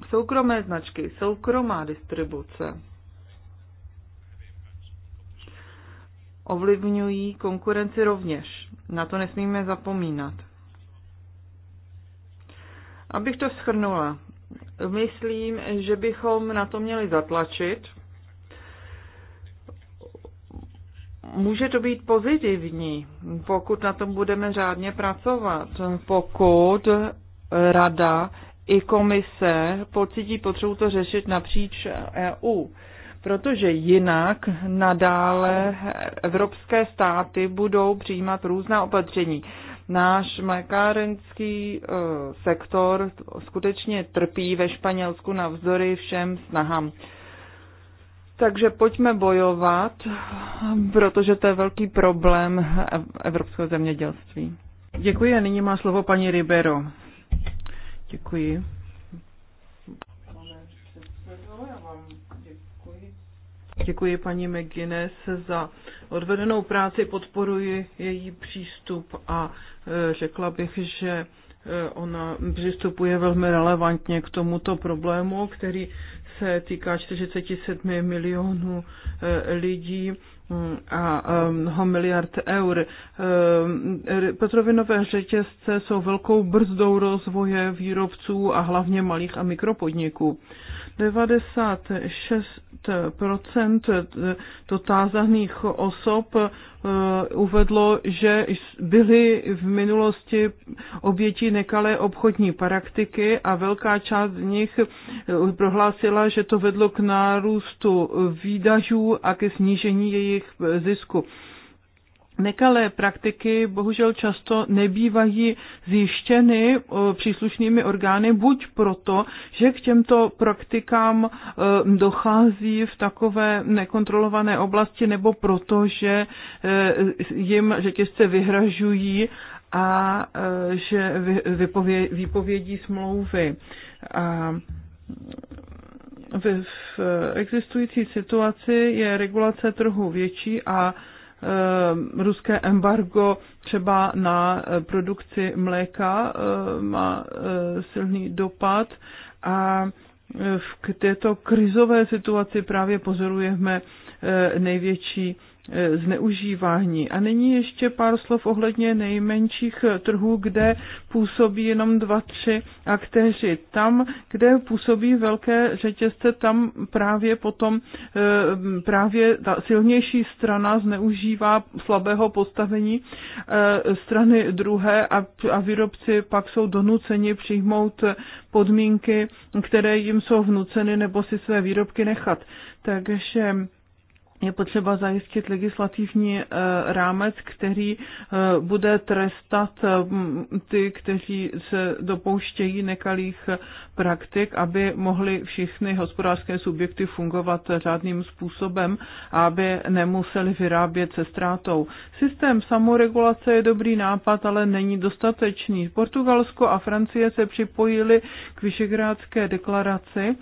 Speaker 3: Soukromé značky, soukromá distribuce ovlivňují konkurenci rovněž. Na to nesmíme zapomínat. Abych to schrnula, myslím, že bychom na to měli zatlačit. Může to být pozitivní, pokud na tom budeme řádně pracovat, pokud rada i komise pocítí potřebu to řešit napříč EU protože jinak nadále evropské státy budou přijímat různá opatření. Náš mlékárenský eh, sektor skutečně trpí ve Španělsku navzdory všem snahám. Takže pojďme bojovat, protože to je velký problém evropského zemědělství. Děkuji a nyní má slovo paní Ribero. Děkuji.
Speaker 2: Děkuji paní McGuinness za odvedenou práci, podporuji její přístup a Řekla bych, že e, ona přistupuje velmi relevantně k tomuto problému, který se týká 47 milionů e, lidí a e, mnoho miliard eur. Petrovinové řetězce jsou velkou brzdou rozvoje výrobců a hlavně malých a mikropodniků. 96% dotázaných osob eh, uvedlo, že byly v minulosti oběti nekalé obchodní praktiky a velká část z nich eh, prohlásila, že to vedlo k nárůstu výdažů a ke snížení jejich eh, zisku. Nekalé praktiky bohužel často nebývají zjištěny eh, příslušnými orgány, buď proto, že k těmto praktikám eh, dochází v takové nekontrolované oblasti, nebo proto, že eh, jim řetězce vyhražují a že vypovědí, smlouvy. A v existující situaci je regulace trhu větší a Eh, ruské embargo třeba na eh, produkci mléka eh, má silný dopad a v této krizové situaci právě pozorujeme největší E, zneužívání. A nyní ještě pár slov ohledně nejmenších trhů, kde působí jenom dva, tři aktéři. Tam, kde působí velké řetězce, tam právě potom e, právě ta silnější strana zneužívá slabého postavení e, strany druhé a, a výrobci pak jsou donuceni přijmout podmínky, které jim jsou vnuceny nebo si své výrobky nechat. Takže je potřeba zajistit legislativní eh, rámec, který eh, bude trestat eh, ty, kteří se dopouštějí nekalých praktik, aby mohly všichni hospodářské subjekty fungovat řádným způsobem a aby nemuseli vyrábět se ztrátou. Systém samoregulace je dobrý nápad, ale není dostatečný. Portugalsko a Francie se připojili k Vyšegrádské deklaraci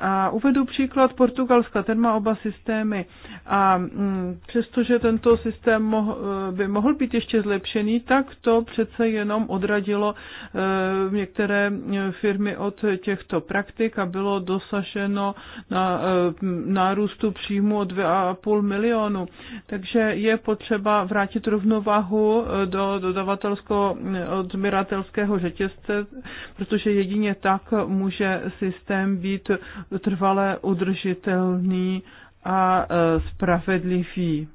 Speaker 2: a uvedu příklad Portugalska, ten má oba systémy. A mm, přestože tento systém mohl, eh, by mohl být ještě zlepšený, tak to přece jenom odradilo eh, některé eh, firmy od těchto praktik a bylo dosaženo na nárůstu příjmu o 2,5 milionu. Takže je potřeba vrátit rovnováhu do dodavatelsko odmiratelského řetězce, protože jedině tak může systém být trvale udržitelný a e, spravedlivý.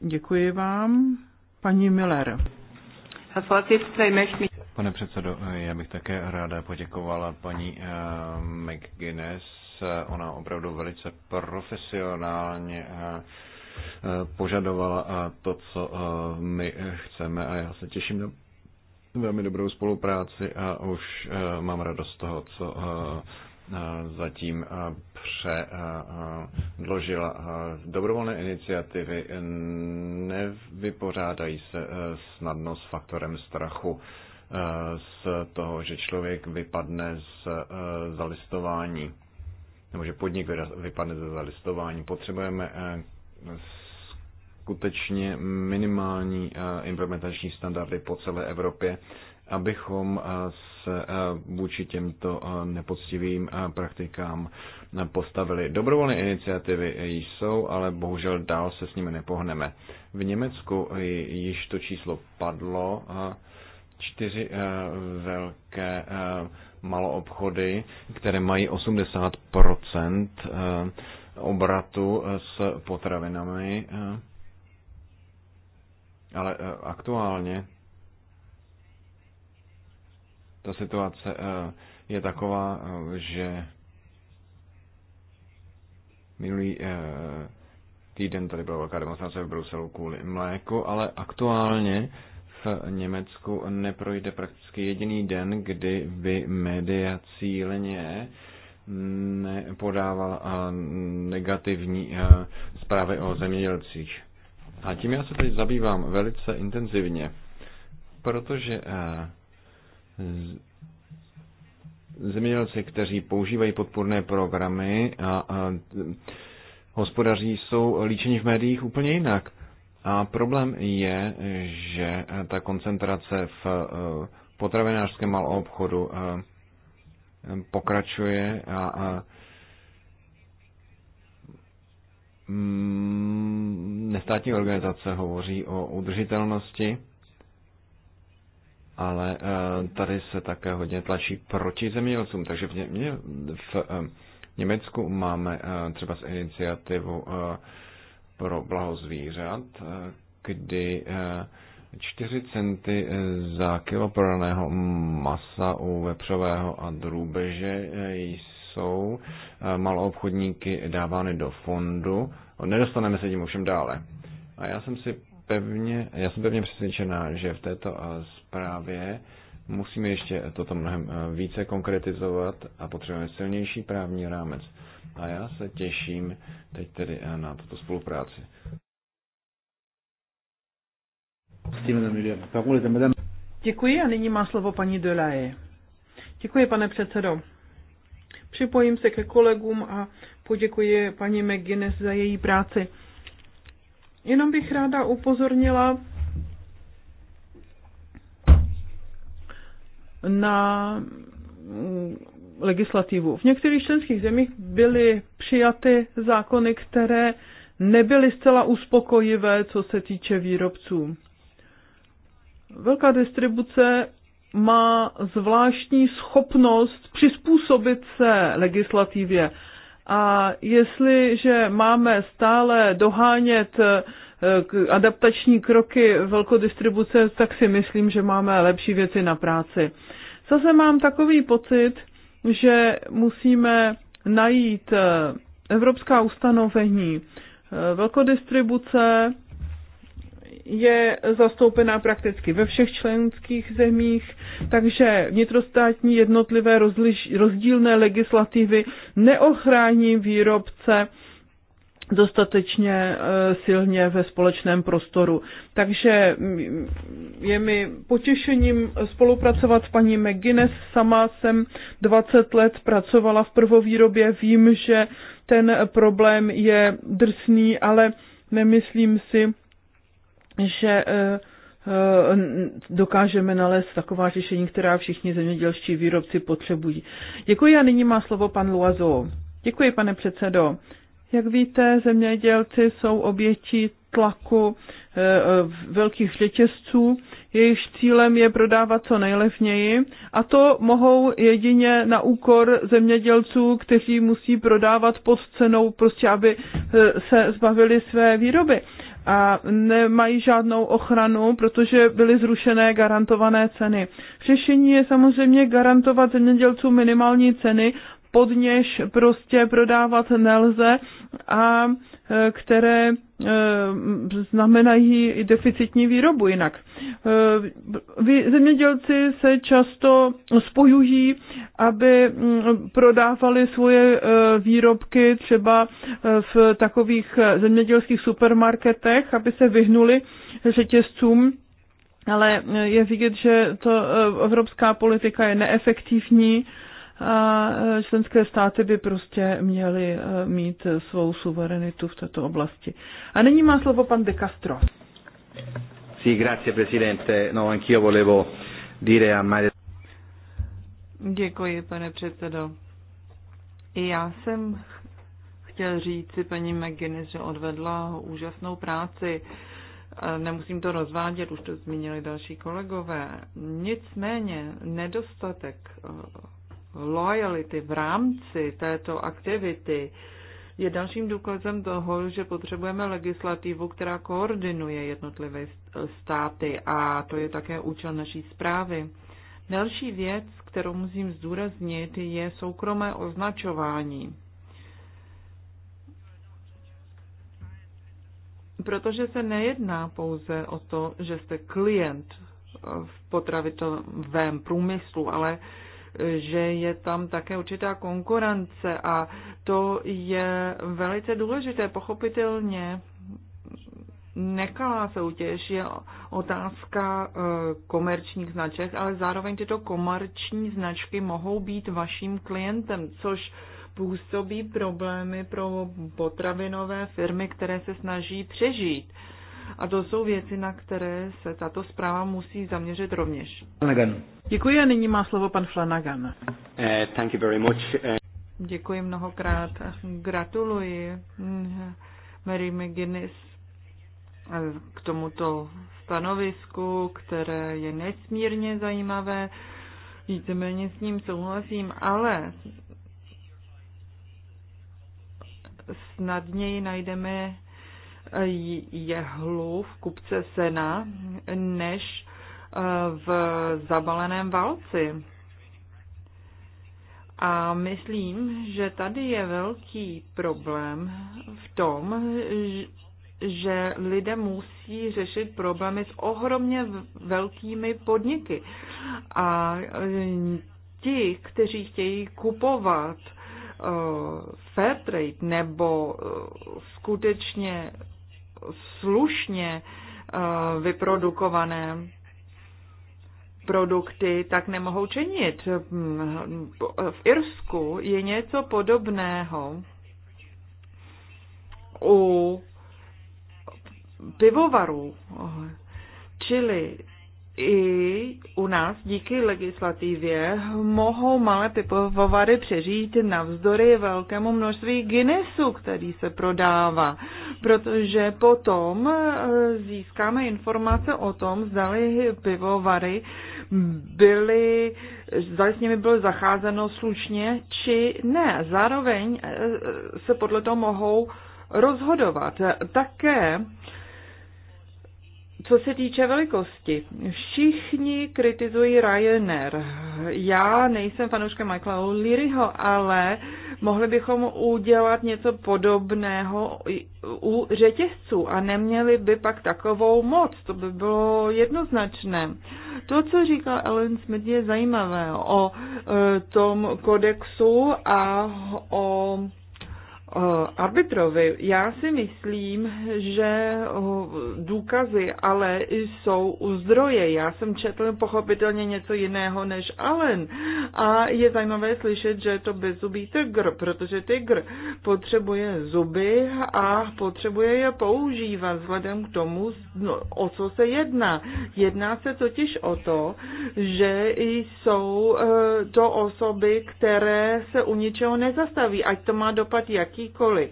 Speaker 2: Děkuji vám. Paní Miller.
Speaker 1: Pane předsedo, já bych také ráda poděkovala paní e, McGuinness. Ona opravdu velice profesionálně e, požadovala to, co my chceme a já se těším na velmi dobrou spolupráci a už eh, mám radost z toho, co eh, eh, zatím předložila. Dobrovolné iniciativy nevypořádají se snadno s faktorem strachu z toho, že člověk vypadne z zalistování nebo že podnik vypadne ze zalistování. Potřebujeme skutečně minimální eh, implementační standardy po celé Evropě, abychom eh, se eh, vůči těmto nepoctivým praktikám postavili. Dobrovolné iniciativy jsou, ale bohužel dál se s nimi nepohneme. V Německu již to číslo padlo. Čtyři velké maloobchody, které mají 80 obratu s potravinami, ale eh, aktuálně ta situace eh, je taková, eh, že minulý týden tady byla velká demonstrace v Bruselu kvůli mléku, ale aktuálně v Německu neprojde prakticky jediný den, kdy by média cíleně nepodávala negativní zprávy o zemědělcích. A tím já se teď zabývám velice intenzivně, protože eh, zemědělci, kteří používají podporné programy a, hospodaří, jsou líčeni v médiích úplně jinak. A problém je, že eh, ta koncentrace v eh, potravinářském malou obchodu pokračuje a, a Mm, nestátní organizace hovoří o udržitelnosti, ale eh, tady se také hodně tlačí proti zemědělcům. Takže v, Ně- v eh, Německu máme eh, třeba z iniciativu pro blaho zvířat, kdy 4 centy za kilo prodaného masa u vepřového a drůbeže jsou eh, maloobchodníky dávány do fondu. Nedostaneme se tím ovšem dále. A já jsem si pevně, já jsem pevně přesvědčená, že v této eh, zprávě musíme ještě toto mnohem eh, více konkretizovat a potřebujeme silnější právní rámec. A já se těším teď tedy na tuto spolupráci.
Speaker 2: Děkuji a nyní má slovo paní Delaje. Děkuji, pane předsedo. Připojím se ke kolegům a poděkuji paní McGuinness za její práci. Jenom bych ráda upozornila na legislativu. V některých členských zemích byly přijaty zákony, které nebyly zcela uspokojivé, co se týče výrobců. Velká distribuce má zvláštní schopnost přizpůsobit se legislativě. A jestliže máme stále dohánět eh, adaptační kroky velkodistribuce, tak si myslím, že máme lepší věci na práci. Zase mám takový pocit, že musíme najít eh, evropská ustanovení eh, velkodistribuce, je zastoupená prakticky ve všech členských zemích, takže vnitrostátní jednotlivé rozliš, rozdílné legislativy neochrání výrobce dostatečně eh, silně ve společném prostoru. Takže mm, je mi potěšením spolupracovat s paní McGuinness. Sama jsem 20 let pracovala v prvovýrobě, vím, že ten problém je drsný, ale nemyslím si, že eh, eh, dokážeme nalézt taková řešení, která všichni zemědělští výrobci potřebují. Děkuji a nyní má slovo pan Luazo. Děkuji, pane předsedo. Jak víte, zemědělci jsou obětí tlaku eh, velkých řetězců, jejichž cílem je prodávat co nejlevněji a to mohou jedině na úkor zemědělců, kteří musí prodávat pod cenou, prostě aby se zbavili své výroby a nemají žádnou ochranu, protože byly zrušené garantované ceny. Řešení je samozřejmě garantovat zemědělcům minimální ceny, pod něž prostě prodávat nelze a e, které Eh, znamenají i deficitní výrobu jinak. Eh, zemědělci se často spojují, aby mm, prodávali svoje eh, výrobky třeba v takových zemědělských supermarketech, aby se vyhnuli řetězcům ale je vidět, že to evropská politika je neefektivní a e, členské státy by prostě měly e, mít svou suverenitu v této oblasti. A nyní má slovo pan De Castro.
Speaker 3: Sí, grazie Presidente. No, anch'io volevo dire a Maria... Děkuji, pane předsedo. I já jsem chtěl říci paní McGinnis, že odvedla úžasnou práci. E, nemusím to rozvádět, už to zmínili další kolegové. Nicméně nedostatek loyalty v rámci této aktivity je dalším důkazem toho, že potřebujeme legislativu, která koordinuje jednotlivé státy a to je také účel naší zprávy. Další věc, kterou musím zdůraznit, je soukromé označování. Protože se nejedná pouze o to, že jste klient v potravitovém průmyslu, ale že je tam také určitá konkurence a to je velice důležité, pochopitelně. Nekalá soutěž je otázka eh, komerčních značek, ale zároveň tyto komerční značky mohou být vaším klientem, což působí problémy pro potravinové firmy, které se snaží přežít. A to jsou věci, na které se tato zpráva musí zaměřit rovněž. Flanagan. Děkuji a nyní má slovo pan Flanagan. Uh,
Speaker 1: thank you very much. Uh...
Speaker 3: Děkuji mnohokrát. Gratuluji mm, Mary McGuinness eh, k tomuto stanovisku, které je nesmírně zajímavé. Víceméně s ním souhlasím, ale snadněji najdeme jehlu v kupce sena než eh, v zabaleném válci. A myslím, že tady je velký problém v tom, že lidé musí řešit problémy s ohromně velkými podniky. A eh, ti, kteří chtějí kupovat eh, fair trade nebo skutečně slušně eh, vyprodukované produkty tak nemohou činit. V Irsku je něco podobného u pivovarů, čili i u nás díky legislativě mohou malé pivovary přežít navzdory velkému množství Guinnessu, který se prodává, protože potom eh, získáme informace o tom, zdali pivovary byly, zdali s nimi bylo zacházeno slušně či ne. Zároveň eh, se podle toho mohou rozhodovat. Také co se týče velikosti, všichni kritizují Ryanair. Já nejsem fanouškem Michaela O'Learyho, ale mohli bychom udělat něco podobného u řetězců a neměli by pak takovou moc. To by bylo jednoznačné. To, co říkal Ellen Smith, je zajímavé o e, tom kodexu a o arbitrovi. Já si myslím, že důkazy ale jsou u zdroje. Já jsem četl pochopitelně něco jiného než Allen. A je zajímavé slyšet, že je to zubí tygr, protože tygr potřebuje zuby a potřebuje je používat vzhledem k tomu, no, o co se jedná. Jedná se totiž o to, že jsou e, to osoby, které se u ničeho nezastaví, ať to má dopad jaký jakýkoliv.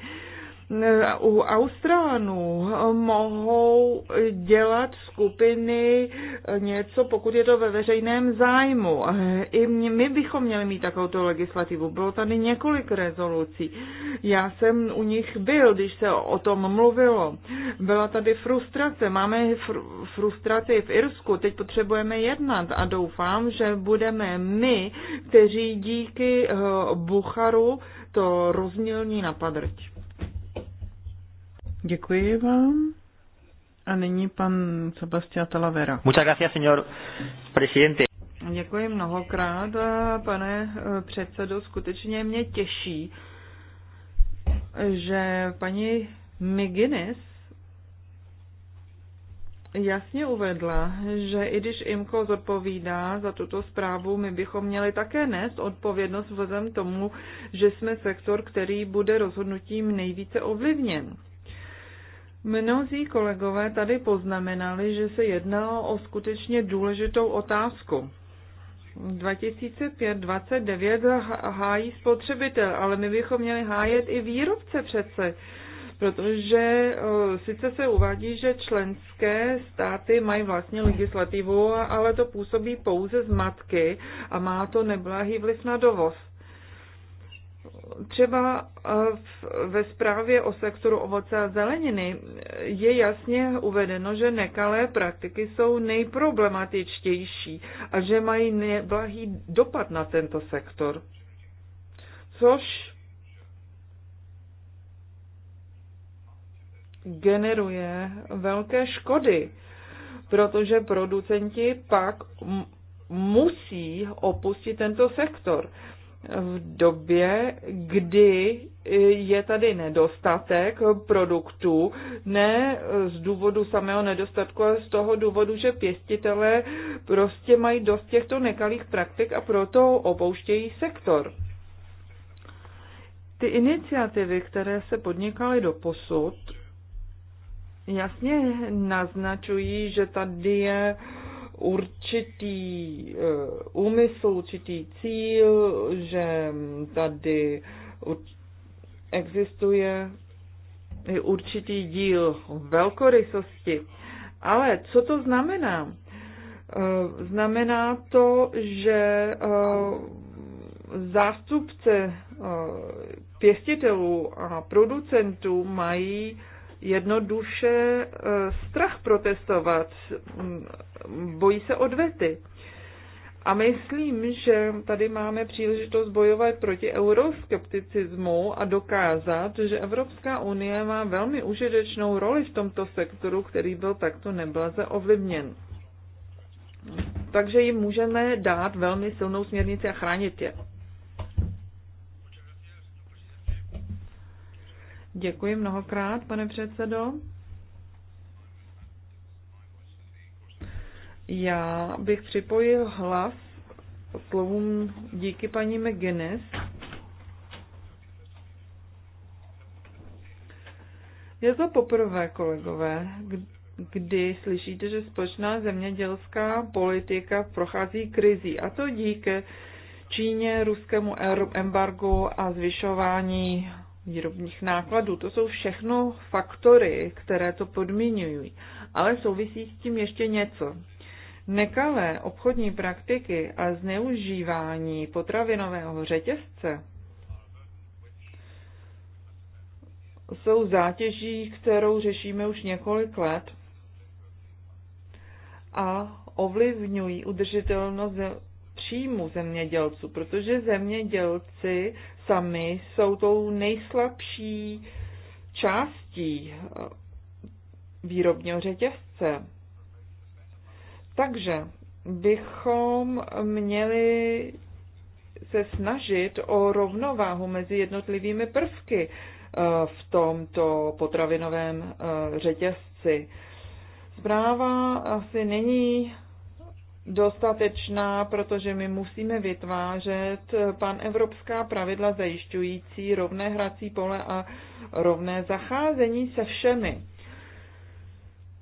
Speaker 3: U Australanů mohou dělat skupiny něco, pokud je to ve veřejném zájmu. I my bychom měli mít takovou legislativu. Bylo tady několik rezolucí. Já jsem u nich byl, když se o tom mluvilo. Byla tady frustrace. Máme fr- frustraci v Irsku. Teď potřebujeme jednat a doufám, že budeme my, kteří díky eh, Bucharu to rozmělní na padrť. Děkuji vám. A nyní pan Sebastián Talavera. Muchas gracias, señor presidente. Děkuji mnohokrát, pane eh, předsedo. Skutečně mě těší, že paní McGuinness jasně uvedla, že i když IMCO zodpovídá za tuto zprávu, my bychom měli také nést odpovědnost vzhledem tomu, že jsme sektor, který bude rozhodnutím nejvíce ovlivněn. Mnozí kolegové tady poznamenali, že se jednalo o skutečně důležitou otázku. 2005-29 hájí spotřebitel, ale my bychom měli hájet i výrobce přece protože sice se uvádí, že členské státy mají vlastně legislativu, ale to působí pouze zmatky a má to neblahý vliv na dovoz. Třeba e, ve zprávě o sektoru ovoce a zeleniny je jasně uvedeno, že nekalé praktiky jsou nejproblematičtější a že mají neblahý dopad na tento sektor. Což generuje velké škody, protože producenti pak musí opustit tento sektor. V době, kdy e, je tady nedostatek produktů, ne e, z důvodu samého nedostatku, ale z toho důvodu, že pěstitelé prostě mají dost těchto nekalých praktik a proto opouštějí sektor. Ty iniciativy, které se podnikaly do posud, jasně naznačují, že tady je určitý eh, úmysl, určitý cíl, že tady existuje určitý díl velkorysosti. Ale co to znamená? Eh, znamená to, že eh, zástupce pěstitelů a producentů mají jednoduše eh, strach protestovat, bojí se odvety. A myslím, že tady máme příležitost bojovat proti euroskepticismu a dokázat, že Evropská unie má velmi užitečnou roli v tomto sektoru, který byl takto neblaze ovlivněn. Takže jim můžeme dát velmi silnou směrnici a chránit je. Děkuji mnohokrát, pane předsedo. Já bych připojil hlas slovům díky paní McGuinness. Je to poprvé, kolegové, kdy slyšíte, že společná zemědělská politika prochází krizí. A to díky Číně, ruskému er- embargu a zvyšování výrobních nákladů. To jsou všechno faktory, které to podmínují. Ale souvisí s tím ještě něco. Nekalé obchodní praktiky a zneužívání potravinového řetězce jsou zátěží, kterou řešíme už několik let a ovlivňují udržitelnost příjmu zemědělců, protože zemědělci sami jsou tou nejslabší částí eh, výrobního řetězce. Takže bychom měli se snažit o rovnováhu mezi jednotlivými prvky eh, v tomto potravinovém eh, řetězci. Zpráva asi není dostatečná, protože my musíme vytvářet eh, panevropská pravidla zajišťující rovné hrací pole a rovné zacházení se všemi.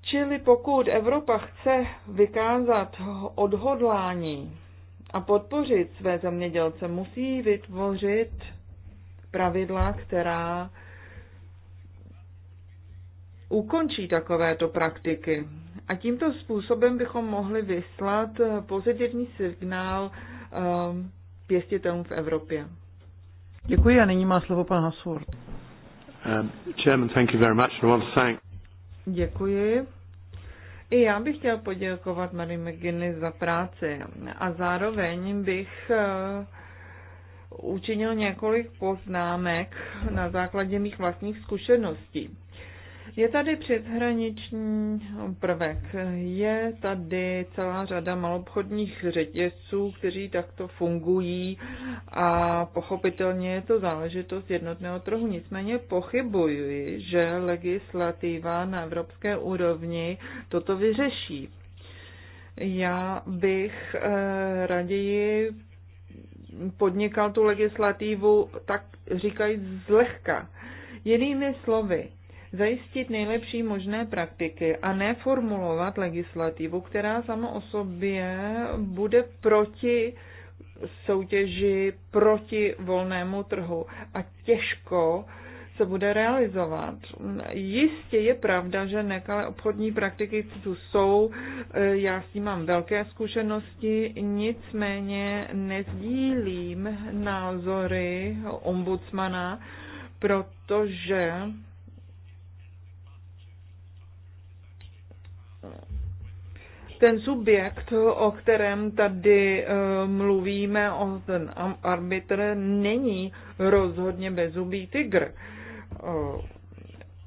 Speaker 3: Čili pokud Evropa chce vykázat odhodlání a podpořit své zemědělce, musí vytvořit pravidla, která ukončí takovéto praktiky a tímto způsobem bychom mohli vyslat eh, pozitivní signál ehm, pěstitelům v Evropě.
Speaker 2: Děkuji a nyní má slovo pan Hasford. Um,
Speaker 1: chairman, thank you very much.
Speaker 3: Děkuji. I já bych chtěl poděkovat Marie McGinley za práci a zároveň bych eh, učinil několik poznámek na základě mých vlastních zkušeností. Je tady přeshraniční prvek. Je tady celá řada malobchodních řetězců, kteří takto fungují a pochopitelně je to záležitost jednotného trhu. Nicméně pochybuji, že legislativa na evropské úrovni toto vyřeší. Já bych eh, raději podnikal tu legislativu tak říkají zlehka. Jinými slovy, zajistit nejlepší možné praktiky a neformulovat legislativu, která sama o sobě bude proti soutěži, proti volnému trhu a těžko se bude realizovat. Jistě je pravda, že nekalé obchodní praktiky tu jsou, já s tím mám velké zkušenosti, nicméně nezdílím názory ombudsmana, protože ten subjekt, o kterém tady eh, mluvíme, o ten arbitr, není rozhodně bezubý tygr. Eh,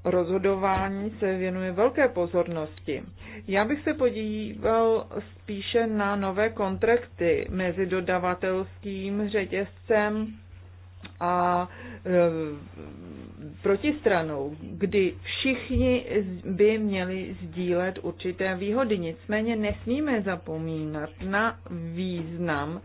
Speaker 3: rozhodování se věnuje velké pozornosti. Já bych se podíval spíše na nové kontrakty mezi dodavatelským řetězcem a Eh, protistranou, kdy všichni by měli sdílet určité výhody. Nicméně nesmíme zapomínat na význam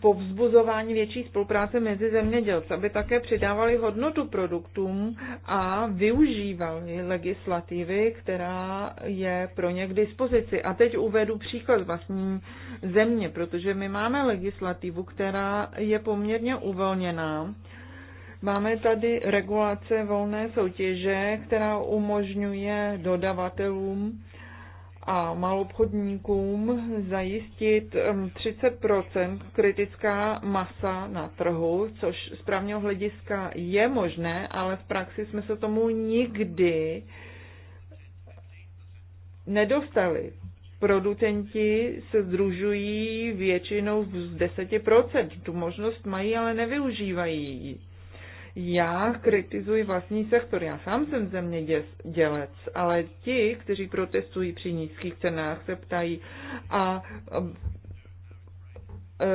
Speaker 3: povzbuzování větší spolupráce mezi zemědělci, aby také přidávali hodnotu produktům a využívali legislativy, která je pro ně k dispozici. A teď uvedu příklad vlastní země, protože my máme legislativu, která je poměrně uvolněná. Máme tady regulace volné soutěže, která umožňuje dodavatelům a malobchodníkům zajistit 30 kritická masa na trhu, což z právního hlediska je možné, ale v praxi jsme se tomu nikdy nedostali. Producenti se združují většinou z 10 Tu možnost mají, ale nevyužívají ji já kritizuji vlastní sektor. Já sám jsem zemědělec, ale ti, kteří protestují při nízkých cenách, se ptají a um, eh,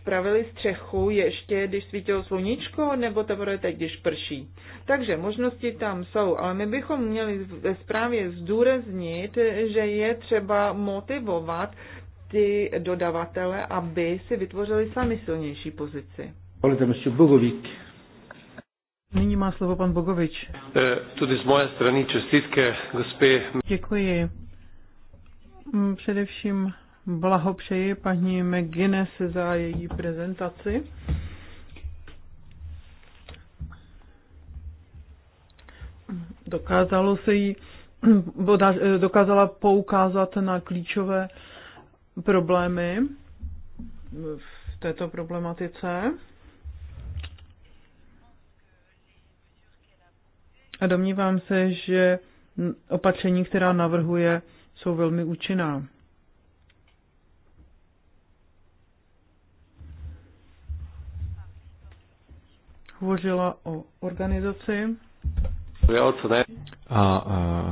Speaker 3: spravili střechu ještě, když svítilo sluníčko, nebo teprve teď, když prší. Takže možnosti tam jsou, ale my bychom měli ve zprávě zdůraznit, že je třeba motivovat ty dodavatele, aby si vytvořili sami silnější pozici. tam ještě Bogovík
Speaker 2: má slovo pan Bogovič. E,
Speaker 1: Tudy z moje strany čestitke, gospě.
Speaker 2: Děkuji. Mm, především blahopřeji paní McGuinness za její prezentaci. Dokázalo se jí, e, dokázala poukázat na klíčové problémy v této problematice. a domnívám se, že opatření, která navrhuje, jsou velmi účinná. Hovořila o organizaci.
Speaker 1: A, a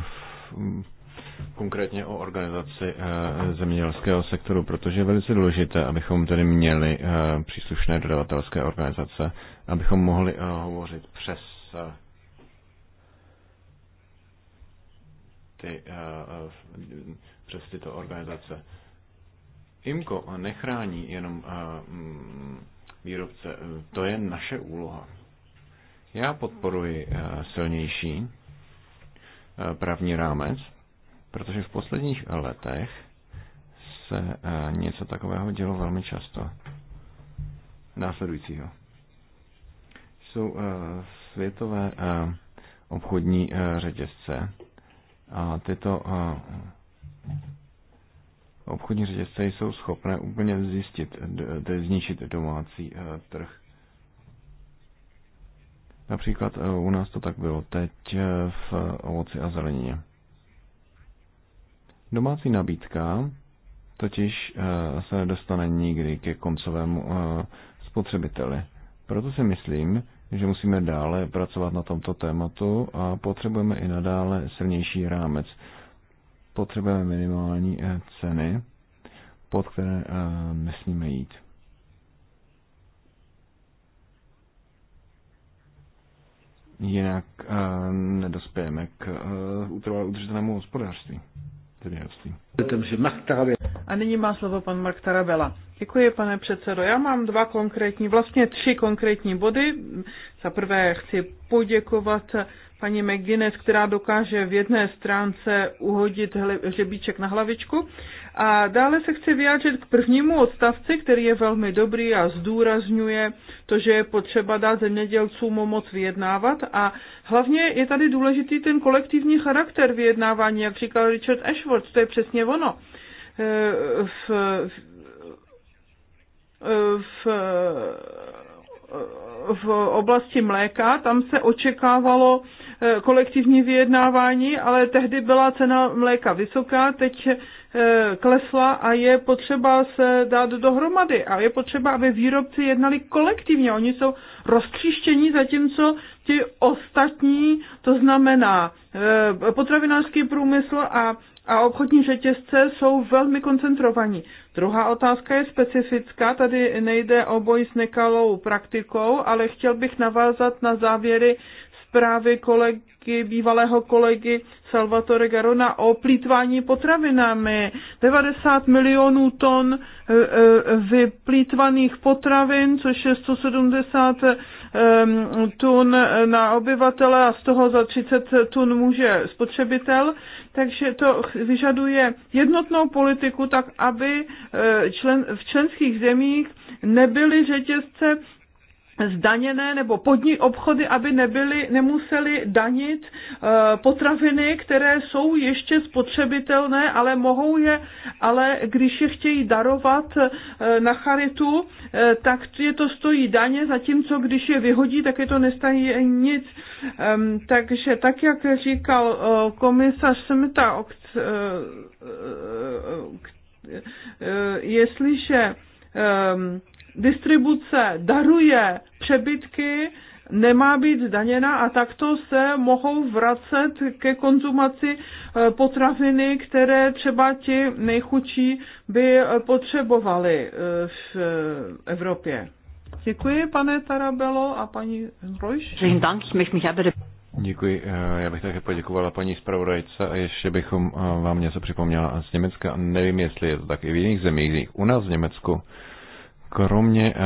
Speaker 2: konkrétně o organizaci
Speaker 1: e, zemědělského sektoru, protože je velice důležité, abychom tedy měli e, příslušné dodavatelské organizace, abychom mohli e, hovořit přes ty, eh, eh, přes tyto organizace. IMCO nechrání jenom eh, mm, výrobce, to je naše úloha. Já podporuji silnější právní rámec, protože v posledních letech se něco takového dělo velmi často. Následujícího. Jsou světové obchodní řetězce, a tyto obchodní řetězce jsou schopné úplně zjistit, zničit domácí e, trh. Například e, u nás to tak bylo teď e, v ovoci a zelenině. Domácí nabídka totiž se nedostane nikdy ke koncovému spotřebiteli. Proto si myslím, že musíme dále pracovat na tomto tématu a potřebujeme i nadále silnější rámec. Potřebujeme minimální eh, ceny, pod které eh, nesmíme jít. Jinak eh, nedospějeme k útrvalému udržitelnému hospodářství zemědělství.
Speaker 2: A nyní má slovo pan Mark Tarabela. Děkuji, pane předsedo. Já mám dva konkrétní, vlastně tři konkrétní body. Za prvé chci poděkovat paní McGuinness, která dokáže v jedné stránce uhodit hřebíček na hlavičku. A dále se chci vyjádřit k prvnímu odstavci, který je velmi dobrý a zdůrazňuje to, že je potřeba dát zemědělcům moc vyjednávat a hlavně je tady důležitý ten kolektivní charakter vyjednávání, jak říkal Richard Ashworth, to je přesně ono. E, v, v, v oblasti mléka, tam se očekávalo e, kolektivní vyjednávání, ale tehdy byla cena mléka vysoká, teď Eh, klesla a je potřeba se dát dohromady a je potřeba, aby výrobci jednali kolektivně. Oni jsou roztříštění, zatímco ti ostatní, to znamená eh, potravinářský průmysl a, a obchodní řetězce jsou velmi koncentrovaní. Druhá otázka je specifická, tady nejde o boj s nekalou praktikou, ale chtěl bych navázat na závěry zprávy kolegy otázky bývalého kolegy Salvatore Garona o plítvání potravinami. 90 milionů ton e, e, vyplítvaných potravin, což je 170 e, tun na obyvatele a z toho za 30 tun může spotřebitel. Takže to vyžaduje jednotnou politiku tak, aby člen, v členských zemích nebyly řetězce zdaněné nebo podní obchody, aby nebyly, nemuseli danit eh, potraviny, které jsou ještě spotřebitelné, ale mohou je, ale když je chtějí darovat eh, na charitu, eh, tak je to stojí daně, zatímco když je vyhodí, tak je to nestají nic. Ehm, takže tak, jak říkal komisař Smita, jestliže ehm, distribuce daruje přebytky, nemá být zdaněna a takto se mohou vracet ke konzumaci eh, potraviny, které třeba ti nejchučí by eh, potřebovali eh, v Evropě. Děkuji, pane Tarabelo a paní Rojš.
Speaker 1: Děkuji. Já bych také poděkovala paní zpravodajce a ještě bychom vám něco připomněla z Německa. Nevím, jestli je to tak i v jiných zemích. U nás v Německu Kromě eh,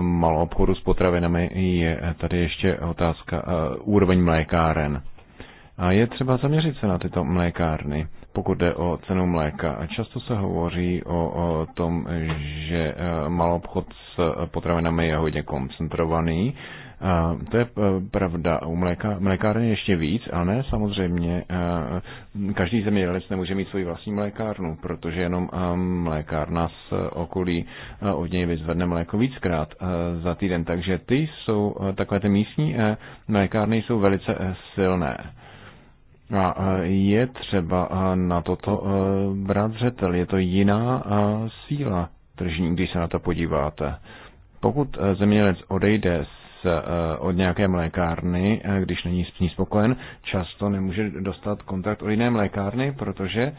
Speaker 1: malou obchodu s potravinami je tady ještě otázka eh, úroveň mlékáren. A je třeba zaměřit se na tyto mlékárny, pokud jde o cenu mléka. A často se hovoří o, o tom, že eh, obchod s potravinami je hodně koncentrovaný to je eh, pravda. U mléka, mlékárny ještě víc, ale ne samozřejmě. Eh, každý zemědělec nemůže mít svoji vlastní mlékárnu, protože jenom eh, mlékárna z okolí od něj vyzvedne mléko víckrát za týden. Takže ty jsou, takové ty místní mlékárny jsou velice silné. A je třeba na toto brát řetel. Je to jiná síla tržní, když se na to podíváte. Pokud zemědělec odejde Eh, od nějaké mlékárny, eh, když není s ní spokojen, často nemůže dostat kontakt od jiné mlékárny, protože eh,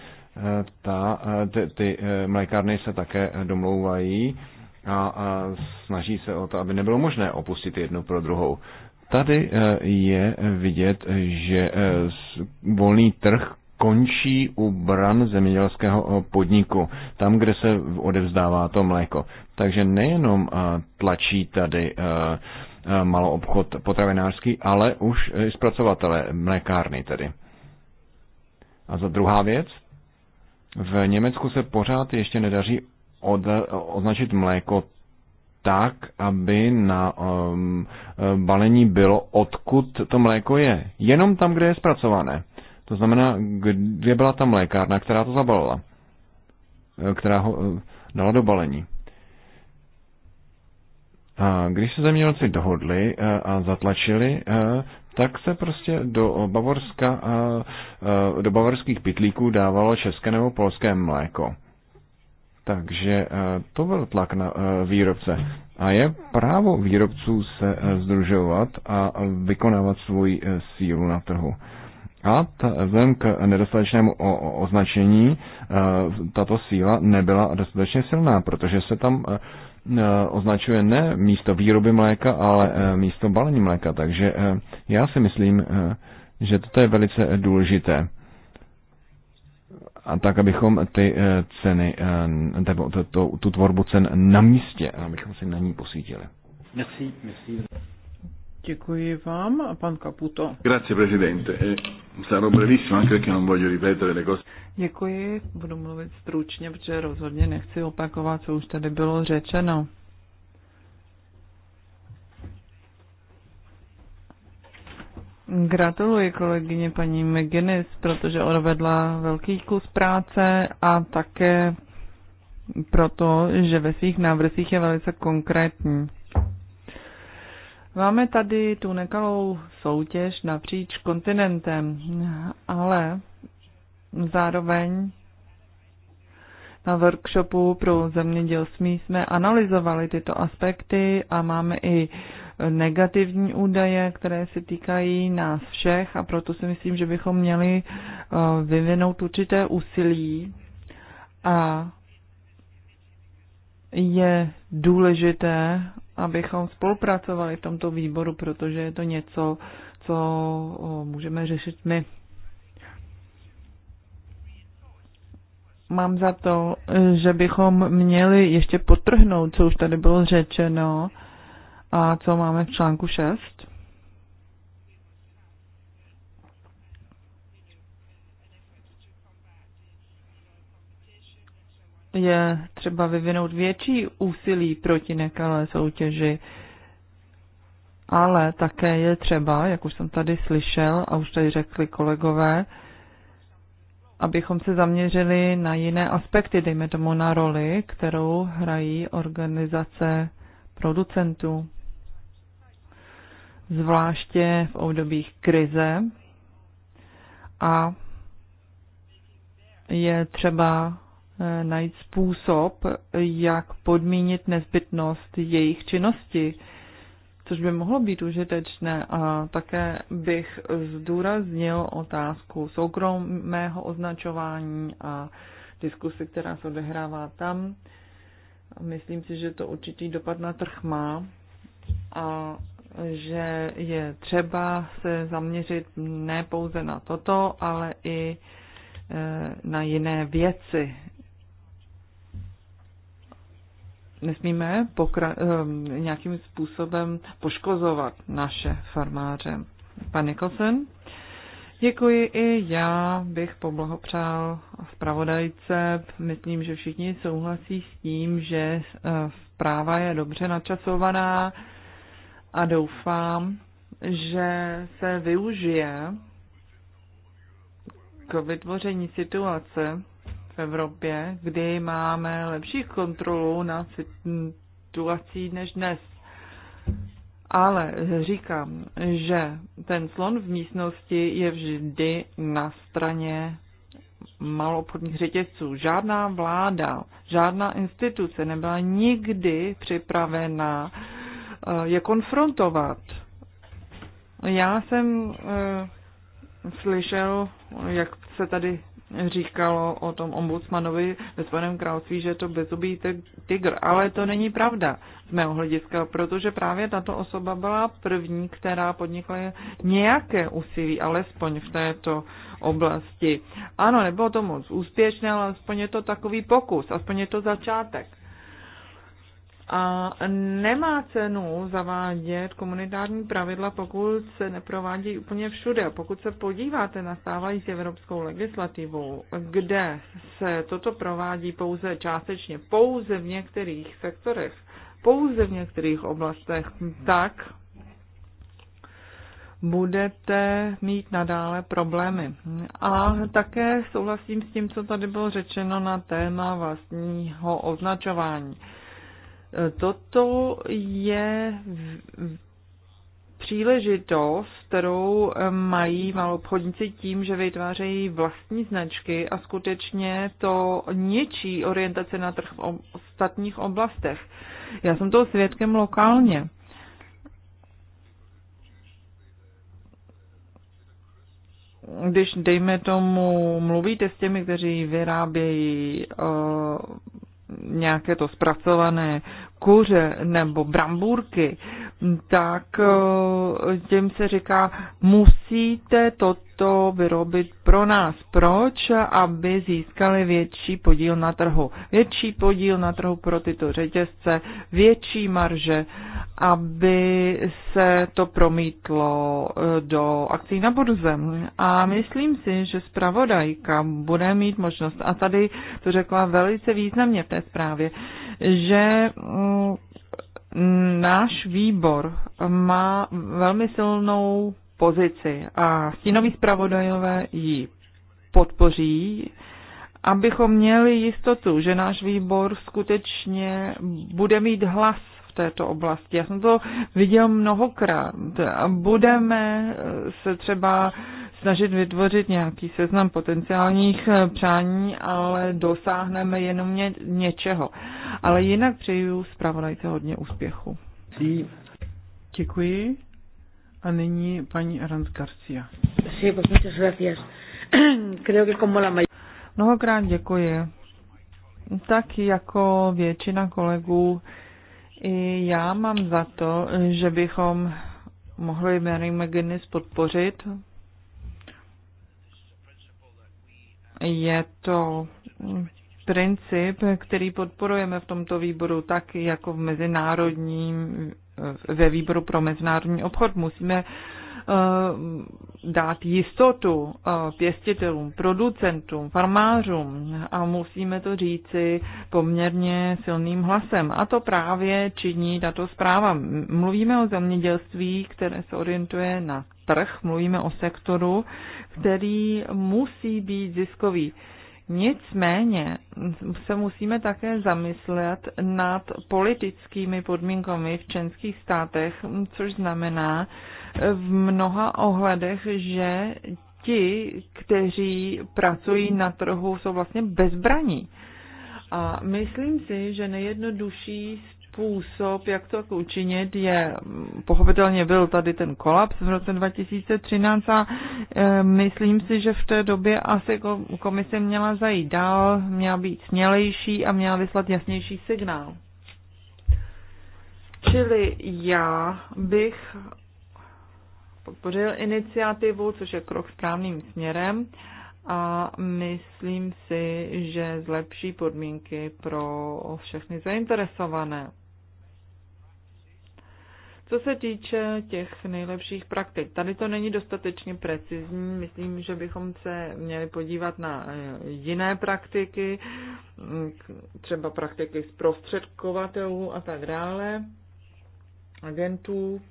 Speaker 1: ta, ty, ty mlékárny se také domlouvají a, a snaží se o to, aby nebylo možné opustit jednu pro druhou. Tady je vidět, že volný trh končí u bran zemědělského podniku, tam, kde se odevzdává to mléko. Takže nejenom tlačí tady Eh, obchod potravinářský, ale už eh, i zpracovatele mlékárny tedy. A za druhá věc, v Německu se pořád ještě nedaří od, označit mléko tak, aby na um, balení bylo, odkud to mléko je. Jenom tam, kde je zpracované. To znamená, kde byla ta mlékárna, která to zabalila, která ho dala do balení. A když se zemělci dohodli eh, a zatlačili, eh, tak se prostě do, Bavorska, eh, do bavorských pitlíků dávalo české nebo polské mléko. Takže to byl tlak na výrobce. A je právo výrobců se združovat a vykonávat svoji sílu na trhu. A ta, vzhledem k nedostatečnému o, o, označení tato síla nebyla dostatečně silná, protože se tam Eh, označuje ne místo výroby mléka, ale eh, místo balení mléka. Takže eh, já si myslím, že toto je velice důležité. A tak, abychom ty ceny, tu tvorbu cen na místě, abychom si na ní posvítili.
Speaker 2: Merci, merci. Děkuji vám a pan Caputo.
Speaker 1: Grazie presidente. E sarò brevissimo anche perché non voglio ripetere le
Speaker 3: cose. Děkuji, budu mluvit stručně, protože rozhodně nechci opakovat, co už tady bylo řečeno. Gratuluji kolegyně paní McGinnis, protože odvedla velký kus práce a také proto, že ve svých návrzích je velice konkrétní. Máme tady tu nekalou soutěž napříč kontinentem, ale zároveň na workshopu pro zemědělství jsme analyzovali tyto aspekty a máme i negativní údaje, které se týkají nás všech a proto si myslím, že bychom měli eh, vyvinout určité úsilí a je důležité abychom spolupracovali v tomto výboru, protože je to něco, co můžeme řešit my. Mám za to, že bychom měli ještě potrhnout, co už tady bylo řečeno a co máme v článku 6 je třeba vyvinout větší úsilí proti nekalé soutěži, ale také je třeba, jak už jsem tady slyšel a už tady řekli kolegové, abychom se zaměřili na jiné aspekty, dejme tomu na roli, kterou hrají organizace producentů. Zvláště v obdobích krize a je třeba Eh, najít způsob, jak podmínit nezbytnost jejich činnosti, což by mohlo být užitečné. A také bych zdůraznil otázku soukromého označování a diskusy, která se odehrává tam. Myslím si, že to určitý dopad na trh má a že je třeba se zaměřit ne pouze na toto, ale i eh, na jiné věci nesmíme pokra- ehm, nějakým způsobem poškozovat naše farmáře. Pan Nicholson? Děkuji i já bych poblahopřál zpravodajce. Myslím, že všichni souhlasí s tím, že eh, zpráva je dobře načasovaná a doufám, že se využije k vytvoření situace, v Evropě, kdy máme lepší kontrolu na situací než dnes. Ale říkám, že ten slon v místnosti je vždy na straně maloobchodních řetězců. Žádná vláda, žádná instituce nebyla nikdy připravena eh, je konfrontovat. Já jsem eh, slyšel, jak se tady říkalo o tom ombudsmanovi ve Spojeném království, že je to bezubý tygr, ale to není pravda z mého hlediska, protože právě tato osoba byla první, která podnikla nějaké úsilí, alespoň v této oblasti. Ano, nebylo to moc úspěšné, ale aspoň je to takový pokus, aspoň je to začátek. A nemá cenu zavádět komunitární pravidla, pokud se neprovádějí úplně všude. Pokud se podíváte na stávající evropskou legislativu, kde se toto provádí pouze částečně, pouze v některých sektorech, pouze v některých oblastech, tak budete mít nadále problémy. A také souhlasím s tím, co tady bylo řečeno na téma vlastního označování. Toto je příležitost, kterou mají malobchodníci tím, že vytvářejí vlastní značky a skutečně to něčí orientace na trh v ostatních oblastech. Já jsem toho svědkem lokálně. Když, dejme tomu, mluvíte s těmi, kteří vyrábějí uh, nějaké to zpracované kuře nebo brambůrky, tak eh, těm se říká mus musíte toto vyrobit pro nás. Proč? Aby získali větší podíl na trhu. Větší podíl na trhu pro tyto řetězce, větší marže, aby se to promítlo eh, do akcí na burze. A myslím si, že zpravodajka bude mít možnost, a tady to řekla velice významně v té zprávě, že mm, náš výbor má velmi silnou pozici a stínoví zpravodajové ji podpoří, abychom měli jistotu, že náš výbor skutečně bude mít hlas v této oblasti. Já jsem to viděl mnohokrát. Budeme eh, se třeba snažit vytvořit nějaký seznam potenciálních eh, přání, ale dosáhneme jenom ně, něčeho. Ale jinak přeju
Speaker 2: zpravodajce hodně úspěchu. Děkuji. A nyní paní Aranz Garcia. Sí, pues muchas gracias. [clears throat] Creo que como la
Speaker 3: Mnohokrát děkuji. Tak jako většina kolegů, i já mám za to, že bychom mohli Mary McGinnis podpořit. Je to princip, který podporujeme v tomto výboru, tak jako v mezinárodním ve výboru pro mezinárodní obchod. Musíme eh, dát jistotu eh, pěstitelům, producentům, farmářům a musíme to říci poměrně silným hlasem. A to právě činí tato zpráva. Mluvíme o zemědělství, které se orientuje na trh, mluvíme o sektoru, který musí být ziskový. Nicméně se musíme také zamyslet nad politickými podmínkami v členských státech, což znamená v mnoha ohledech, že ti, kteří pracují na trhu, jsou vlastně bezbraní. A myslím si, že nejjednodušší způsob, jak to učinit, je pochopitelně byl tady ten kolaps v roce 2013 a e, myslím si, že v té době asi komise měla zajít dál, měla být smělejší a měla vyslat jasnější signál. Čili já bych podpořil iniciativu, což je krok správným směrem a myslím si, že zlepší podmínky pro všechny zainteresované. Co se týče těch nejlepších praktik, tady to není dostatečně precizní. Myslím, že bychom se měli podívat na eh, jiné praktiky, mm, třeba praktiky zprostředkovatelů a tak dále, agentů.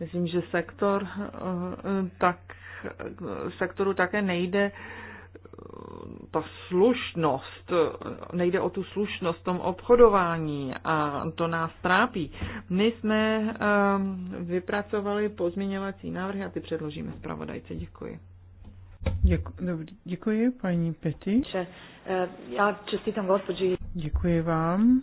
Speaker 3: Myslím, že sektor eh, eh, tak sektoru také nejde ta slušnost, nejde o tu slušnost v tom obchodování a to nás trápí. My jsme ehm, vypracovali pozměňovací návrhy a ty předložíme zpravodajce. Děkuji. Děku, dobrý, děkuji, paní Peti. Eh, já čestitám gospođi. Děkuji vám.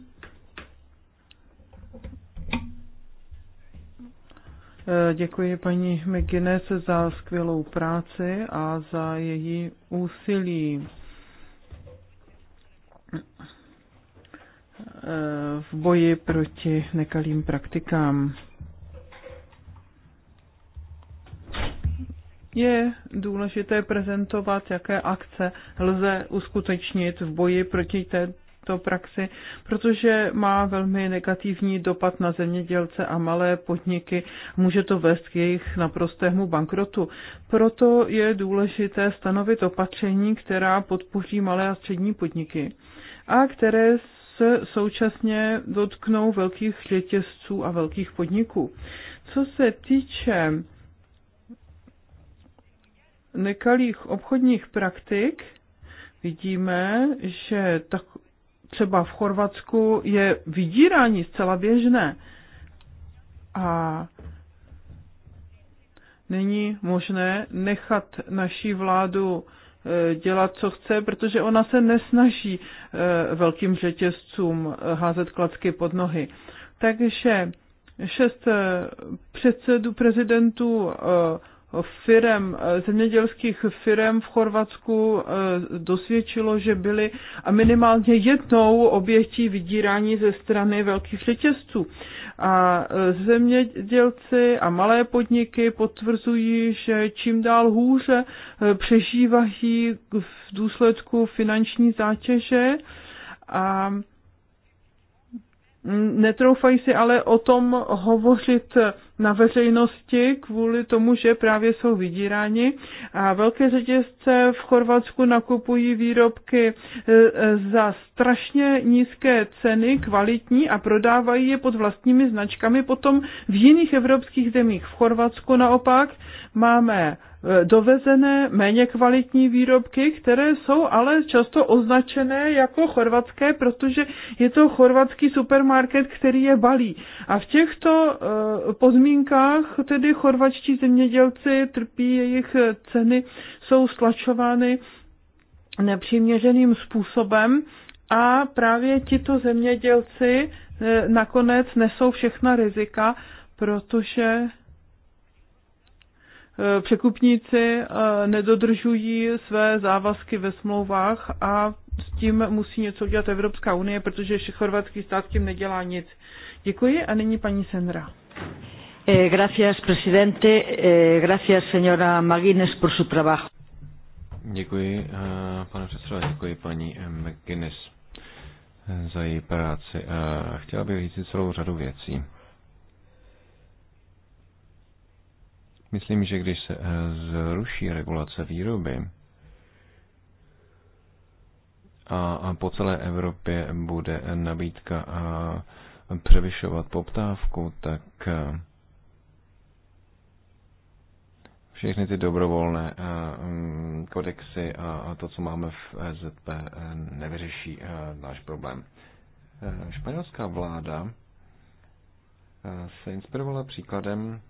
Speaker 2: Eh, děkuji paní McGuinness za skvělou práci a za její úsilí eh, v boji proti nekalým praktikám. Je důležité prezentovat, jaké akce lze uskutečnit v boji proti té, to praxi, protože má velmi negativní dopad na zemědělce a malé podniky. Může to vést k jejich naprostému bankrotu. Proto je důležité stanovit opatření, která podpoří malé a střední podniky a které se současně dotknou velkých řetězců a velkých podniků. Co se týče nekalých obchodních praktik, vidíme, že tak, třeba v Chorvatsku je vydírání zcela běžné. A není možné nechat naší vládu e, dělat, co chce, protože ona se nesnaží e, velkým řetězcům e, házet klacky pod nohy. Takže šest předsedů prezidentů firem, eh, zemědělských firem v Chorvatsku eh, dosvědčilo, že byly a minimálně jednou obětí vydírání ze strany velkých řetězců. A eh, zemědělci a malé podniky potvrzují, že čím dál hůře přežívají v důsledku finanční zátěže a netroufají si ale o tom hovořit na veřejnosti kvůli tomu, že právě jsou vydíráni. A velké řetězce v Chorvatsku nakupují výrobky e, e, za strašně nízké ceny, kvalitní a prodávají je pod vlastními značkami potom v jiných evropských zemích. V Chorvatsku naopak máme Eh, dovezené méně kvalitní výrobky, které jsou ale často označené jako chorvatské, protože je to chorvatský supermarket, který je balí. A v těchto eh, pozmínkách tedy chorvačtí zemědělci trpí, jejich ceny jsou stlačovány nepřiměřeným způsobem a právě tito zemědělci eh, nakonec nesou všechna rizika, protože E, překupníci e, nedodržují své závazky ve smlouvách a s tím musí něco udělat Evropská unie, protože chorvatský stát tím nedělá nic. Děkuji a nyní paní Senra.
Speaker 3: Eh, gracias, presidente. Eh, gracias, señora por su trabajo.
Speaker 1: Děkuji, eh, pane předsedo, děkuji paní McGuinness za její práci. Chtěla bych říct celou řadu věcí. Myslím, že když se eh, zruší regulace výroby a po celé Evropě bude nabídka eh, převyšovat poptávku, tak eh, všechny ty dobrovolné mm, kodexy a to, co máme v EZP, nevyřeší náš problém. Španělská vláda se inspirovala příkladem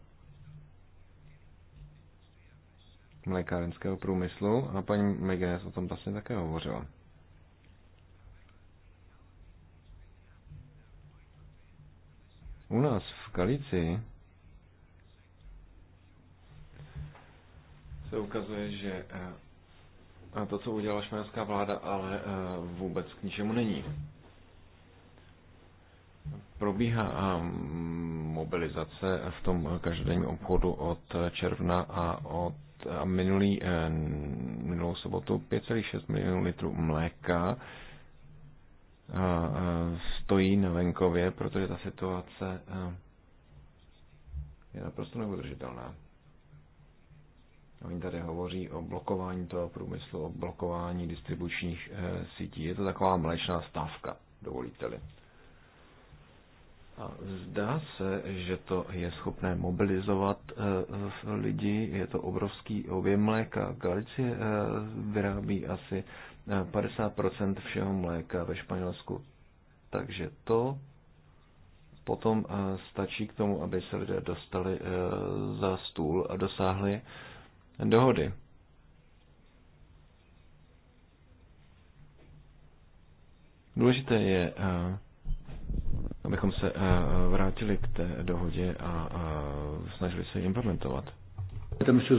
Speaker 1: mlékárenského průmyslu a paní Meganes o tom vlastně také hovořila. U nás v Kalici se ukazuje, že eh, to, co udělala španělská vláda, ale eh, vůbec k ničemu není. Probíhá eh, mobilizace v tom každodenním obchodu od června a od a minulý, eh, minulou sobotu 5,6 milionů litrů mléka eh, eh, stojí na venkově, protože ta situace je naprosto neudržitelná. Oni tady hovoří o blokování toho průmyslu, o blokování distribučních sítí. Je to taková mléčná stávka, dovolíte-li. A zdá se, že to je schopné mobilizovat eh, lidi, je to obrovský objem mléka. Galicie eh, vyrábí asi 50% eh, všeho mléka ve Španělsku. Takže to potom stačí k tomu, aby se lidé dostali za stůl a dosáhli dohody. Důležité je abychom se eh, vrátili k té dohodě a snažili se ji implementovat.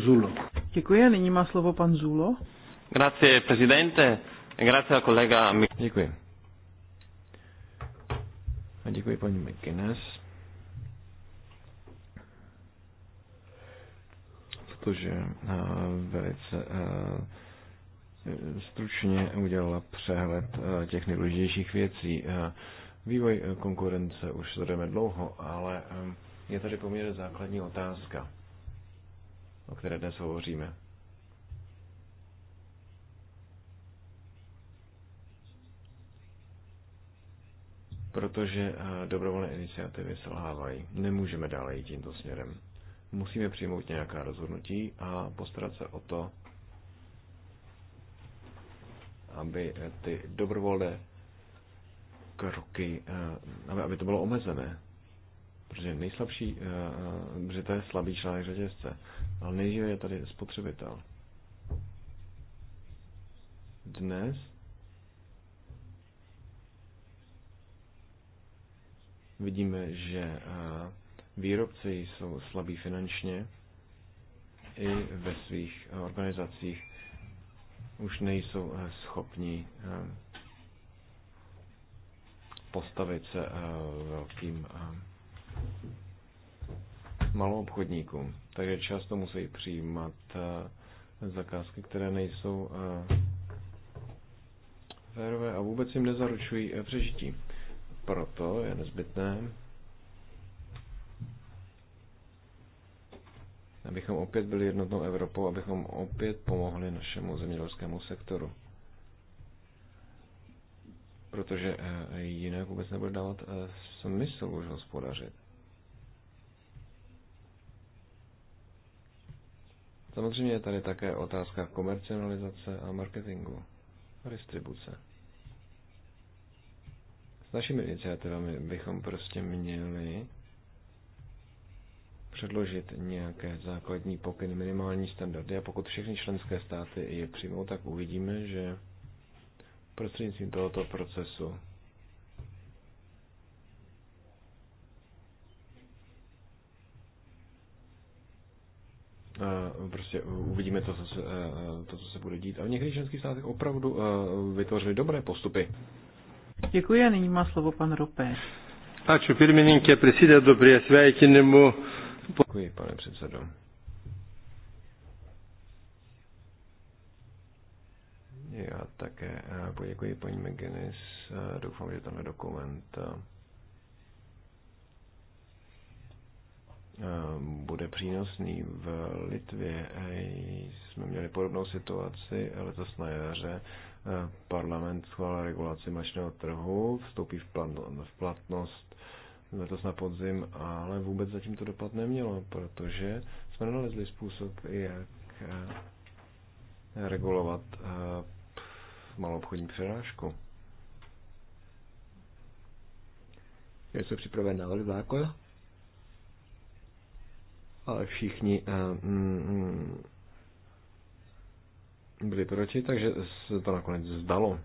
Speaker 1: Zulo.
Speaker 2: Děkuji nyní má slovo pan Zulo.
Speaker 1: Grazie, prezidente. Grazie, kolega. Děkuji. A děkuji paní McInnes. Protože eh, velice eh, stručně udělala přehled těch nejdůležitějších věcí. Vývoj eh, konkurence už sledujeme dlouho, ale ehm, je tady poměrně základní otázka, o které dnes hovoříme. protože eh, dobrovolné iniciativy selhávají. Nemůžeme dále jít tímto směrem. Musíme přijmout nějaká rozhodnutí a postarat se o to, aby eh, ty dobrovolné kroky, eh, aby to bylo omezené. Protože nejslabší, protože eh, eh, to je slabý člověk řetězce, ale nejdříve je tady spotřebitel. Dnes vidíme, že výrobci jsou slabí finančně i ve svých organizacích už nejsou schopni postavit se eh, velkým eh, malou obchodníkům. Takže často musí přijímat eh, zakázky, které nejsou férové a vůbec jim nezaručují přežití. Proto je nezbytné, abychom opět byli jednotnou Evropou, abychom opět pomohli našemu zemědělskému sektoru protože eh, jinak vůbec nebude dávat eh, smysl už hospodařit. Samozřejmě je tady také otázka komercionalizace a marketingu, a distribuce. S našimi iniciativami bychom prostě měli předložit nějaké základní pokyny, minimální standardy a pokud všechny členské státy je přijmou, tak uvidíme, že prostřednictvím tohoto procesu. prostě uvidíme to, co se, e, e, to, co se bude dít. A v některých členských státech opravdu e, vytvořili dobré postupy.
Speaker 2: Děkuji a nyní má slovo pan Ropé.
Speaker 1: Ačiū pirmininkė, prisidedu prie sveikinimų. Děkuji, pane předsedo. Já také eh, poděkuji paní McGinnis. Eh, doufám, že tenhle dokument eh, bude přínosný. V Litvě jsme měli podobnou situaci letos na jaře. Parlament schválil regulaci mačného trhu, vstoupí v platnost letos na podzim, ale vůbec zatím to dopad nemělo, protože jsme nalezli způsob, jak regulovat malou obchodní přerážku. Já jsem připraven na zákon, ale všichni uh, mm, byli proti, takže se to nakonec zdalo.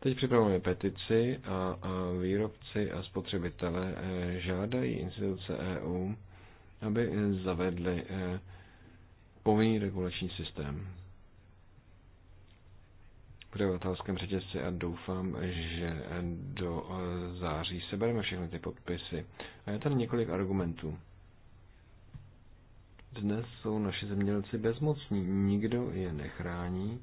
Speaker 1: Teď připravujeme petici a, a výrobci a spotřebitele eh, žádají instituce EU, aby zavedly eh, povinný regulační systém podavatelském řetězci a doufám, že do eh, září sebereme všechny ty podpisy. A je tady několik argumentů. Dnes jsou naši zemědělci bezmocní, nikdo je nechrání.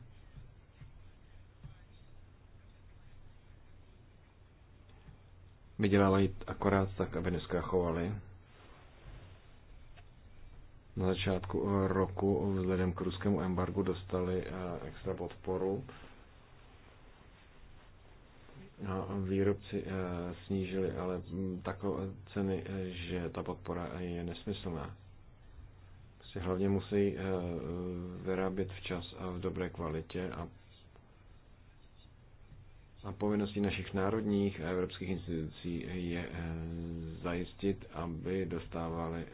Speaker 1: Vydělávají akorát tak, aby chovali. Na začátku roku vzhledem k ruskému embargu dostali eh, extra podporu No, výrobci eh, snížili, ale mm, takové ceny, eh, že ta podpora je nesmyslná. Si prostě hlavně musí eh, vyrábět včas a v dobré kvalitě a a povinností našich národních a evropských institucí je zajistit, aby dostávali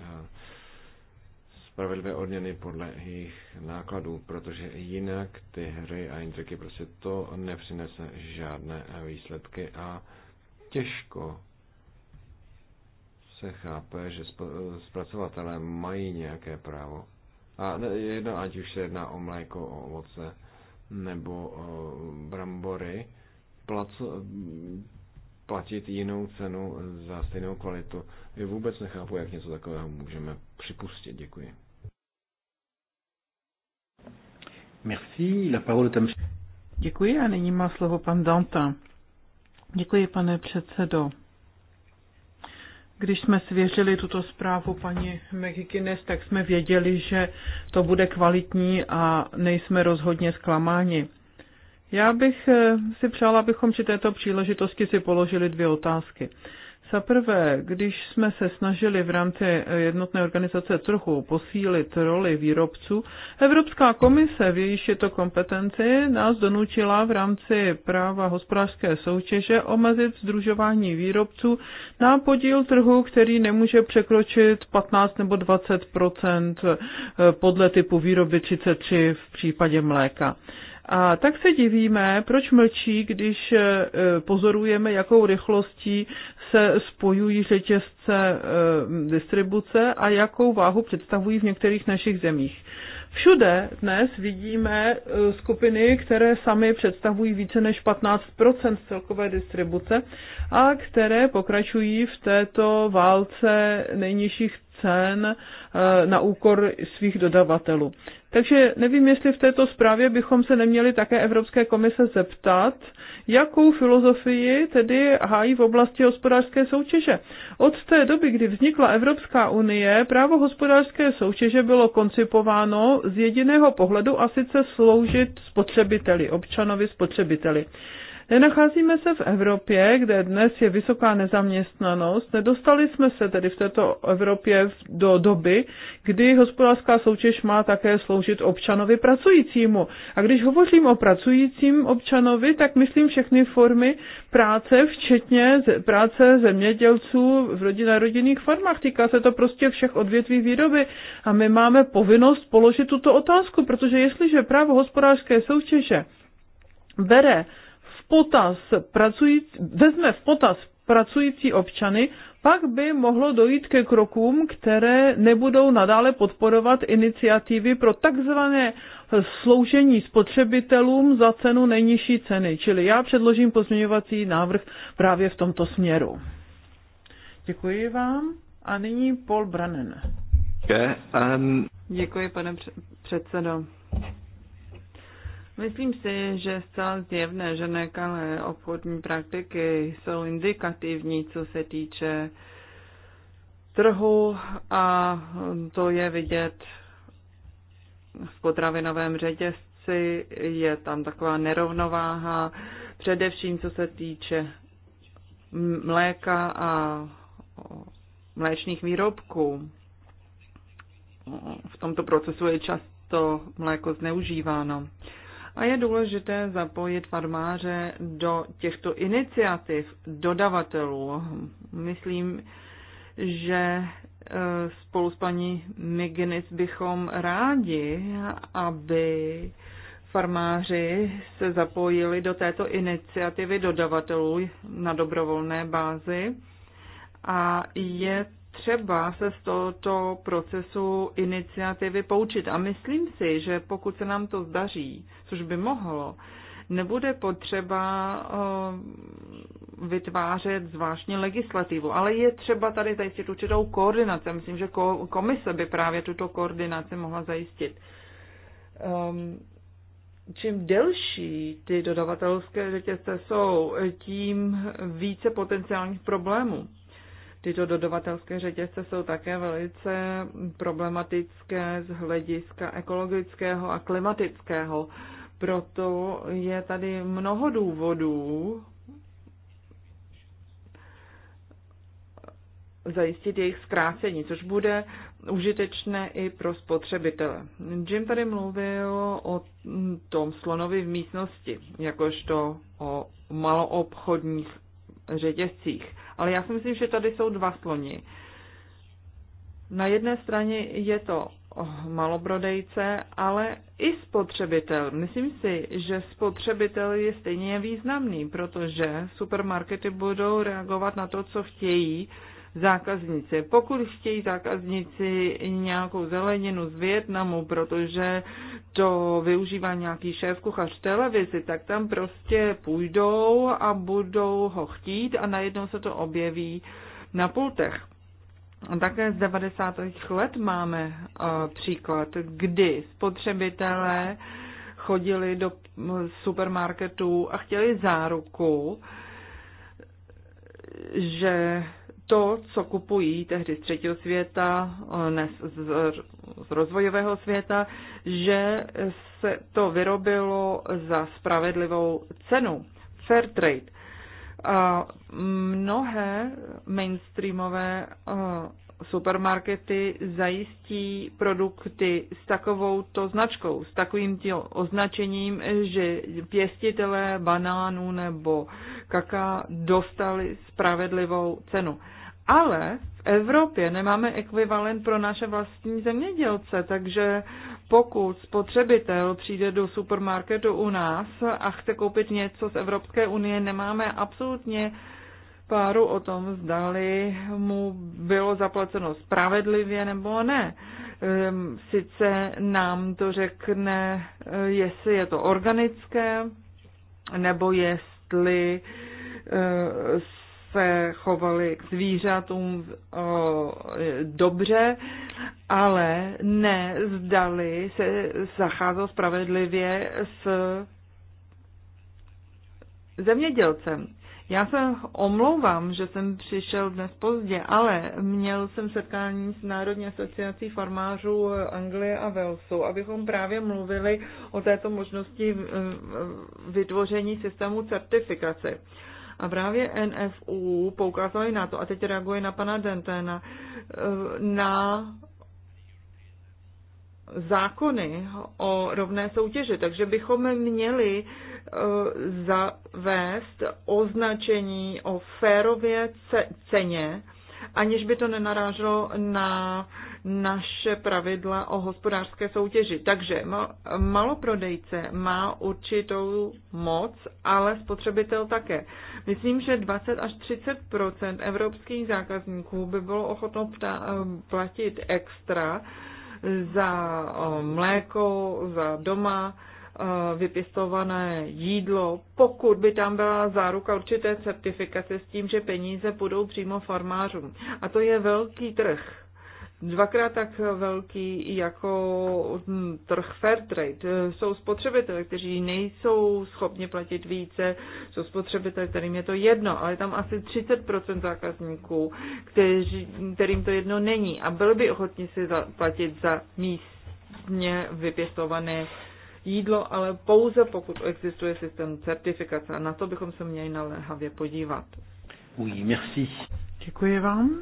Speaker 1: spravedlivé odměny podle jejich nákladů, protože jinak ty hry a intriky prostě to nepřinese žádné výsledky a těžko se chápe, že zpracovatelé mají nějaké právo. A jedno, ať už se jedná o mléko, o ovoce nebo o brambory, placo, platit jinou cenu za stejnou kvalitu. Já vůbec nechápu, jak něco takového můžeme připustit. Děkuji. Merci, la parole tam...
Speaker 2: Děkuji a nyní má slovo pan Danta. Děkuji, pane předsedo. Když jsme svěřili tuto zprávu paní Megikines, tak jsme věděli, že to bude kvalitní a nejsme rozhodně zklamáni. Já bych eh, si přála, abychom při této příležitosti si položili dvě otázky. Za prvé, když jsme se snažili v rámci eh, jednotné organizace trochu posílit roli výrobců, Evropská komise, v jejíž je to kompetenci, nás donutila v rámci práva hospodářské soutěže omezit združování výrobců na podíl trhu, který nemůže překročit 15 nebo 20 eh, podle typu výroby 33 v případě mléka. A tak se divíme, proč mlčí, když e, pozorujeme, jakou rychlostí se spojují řetězce e, distribuce a jakou váhu představují v některých našich zemích. Všude dnes vidíme e, skupiny, které sami představují více než 15 celkové distribuce a které pokračují v této válce nejnižších cen eh, na úkor svých dodavatelů. Takže nevím, jestli v této zprávě bychom se neměli také Evropské komise zeptat, jakou filozofii tedy hájí v oblasti hospodářské soutěže. Od té doby, kdy vznikla Evropská unie, právo hospodářské soutěže bylo koncipováno z jediného pohledu a sice sloužit spotřebiteli, občanovi spotřebiteli. Nenacházíme se v Evropě, kde dnes je vysoká nezaměstnanost. Nedostali jsme se tedy v této Evropě do doby, kdy hospodářská soutěž má také sloužit občanovi pracujícímu. A když hovořím o pracujícím občanovi, tak myslím všechny formy práce, včetně práce zemědělců v rodinách rodinných farmách. Týká se to prostě všech odvětví výroby. A my máme povinnost položit tuto otázku, protože jestliže právo hospodářské soutěže bere potaz pracující, vezme v potaz pracující občany, pak by mohlo dojít ke krokům, které nebudou nadále podporovat iniciativy pro takzvané sloužení spotřebitelům za cenu nejnižší ceny. Čili já předložím pozměňovací návrh právě v tomto směru. Děkuji vám. A nyní Paul Brannen. Okay, um... Děkuji,
Speaker 3: pane předsedo. Myslím si, že zcela zjevné, že nekalé obchodní praktiky jsou indikativní, co se týče trhu a to je vidět v potravinovém řetězci, je tam taková nerovnováha, především co se týče mléka a mléčných výrobků. V tomto procesu je často mléko zneužíváno a je důležité zapojit farmáře do těchto iniciativ dodavatelů. Myslím, že eh, spolu s paní Mignis bychom rádi, aby farmáři se zapojili do této iniciativy dodavatelů na dobrovolné bázi a je třeba se z tohoto procesu iniciativy poučit. A myslím si, že pokud se nám to zdaří, což by mohlo, nebude potřeba eh, vytvářet zvláštní legislativu, ale je třeba tady zajistit určitou koordinaci. Myslím, že komise by právě tuto koordinaci mohla zajistit. Ehm, čím delší ty dodavatelské řetězce jsou, tím více potenciálních problémů. Tyto dodavatelské řetězce jsou také velice problematické z hlediska ekologického a klimatického. Proto je tady mnoho důvodů zajistit jejich zkrácení, což bude užitečné i pro spotřebitele. Jim tady mluvil o tom slonovi v místnosti, jakožto o maloobchodních řetězcích. Ale já si myslím, že tady jsou dva sloni. Na jedné straně je to malobrodejce, ale i spotřebitel. Myslím si, že spotřebitel je stejně významný, protože supermarkety budou reagovat na to, co chtějí zákaznici. Pokud chtějí zákaznici nějakou zeleninu z Větnamu, protože to využívá nějaký šéf kuchař televizi, tak tam prostě půjdou a budou ho chtít a najednou se to objeví na pultech. Také z 90. let máme eh, příklad, kdy spotřebitelé chodili do supermarketů a chtěli záruku, že to, co kupují tehdy z třetího světa, eh, ne, z, z rozvojového světa, že se to vyrobilo za spravedlivou cenu. Fair trade. A mnohé mainstreamové eh, supermarkety zajistí produkty s takovouto značkou, s takovým označením, že pěstitelé banánů nebo kaka dostali spravedlivou cenu ale v Evropě nemáme ekvivalent pro naše vlastní zemědělce, takže pokud spotřebitel přijde do supermarketu u nás a chce koupit něco z Evropské unie, nemáme absolutně páru o tom, zdali mu bylo zaplaceno spravedlivě nebo ne. Ehm, sice nám to řekne, eh, jestli je to organické, nebo jestli eh, se chovali k zvířatům o, eh, dobře, ale ne zdali se zacházel spravedlivě s zemědělcem. Já se omlouvám, že jsem přišel dnes pozdě, ale měl jsem setkání s Národní asociací farmářů Anglie a Walesu, abychom právě mluvili o této možnosti vytvoření systému certifikace. A právě NFU poukázali na to, a teď reaguje na pana Dentena, na zákony o rovné soutěži, takže bychom měli eh, zavést označení o férově ceně, aniž by to nenaráželo na naše pravidla o hospodářské soutěži. Takže maloprodejce má určitou moc, ale spotřebitel také. Myslím, že 20 až 30 evropských zákazníků by bylo ochotno platit extra za mléko, za doma, vypěstované jídlo, pokud by tam byla záruka určité certifikace s tím, že peníze půjdou přímo farmářům. A to je velký trh dvakrát tak velký jako hm, trh trade. Jsou spotřebitelé, kteří nejsou schopni platit více, jsou spotřebitelé, kterým je to jedno, ale tam asi 30% zákazníků, kteří, kterým to jedno není a byli by ochotni si platit za místně vypěstované jídlo, ale pouze pokud existuje systém certifikace a na to bychom se měli naléhavě podívat.
Speaker 1: Oui, merci.
Speaker 2: Děkuji vám.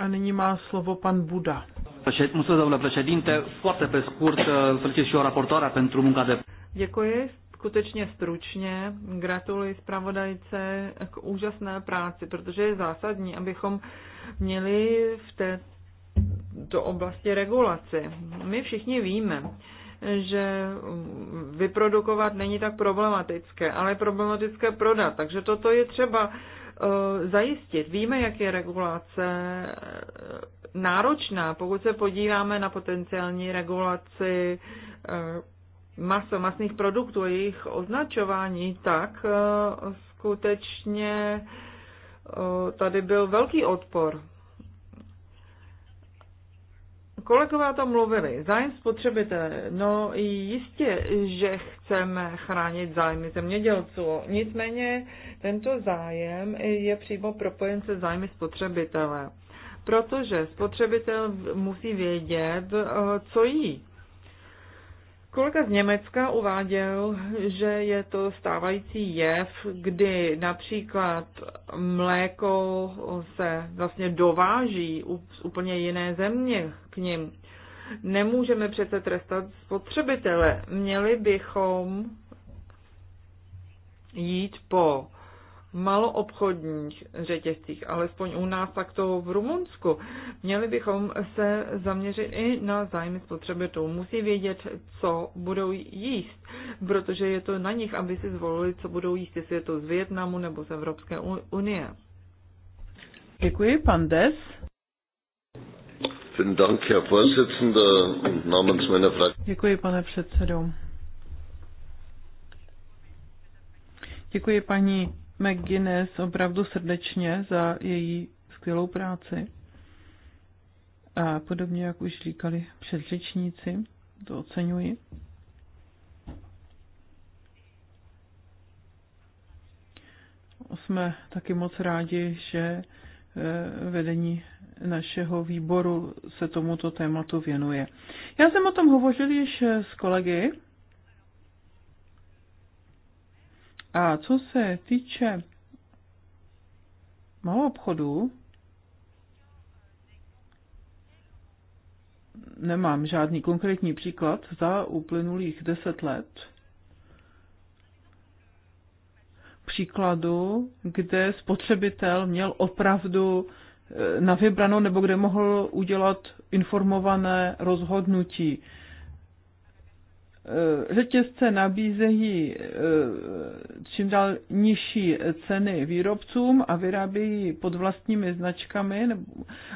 Speaker 2: A nyní má slovo pan Buda.
Speaker 3: Eh, Děkuji, skutečně stručně. Gratuluji zpravodajce k úžasné práci, protože je zásadní, abychom měli v této oblasti regulaci. My všichni víme, že vyprodukovat není tak problematické, ale je problematické prodat. Takže toto je třeba Eh, zajistit. Víme, jak je regulace eh, náročná. Pokud se podíváme na potenciální regulaci eh, maso, masných produktů a jejich označování, tak skutečně tady byl velký odpor. Kolegové to mluvili. Zájem spotřebitele. No jistě, že chceme chránit zájmy zemědělců. Nicméně tento zájem je přímo propojen se zájmy spotřebitele. Protože spotřebitel musí vědět, eh, co jí. Kolega z Německa uváděl, že je to stávající jev, kdy například mléko se vlastně dováží z úplně jiné země, k ním. Nemůžeme přece trestat spotřebitele. Měli bychom jít po maloobchodních řetězcích, alespoň u nás takto v Rumunsku. Měli bychom se zaměřit i na zájmy spotřebitelů. Musí vědět, co budou jíst, protože je to na nich, aby si zvolili, co budou jíst, jestli je to z Větnamu nebo z Evropské unie.
Speaker 2: Děkuji, pan Des. Děkuji, pane předsedo. Děkuji paní McGuinness opravdu srdečně za její skvělou práci. A podobně, jak už říkali předřečníci, to oceňuji. Jsme taky moc rádi, že Eh, vedení našeho výboru se tomuto tématu věnuje. Já jsem o tom hovořil již eh, s kolegy. A co se týče malou obchodu, nemám žádný konkrétní příklad za uplynulých deset let, příkladu, kde spotřebitel měl opravdu eh, na vybranou nebo kde mohl udělat informované rozhodnutí. Eh, řetězce nabízejí eh, čím dál nižší ceny výrobcům a vyrábějí pod vlastními značkami,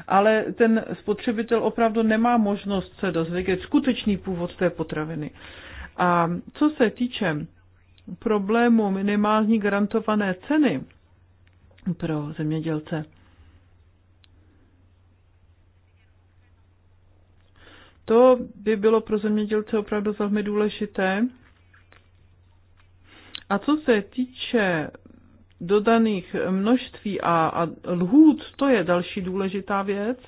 Speaker 2: ale ten spotřebitel opravdu nemá možnost se dozvědět skutečný původ té potraviny. A co se týče problému minimální garantované ceny pro zemědělce. To by bylo pro zemědělce opravdu velmi důležité. A co se týče dodaných množství a, a lhůt, to je další důležitá věc.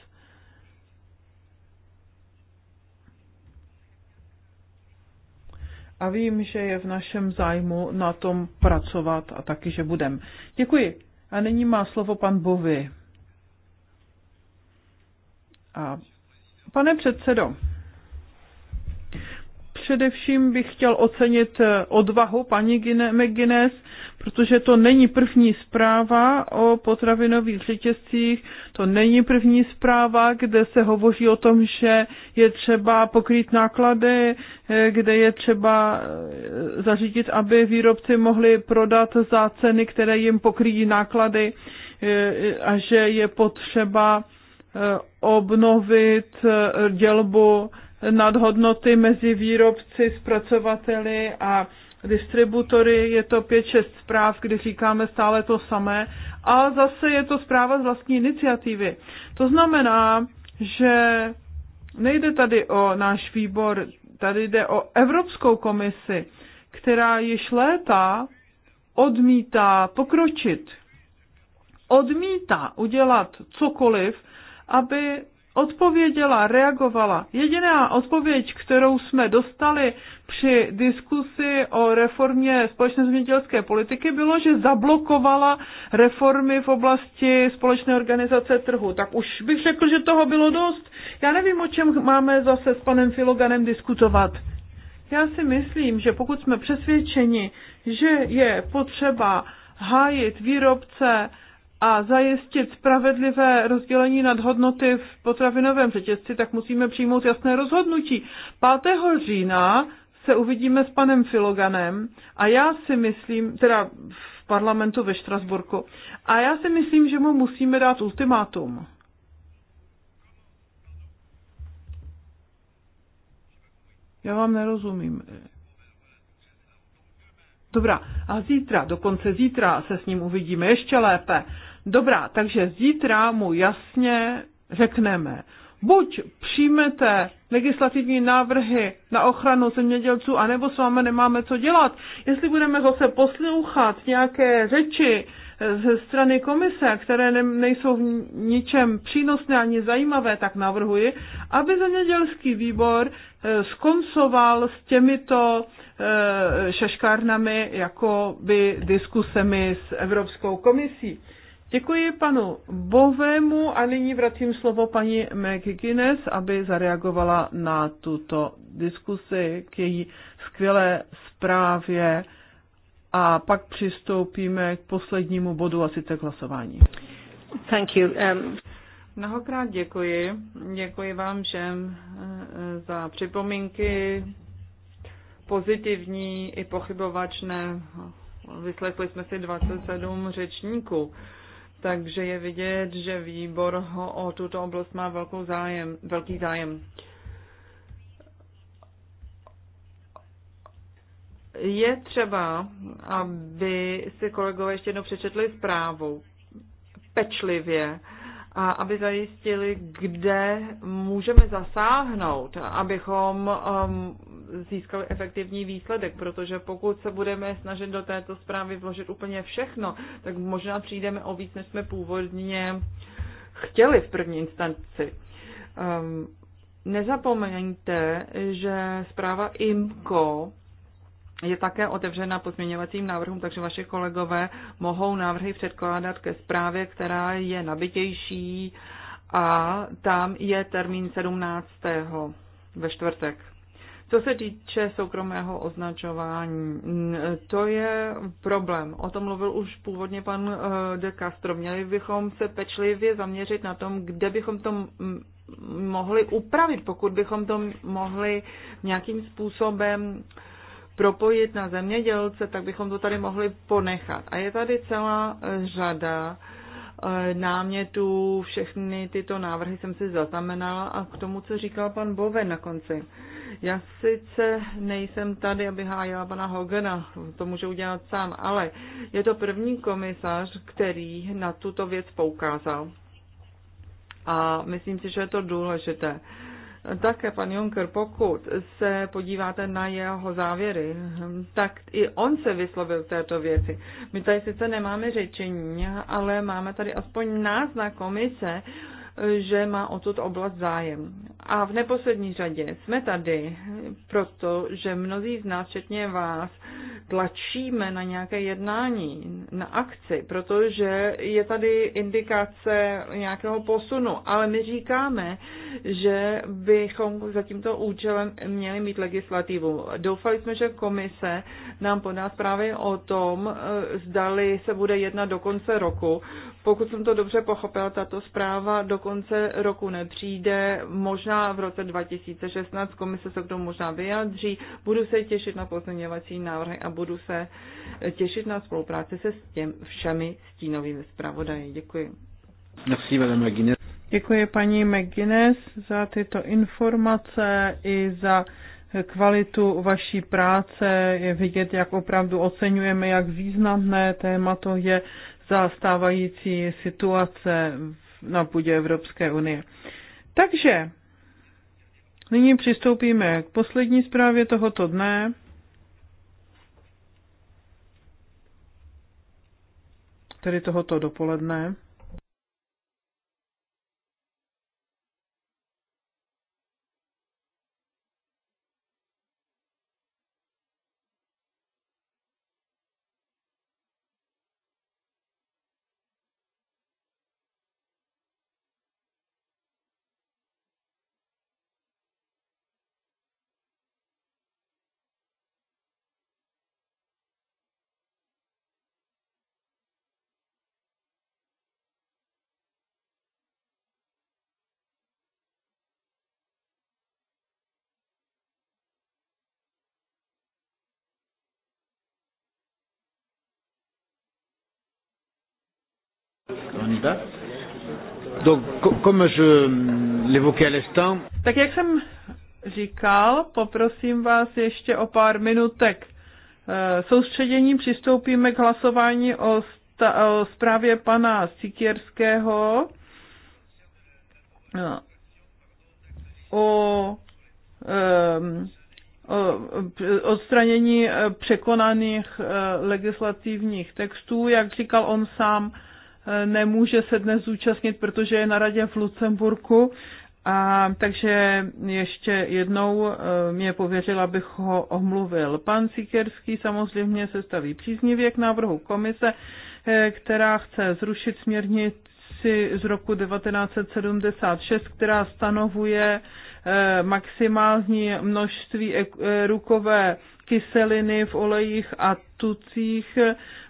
Speaker 2: a vím, že je v našem zájmu na tom pracovat a taky, že budem. Děkuji. A nyní má slovo pan Bovy. A pane předsedo, především bych chtěl ocenit eh, odvahu paní McGuinness, protože to není první zpráva o potravinových řetězcích, to není první zpráva, kde se hovoří o tom, že je třeba pokrýt náklady, eh, kde je třeba eh, zařídit, aby výrobci mohli prodat za ceny, které jim pokryjí náklady a že je potřeba obnovit dělbu nadhodnoty mezi výrobci, zpracovateli a distributory. Je to pět šest zpráv, kdy říkáme stále to samé. A zase je to zpráva z vlastní iniciativy. To znamená, že nejde tady o náš výbor, tady jde o Evropskou komisi, která již léta odmítá pokročit, odmítá udělat cokoliv, aby odpověděla, reagovala. Jediná odpověď, kterou jsme dostali při diskusi o reformě společné zemědělské politiky, bylo, že zablokovala reformy v oblasti společné organizace trhu. Tak už bych řekl, že toho bylo dost. Já nevím, o čem máme zase s panem Filoganem diskutovat. Já si myslím, že pokud jsme přesvědčeni, že je potřeba hájit výrobce, a zajistit spravedlivé rozdělení nadhodnoty v potravinovém řetězci, tak musíme přijmout jasné rozhodnutí. 5. října se uvidíme s panem Filoganem a já si myslím, teda v parlamentu ve Štrasburku, a já si myslím, že mu musíme dát ultimátum. Já vám nerozumím. Dobrá, a zítra, dokonce zítra se s ním uvidíme ještě lépe. Dobrá, takže zítra mu jasně řekneme, buď přijmete legislativní návrhy na ochranu zemědělců, anebo s vámi nemáme co dělat. Jestli budeme zase poslouchat nějaké řeči eh, ze strany komise, které ne, nejsou v ničem přínosné ani zajímavé, tak navrhuji, aby zemědělský výbor eh, skoncoval s těmito eh, šeškárnami jako by diskusemi s Evropskou komisí. Děkuji panu Bovému a nyní vracím slovo paní McGuinness, aby zareagovala na tuto diskusi k její skvělé zprávě a pak přistoupíme k poslednímu bodu a sice k hlasování. Thank you. Um...
Speaker 3: Mnohokrát děkuji. Děkuji vám všem eh, za připomínky pozitivní i pochybovačné. Vyslechli jsme si 27 řečníků takže je vidět, že výbor ho o tuto oblast má velkou zájem, velký zájem. Je třeba, aby si kolegové ještě jednou přečetli zprávu pečlivě a aby zajistili, kde můžeme zasáhnout, abychom um, získali efektivní výsledek, protože pokud se budeme snažit do této zprávy vložit úplně všechno, tak možná přijdeme o víc, než jsme původně chtěli v první instanci. Um, nezapomeňte, že zpráva IMCO je také otevřena pozměňovacím návrhům, takže vaše kolegové mohou návrhy předkládat ke zprávě, která je nabitější a tam je termín 17. ve čtvrtek. Co se týče soukromého označování, to je problém. O tom mluvil už původně pan eh, De Castro. Měli bychom se pečlivě zaměřit na tom, kde bychom to mohli upravit, pokud bychom to mohli nějakým způsobem propojit na zemědělce, tak bychom to tady mohli ponechat. A je tady celá eh, řada eh, námětů, všechny tyto návrhy jsem si zaznamenala a k tomu, co říkal pan Bove na konci. Já sice nejsem tady, aby hájila pana Hogana, to může udělat sám, ale je to první komisař, který na tuto věc poukázal. A myslím si, že je to důležité. Také pan Juncker, pokud se podíváte na jeho závěry, tak i on se vyslovil této věci. My tady sice nemáme řečení, ale máme tady aspoň náznak komise že má o tuto oblast zájem. A v neposlední řadě jsme tady, protože mnozí z nás, včetně vás, tlačíme na nějaké jednání, na akci, protože je tady indikace nějakého posunu, ale my říkáme, že bychom za tímto účelem měli mít legislativu. Doufali jsme, že komise nám podá zprávy o tom, eh, zdali se bude jednat do konce roku, pokud jsem to dobře pochopil, tato zpráva do konce roku nepřijde, možná v roce 2016, komise se k tomu možná vyjádří. Budu se těšit na pozměňovací návrhy a budu se těšit na spolupráci se s těm všemi stínovými zpravodaji.
Speaker 2: Děkuji. Merci, Madame McGuinness. Děkuji paní McGuinness za tyto informace i za kvalitu vaší práce. Je vidět, jak opravdu oceňujeme, jak významné téma to je zastávající situace na půdě Evropské unie. Takže nyní přistoupíme k poslední zprávě tohoto dne. tedy tohoto dopoledne. date. Donc,
Speaker 1: comme je l'évoquais à l'instant,
Speaker 2: tak jak jsem říkal, poprosím vás ještě o pár minutek eh, soustředění přistoupíme k hlasování o, sta, o zprávě pana Sikierského eh, eh, o, o odstranění překonaných legislativních textů, jak říkal on sám, Eh, nemůže se dnes zúčastnit, protože je na radě v Lucemburku. A, takže ještě jednou eh, mě pověřil, abych ho omluvil. Pan Sikerský samozřejmě se staví příznivě k návrhu komise, eh, která chce zrušit směrnici z roku 1976, která stanovuje maximální množství e- rukové kyseliny v olejích a tucích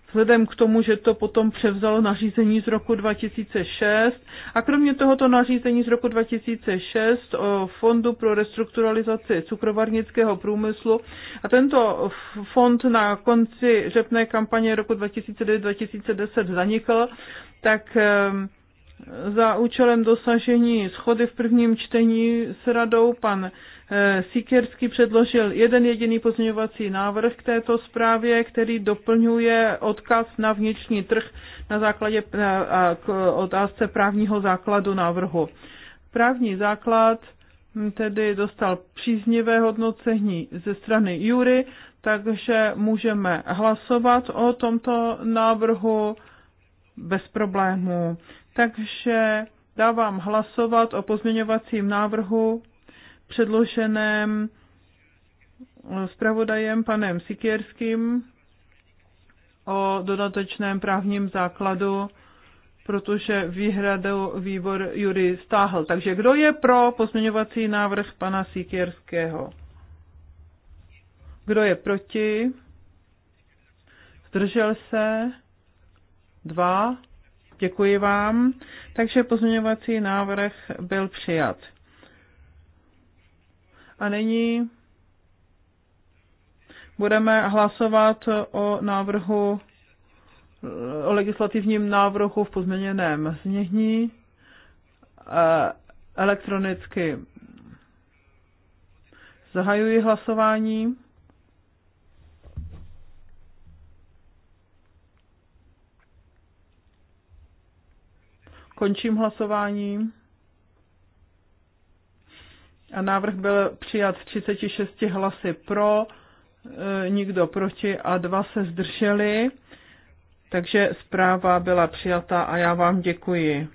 Speaker 2: vzhledem k tomu, že to potom převzalo nařízení z roku 2006 a kromě tohoto nařízení z roku 2006 o Fondu pro restrukturalizaci cukrovarnického průmyslu a tento fond na konci řepné kampaně roku 2009-2010 zanikl, tak ehm, za účelem dosažení schody v prvním čtení s radou pan Sikersky předložil jeden jediný pozměňovací návrh k této zprávě, který doplňuje odkaz na vnitřní trh na základě k otázce právního základu návrhu. Právní základ hm, tedy dostal příznivé hodnocení ze strany Jury, takže můžeme hlasovat o tomto návrhu bez problémů. Takže dávám hlasovat o pozměňovacím návrhu předloženém zpravodajem panem Sikierským o dodatečném právním základu, protože výhradu výbor Jury stáhl. Takže kdo je pro pozměňovací návrh pana Sikierského? Kdo je proti? Zdržel se? Dva? Děkuji vám. Takže pozměňovací návrh byl přijat. A nyní budeme hlasovat o návrhu, o legislativním návrhu v pozměněném znění e, elektronicky. Zahajuji hlasování. Končím hlasování. A návrh byl přijat 36 hlasy pro, e, nikdo proti a dva se zdrželi. Takže zpráva byla přijata a já vám děkuji.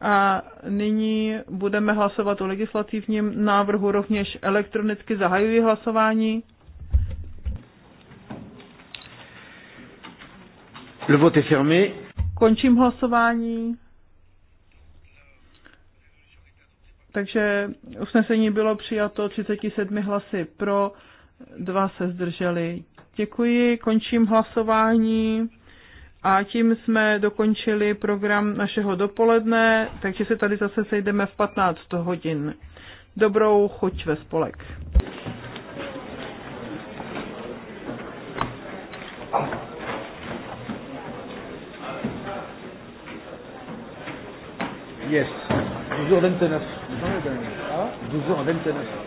Speaker 2: A nyní budeme hlasovat o legislativním návrhu rovněž elektronicky. Zahajuji hlasování.
Speaker 3: Le vote est fermé.
Speaker 2: Končím hlasování. Takže usnesení bylo přijato 37 hlasy pro, dva se zdrželi. Děkuji, končím hlasování a tím jsme dokončili program našeho dopoledne, takže se tady zase sejdeme v 15 hodin. Dobrou chuť ve spolek. Yes. 12h29. 12h29.